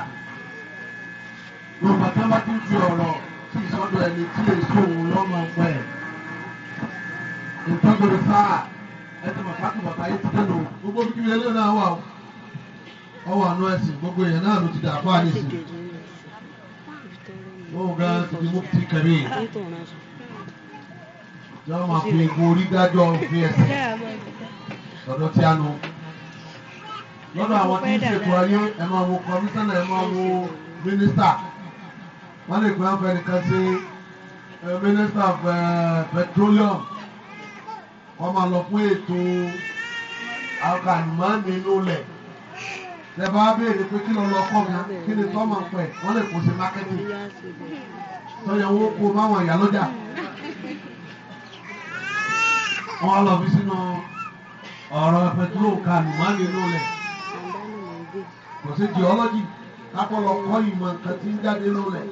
yorùbá tí wọ́n bá ti ń fi ọ̀rọ̀ sí ìsọdọ̀ ẹni tí èso òun lọ́mọ ọ̀pẹ́ ìtọ́jú ìfáà ẹtù bàbá kù bàbá yìí ti dé lò gbogbo bí kíbi lẹ́lẹ́ náà wà ó wà nù ẹ̀sìn gbogbo èèyàn náà ló ti dà fún àdìsí wọn ò tìbí mú ti kẹ̀mí yọ máa fi orí dájọ́ fi ẹ̀sìn lọ́dọ̀ tí a nù lọ́dọ̀ àwọn tí ń ṣètò ayé ẹ máa kọmíṣánná ẹ máa mínísítà wọ́n lè gbé àwọn ẹnìkan sí mínísítà pẹtrólíọ̀mù wọ́n máa lọ fún ètò àkànmọ́ni nulẹ̀ lẹ́bàá á béèrè pé kí ló lọ kọ́ mi kí ni tọ́ máa ń pẹ̀ wọ́n lè kó sí mákẹ́tì tọ́jà owó kó máwọn ìyá lọ́jà wọ́n lọ fi sínú ọ̀rọ̀ pẹ̀túrò àkànmọ́ni nulẹ̀ kò sí geology kápọ̀lọ̀ kọ́ ìmọ̀ nǹkan tí ń jáde lulẹ̀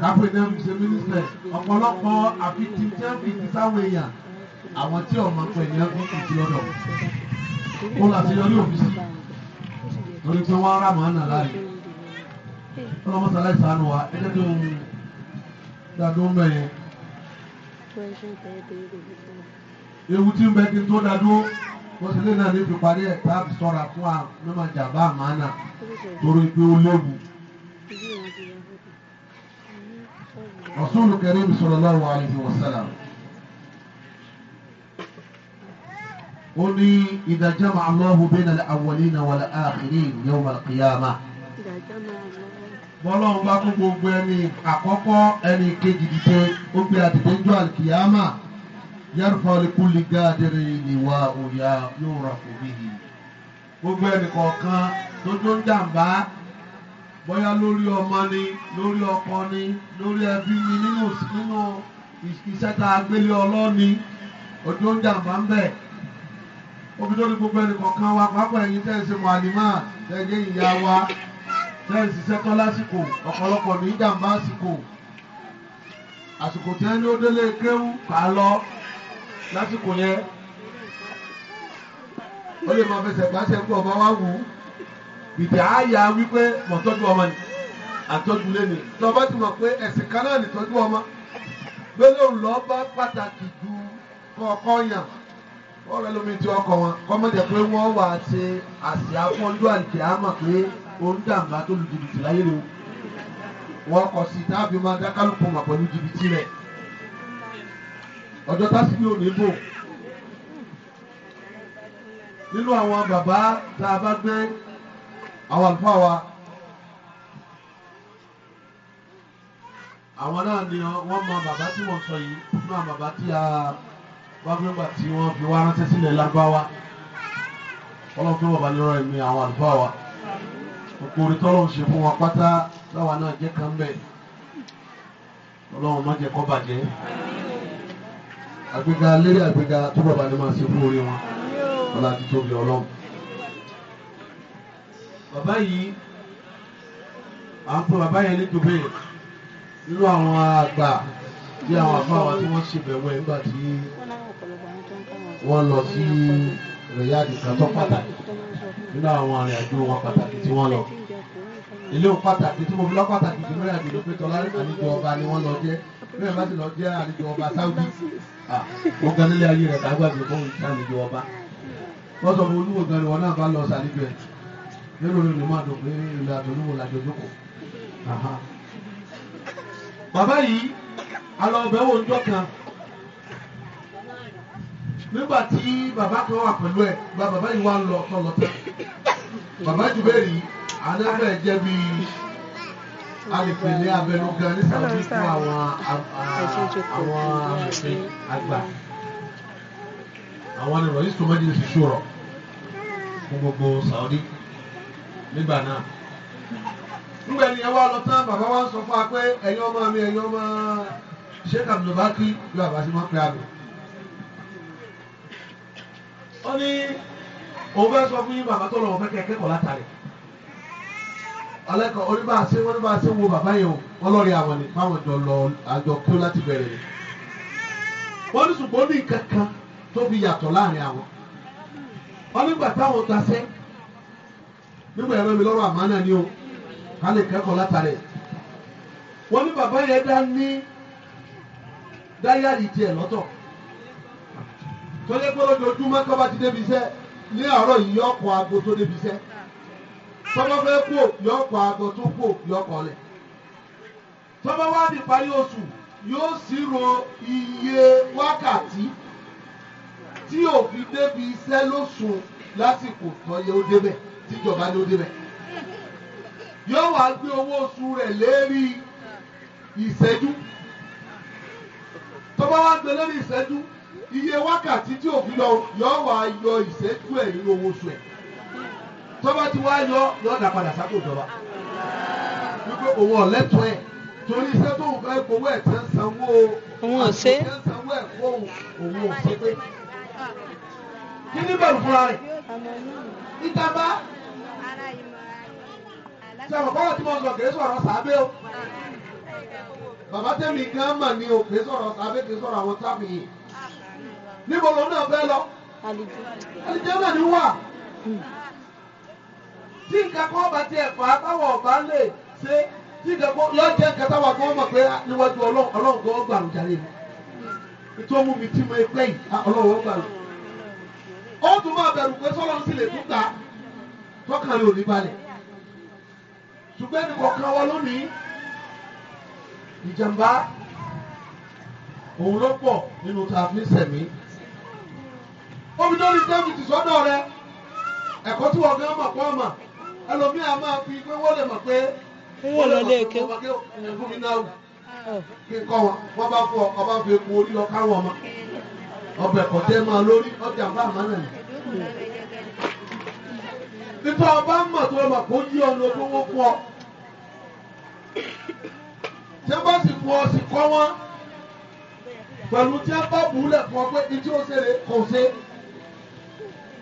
kápẹ́ náà fi ṣe mínísítẹ̀ ọ̀pọ̀lọpọ̀ àfi tí ń ti sáwọn èèyàn àwọn tí ọmọ pẹ̀lú ẹkún kò ti lọ́dọ̀ ó láti yọrí òbí sí lórí pé wọ́n rà máa nà láàyè ọlọ́mọsálá ìsànù wa ẹ jẹ́ kí n dàdó ń bẹ̀ yẹn. ewu tí ń bẹ kí n tó dàdó wọ́n sì lè náà ní ìfipárí ẹ̀ tá a fi sọ̀ra fún wa mímọ jàmbá àmàna torí pé ó léwu. Rasulul Karim sallallahu alaihi wasallam. ó ní idha jama'a Allahu bayna al-awwalina wal-akhirin yawm al-qiyamah bọ́lọ́run bá kó gbogbo ẹni àkọ́kọ́ ẹni kejì dìde ó gbé àdìdẹ́jọ́ àlùkìyàmà yarfa likulli gadirin ìwà òyà yóò rà fún mi yìí gbogbo ẹnì kọ̀ọ̀kan tó tó ń jàǹbá bóyá lórí ọmọ ni lórí ọkọ ni lórí ẹbí ni nínú iṣẹ́ tá a ọlọ́ni ó ń jàǹbá ń bẹ̀ omi lórí gbogbo ẹnì kọ̀ọ̀kan wa pápá ẹ̀yin tẹ́ ẹ ṣe mọ̀ àlìmọ́ tẹ́ ẹ jẹ́ ìyá wa tẹ́ ẹ ṣiṣẹ́ tọ́ lásìkò ọ̀pọ̀lọpọ̀ ní ìjàmbá àsìkò àsìkò tẹ́ ní ó délé kéwú kà á lọ lásìkò yẹn ó lè máa fẹsẹ̀ gbàṣẹ kú ọba wa wù ú ìdè àyà wípé mọ̀ tọ́jú ọmọ ni àtọ́jú lẹ́nu lọ́ba ti mọ̀ pé ẹ̀sìn kan náà nìtọ́jú ọmọ gbẹ́lẹ́ òun lọ́ọ́ bá pàtàkì ju kọ̀ọ̀kan yàn wọ́n rẹ lómi tí ọkọ̀ wọn kọ́mọ́jẹ̀ pé wọ́n wà á ṣe àṣìá fọ́njú àǹtí àmọ̀ pé òun dàgbà tó lu jìbìtì láyé lò wọ́n kọ̀ sí táàbí máa dákàlùkù mà pẹ̀lú jìbìtì rẹ̀ ọjọ́ tásìkí ò bò nínú àwọn bàbá tá a bá gbé àwọn àlùfáà wa àwọn náà ni wọ́n mọ bàbá tí wọ́n sọ yìí nínú àwọn bàbá tí a bábílọ́gbà tí wọ́n fi wá ránṣẹ́ sílẹ̀ lágbáwá ọlọ́run tó bàbá nírọ̀ ẹ̀mí àwọn àlùfáà wa gbogbo orí tọ́lọ́run ṣe fún wa pátá láwa náà jẹ́ kan bẹ́ẹ̀ ọlọ́run má jẹ́ kó bàjẹ́ àgbéga lérí àgbéga tó bàbá ní máa ṣe fún orí wọn ọlá ti tóbi ọlọ́run. bàbá yìí à ń pè bàbá yẹn ní nínú àwọn àgbà bí àwọn àfáà wa tí wọ́n ṣe bẹ̀wẹ̀ nígbà tí wọ́n lọ sí rẹ̀yàdì kan tó pàtàkì nínú àwọn arìnrìn àjò wọn pàtàkì tí wọ́n lọ. ilé òun pàtàkì tí mo fi lọ pàtàkì jù lórí àjò pé tọ́lá àlejò ọba ni wọ́n lọ jẹ́ lórí àbá sì lọ jẹ́ àlejò ọba Saudi mo gan nílé ayé rẹ̀ dágbàgbé fún àlejò ọba. wọ́n sọ fún olúwo gan ni wọn náà bá lọ sàlejò ẹ̀ lérò lórí mọ́ àdó pé ìlú àtọ́lúwo làjọ jókòó. bàbá yìí alọ́ ọbẹ̀ wo ń jọ kan nígbà tí bàbá kan wà pẹ̀lú ẹ̀ gba bàbá yìí wà lọ ọ̀tọ̀ lọ́tọ̀ bàbá jùbẹ́rì anáfẹ́ jẹ́ bí alìpẹ̀lẹ̀ abẹnú gan ní sàbí fún àwọn àwọn àgbà àwọn ẹ̀rọ yìí sọmọdé ní ṣòro fún gbogbo Saudi nígbà náà nígbà ni ẹ wá lọ tán bàbá wa sọ fún wa pé ẹ̀yin ọmọ mi ẹ̀yin ọmọ Sheikh Abdulbaki yóò àbá sí wọn pé àgbẹ̀ ó ní òun fẹ́ sọ fún yín bàbá tó lọ wọ́n fẹ́ kẹ́ kẹ́kọ̀ọ́ látàrí alẹ́kọ̀ọ́ oníbàásí wọn oníbàásí wo bàbá yẹn o ọlọ́ọ̀rẹ́ àwọn ni báwọn jọ lọ àjọ kó láti bẹ̀rẹ̀ ni wọ́n ní ṣùgbọ́n ní kankan tó fi yàtọ̀ láàrin àwọn wọ́n nígbà táwọn gbàṣẹ́ nígbà ẹ̀rọ mi lọ́rọ̀ àmánà ni o ká lè kẹ́kọ̀ọ́ látàrí wọ́n ní bàbá yẹn dá ní dáyàrí tiẹ̀ lọ́tọ̀ tó yẹ pé lójoojúmọ́ tó bá ti débi iṣẹ́ ní àárọ̀ yìí yọ ọkọ̀ aago tó débi iṣẹ́ tọ́bọ̀ fẹ́ kó yọ ọkọ̀ aago tó kó yọ ọkọ̀ lẹ̀ tọ́bọ̀ wá di parí oṣù yóò ṣírò iye wákàtí tí òfin débi iṣẹ́ lóṣù lásìkò tó yẹ ó débẹ̀ tíjọba ni ó débẹ̀ yóò wá gbé owó oṣù rẹ̀ lérí ìṣẹ́jú tọ́bọ̀ wá gbé lérí ìṣẹ́jú iye wákàtí tí òfin lọ yọ wá yọ ìṣẹ́jú ẹ̀ nínú owó oṣù ẹ̀ tọ́ba ti wá yọ yọ dà padà sápò ìjọba wípé òun ọ̀lẹ́tọ̀ ẹ̀ torí iṣẹ́ tó ń fẹ́ gbowó ẹ̀ tẹ́ ń sanwó òun ò ṣe sanwó pé kí ní bẹ̀rù fúnra rẹ̀ ìjàmbá sọ̀rọ̀ báwo tí mo sọ kìí sọ̀rọ̀ sábẹ́ o bàbá tẹ̀mí gan mà ní o kìí sọ̀rọ̀ sábẹ́ kìí sọ̀rọ̀ àwọn tábìlì níbo lòun náà fẹ́ lọ àlìjẹ́ náà ni wà hmm. tí nǹkan kan bá tiẹ̀ fà á táwọn ọ̀bá lè ṣe tí nǹkan kan lọ́jẹ́ nǹkan táwọn kan mọ̀ pé níwájú ọlọ́run kan gbà lù jáde ètò ọmú mi tí mo pẹ́ yìí ọlọ́run gbà lù. ó tún máa bẹ̀rù pé sọ́lọ́run sì lè tún gbà tọ́kàn rẹ̀ ò ní balẹ̀ ṣùgbọ́n ẹnì kọ̀ọ̀kan wa lónìí ìjàmbá òun ló pọ̀ nínú tá sẹ̀mí. omi tó ní dẹ́bìtì rẹ ẹ̀kọ́ tí wọ́n fi pé pé kí n kọ́ wọn wọ́n bá fọ ọba fi epo orí ọbẹ̀ kọ̀ tẹ́ máa lórí ọjà bá nà ní. nípa ọba mọ̀ tó mọ̀ kó yí fún ọ tí a bá sì fún ọ sì kọ́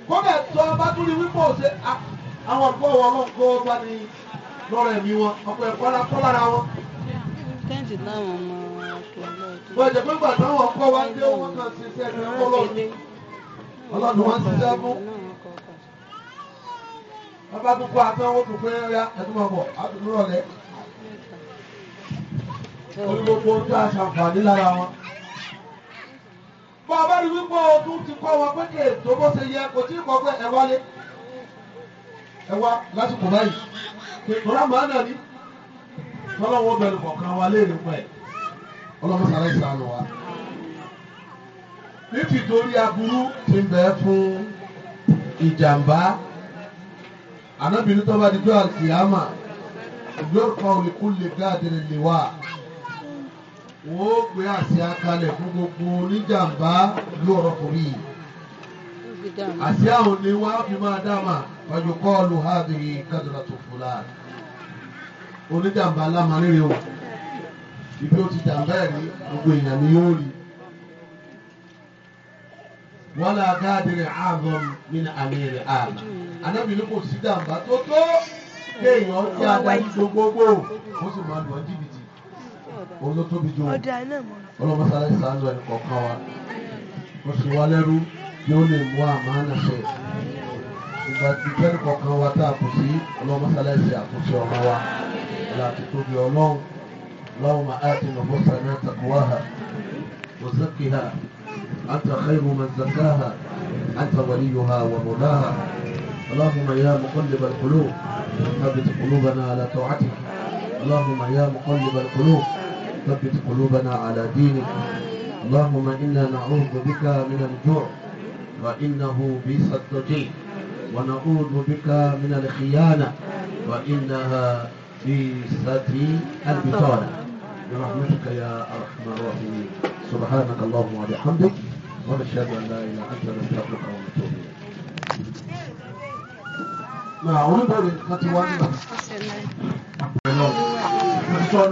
kódà tó a bá tún rí wípé òṣè àwọn àgbọ̀ wọn ló ń bá ní lọ́rọ̀ ẹ̀mí wọn ọ̀pọ̀ ẹ̀kọ́ la kọ́ lára wọn. kẹ́ǹtì láwọn ọmọ akẹ́lẹ́ tó. bọ́ọ̀jẹ̀ pé gbà táwọn kọ́ wá dé wọn kan ṣiṣẹ́ ní ọlọ́run ọlọ́run wọn ṣiṣẹ́ fún. bàbá tó kọ́ àtàwọn tó pé ẹ̀yà ẹ̀dùn máa bọ̀ àdùnnú rọ̀lẹ́. olùgbòpọ̀ ń dá àṣà bọ́ ọba rí wípé o tún ti kọ́ wọn pé kèé tó bó ṣe yẹ kò tí ì kọ́ pé ẹ wálé ẹ wá lásìkò báyìí tòlá màá nà ní tọ́lọ́wọ́ bẹ̀rù kọ̀ọ̀kan wa léèrè pẹ̀ ọlọ́mọ sàrẹ́ ìsàlù wa nítìtorí aburú ti bẹ̀ fún ìjàmbá anábìrin tó bá di jọ́ àkìyàmà ìgbẹ́ kan òlìkú lè gáàdì lè wà. wọ́n ó gbé àsíá kalẹ̀ fún gbogbo oníjàmbá ìlú ọ̀rọ̀ kò rí i. àsíá òun ni wọ́n á fi máa dáàmà ọjọ́ kọ́ọ̀lù hábìrì tó o ibi ó ti jàmbá ẹ̀rí gbogbo èèyàn ni yóò rí. wọ́n lọ agáàdìrì ààbọ̀n nínú àmì rẹ̀ ààbà. anábìrin kò sí jàmbá tó tó kéèyàn jáde sì máa òun ló tóbi jù ọlọ́mọ sáré sáré ẹni kọ̀ọ̀kan wa kò sì wá lẹ́rú yóò lè mú àmàna ṣe ìgbà tí kẹ́ni kọ̀ọ̀kan wa tá a kù sí ọlọ́mọ sáré ṣe àkùnṣe ọmọ wa ọ̀là tóbi ọlọ́run اللهم آت نفوسنا تقواها وزكها أنت خير من زكاها أنت وليها ومولاها اللهم يا مقلب القلوب ثبت قلوبنا على طاعتك اللهم يا مقلب القلوب ثبت قلوبنا على دينك اللهم إنا نعوذ بك من الجوع وإنه بيس ونعوذ بك من الخيانة وإنها بيسة البطانة برحمتك يا أرحم الراحمين سبحانك اللهم وبحمدك ونشهد أن لا إله إلا أنت نستغفرك ونتوب إليك ما ń bẹ̀rẹ̀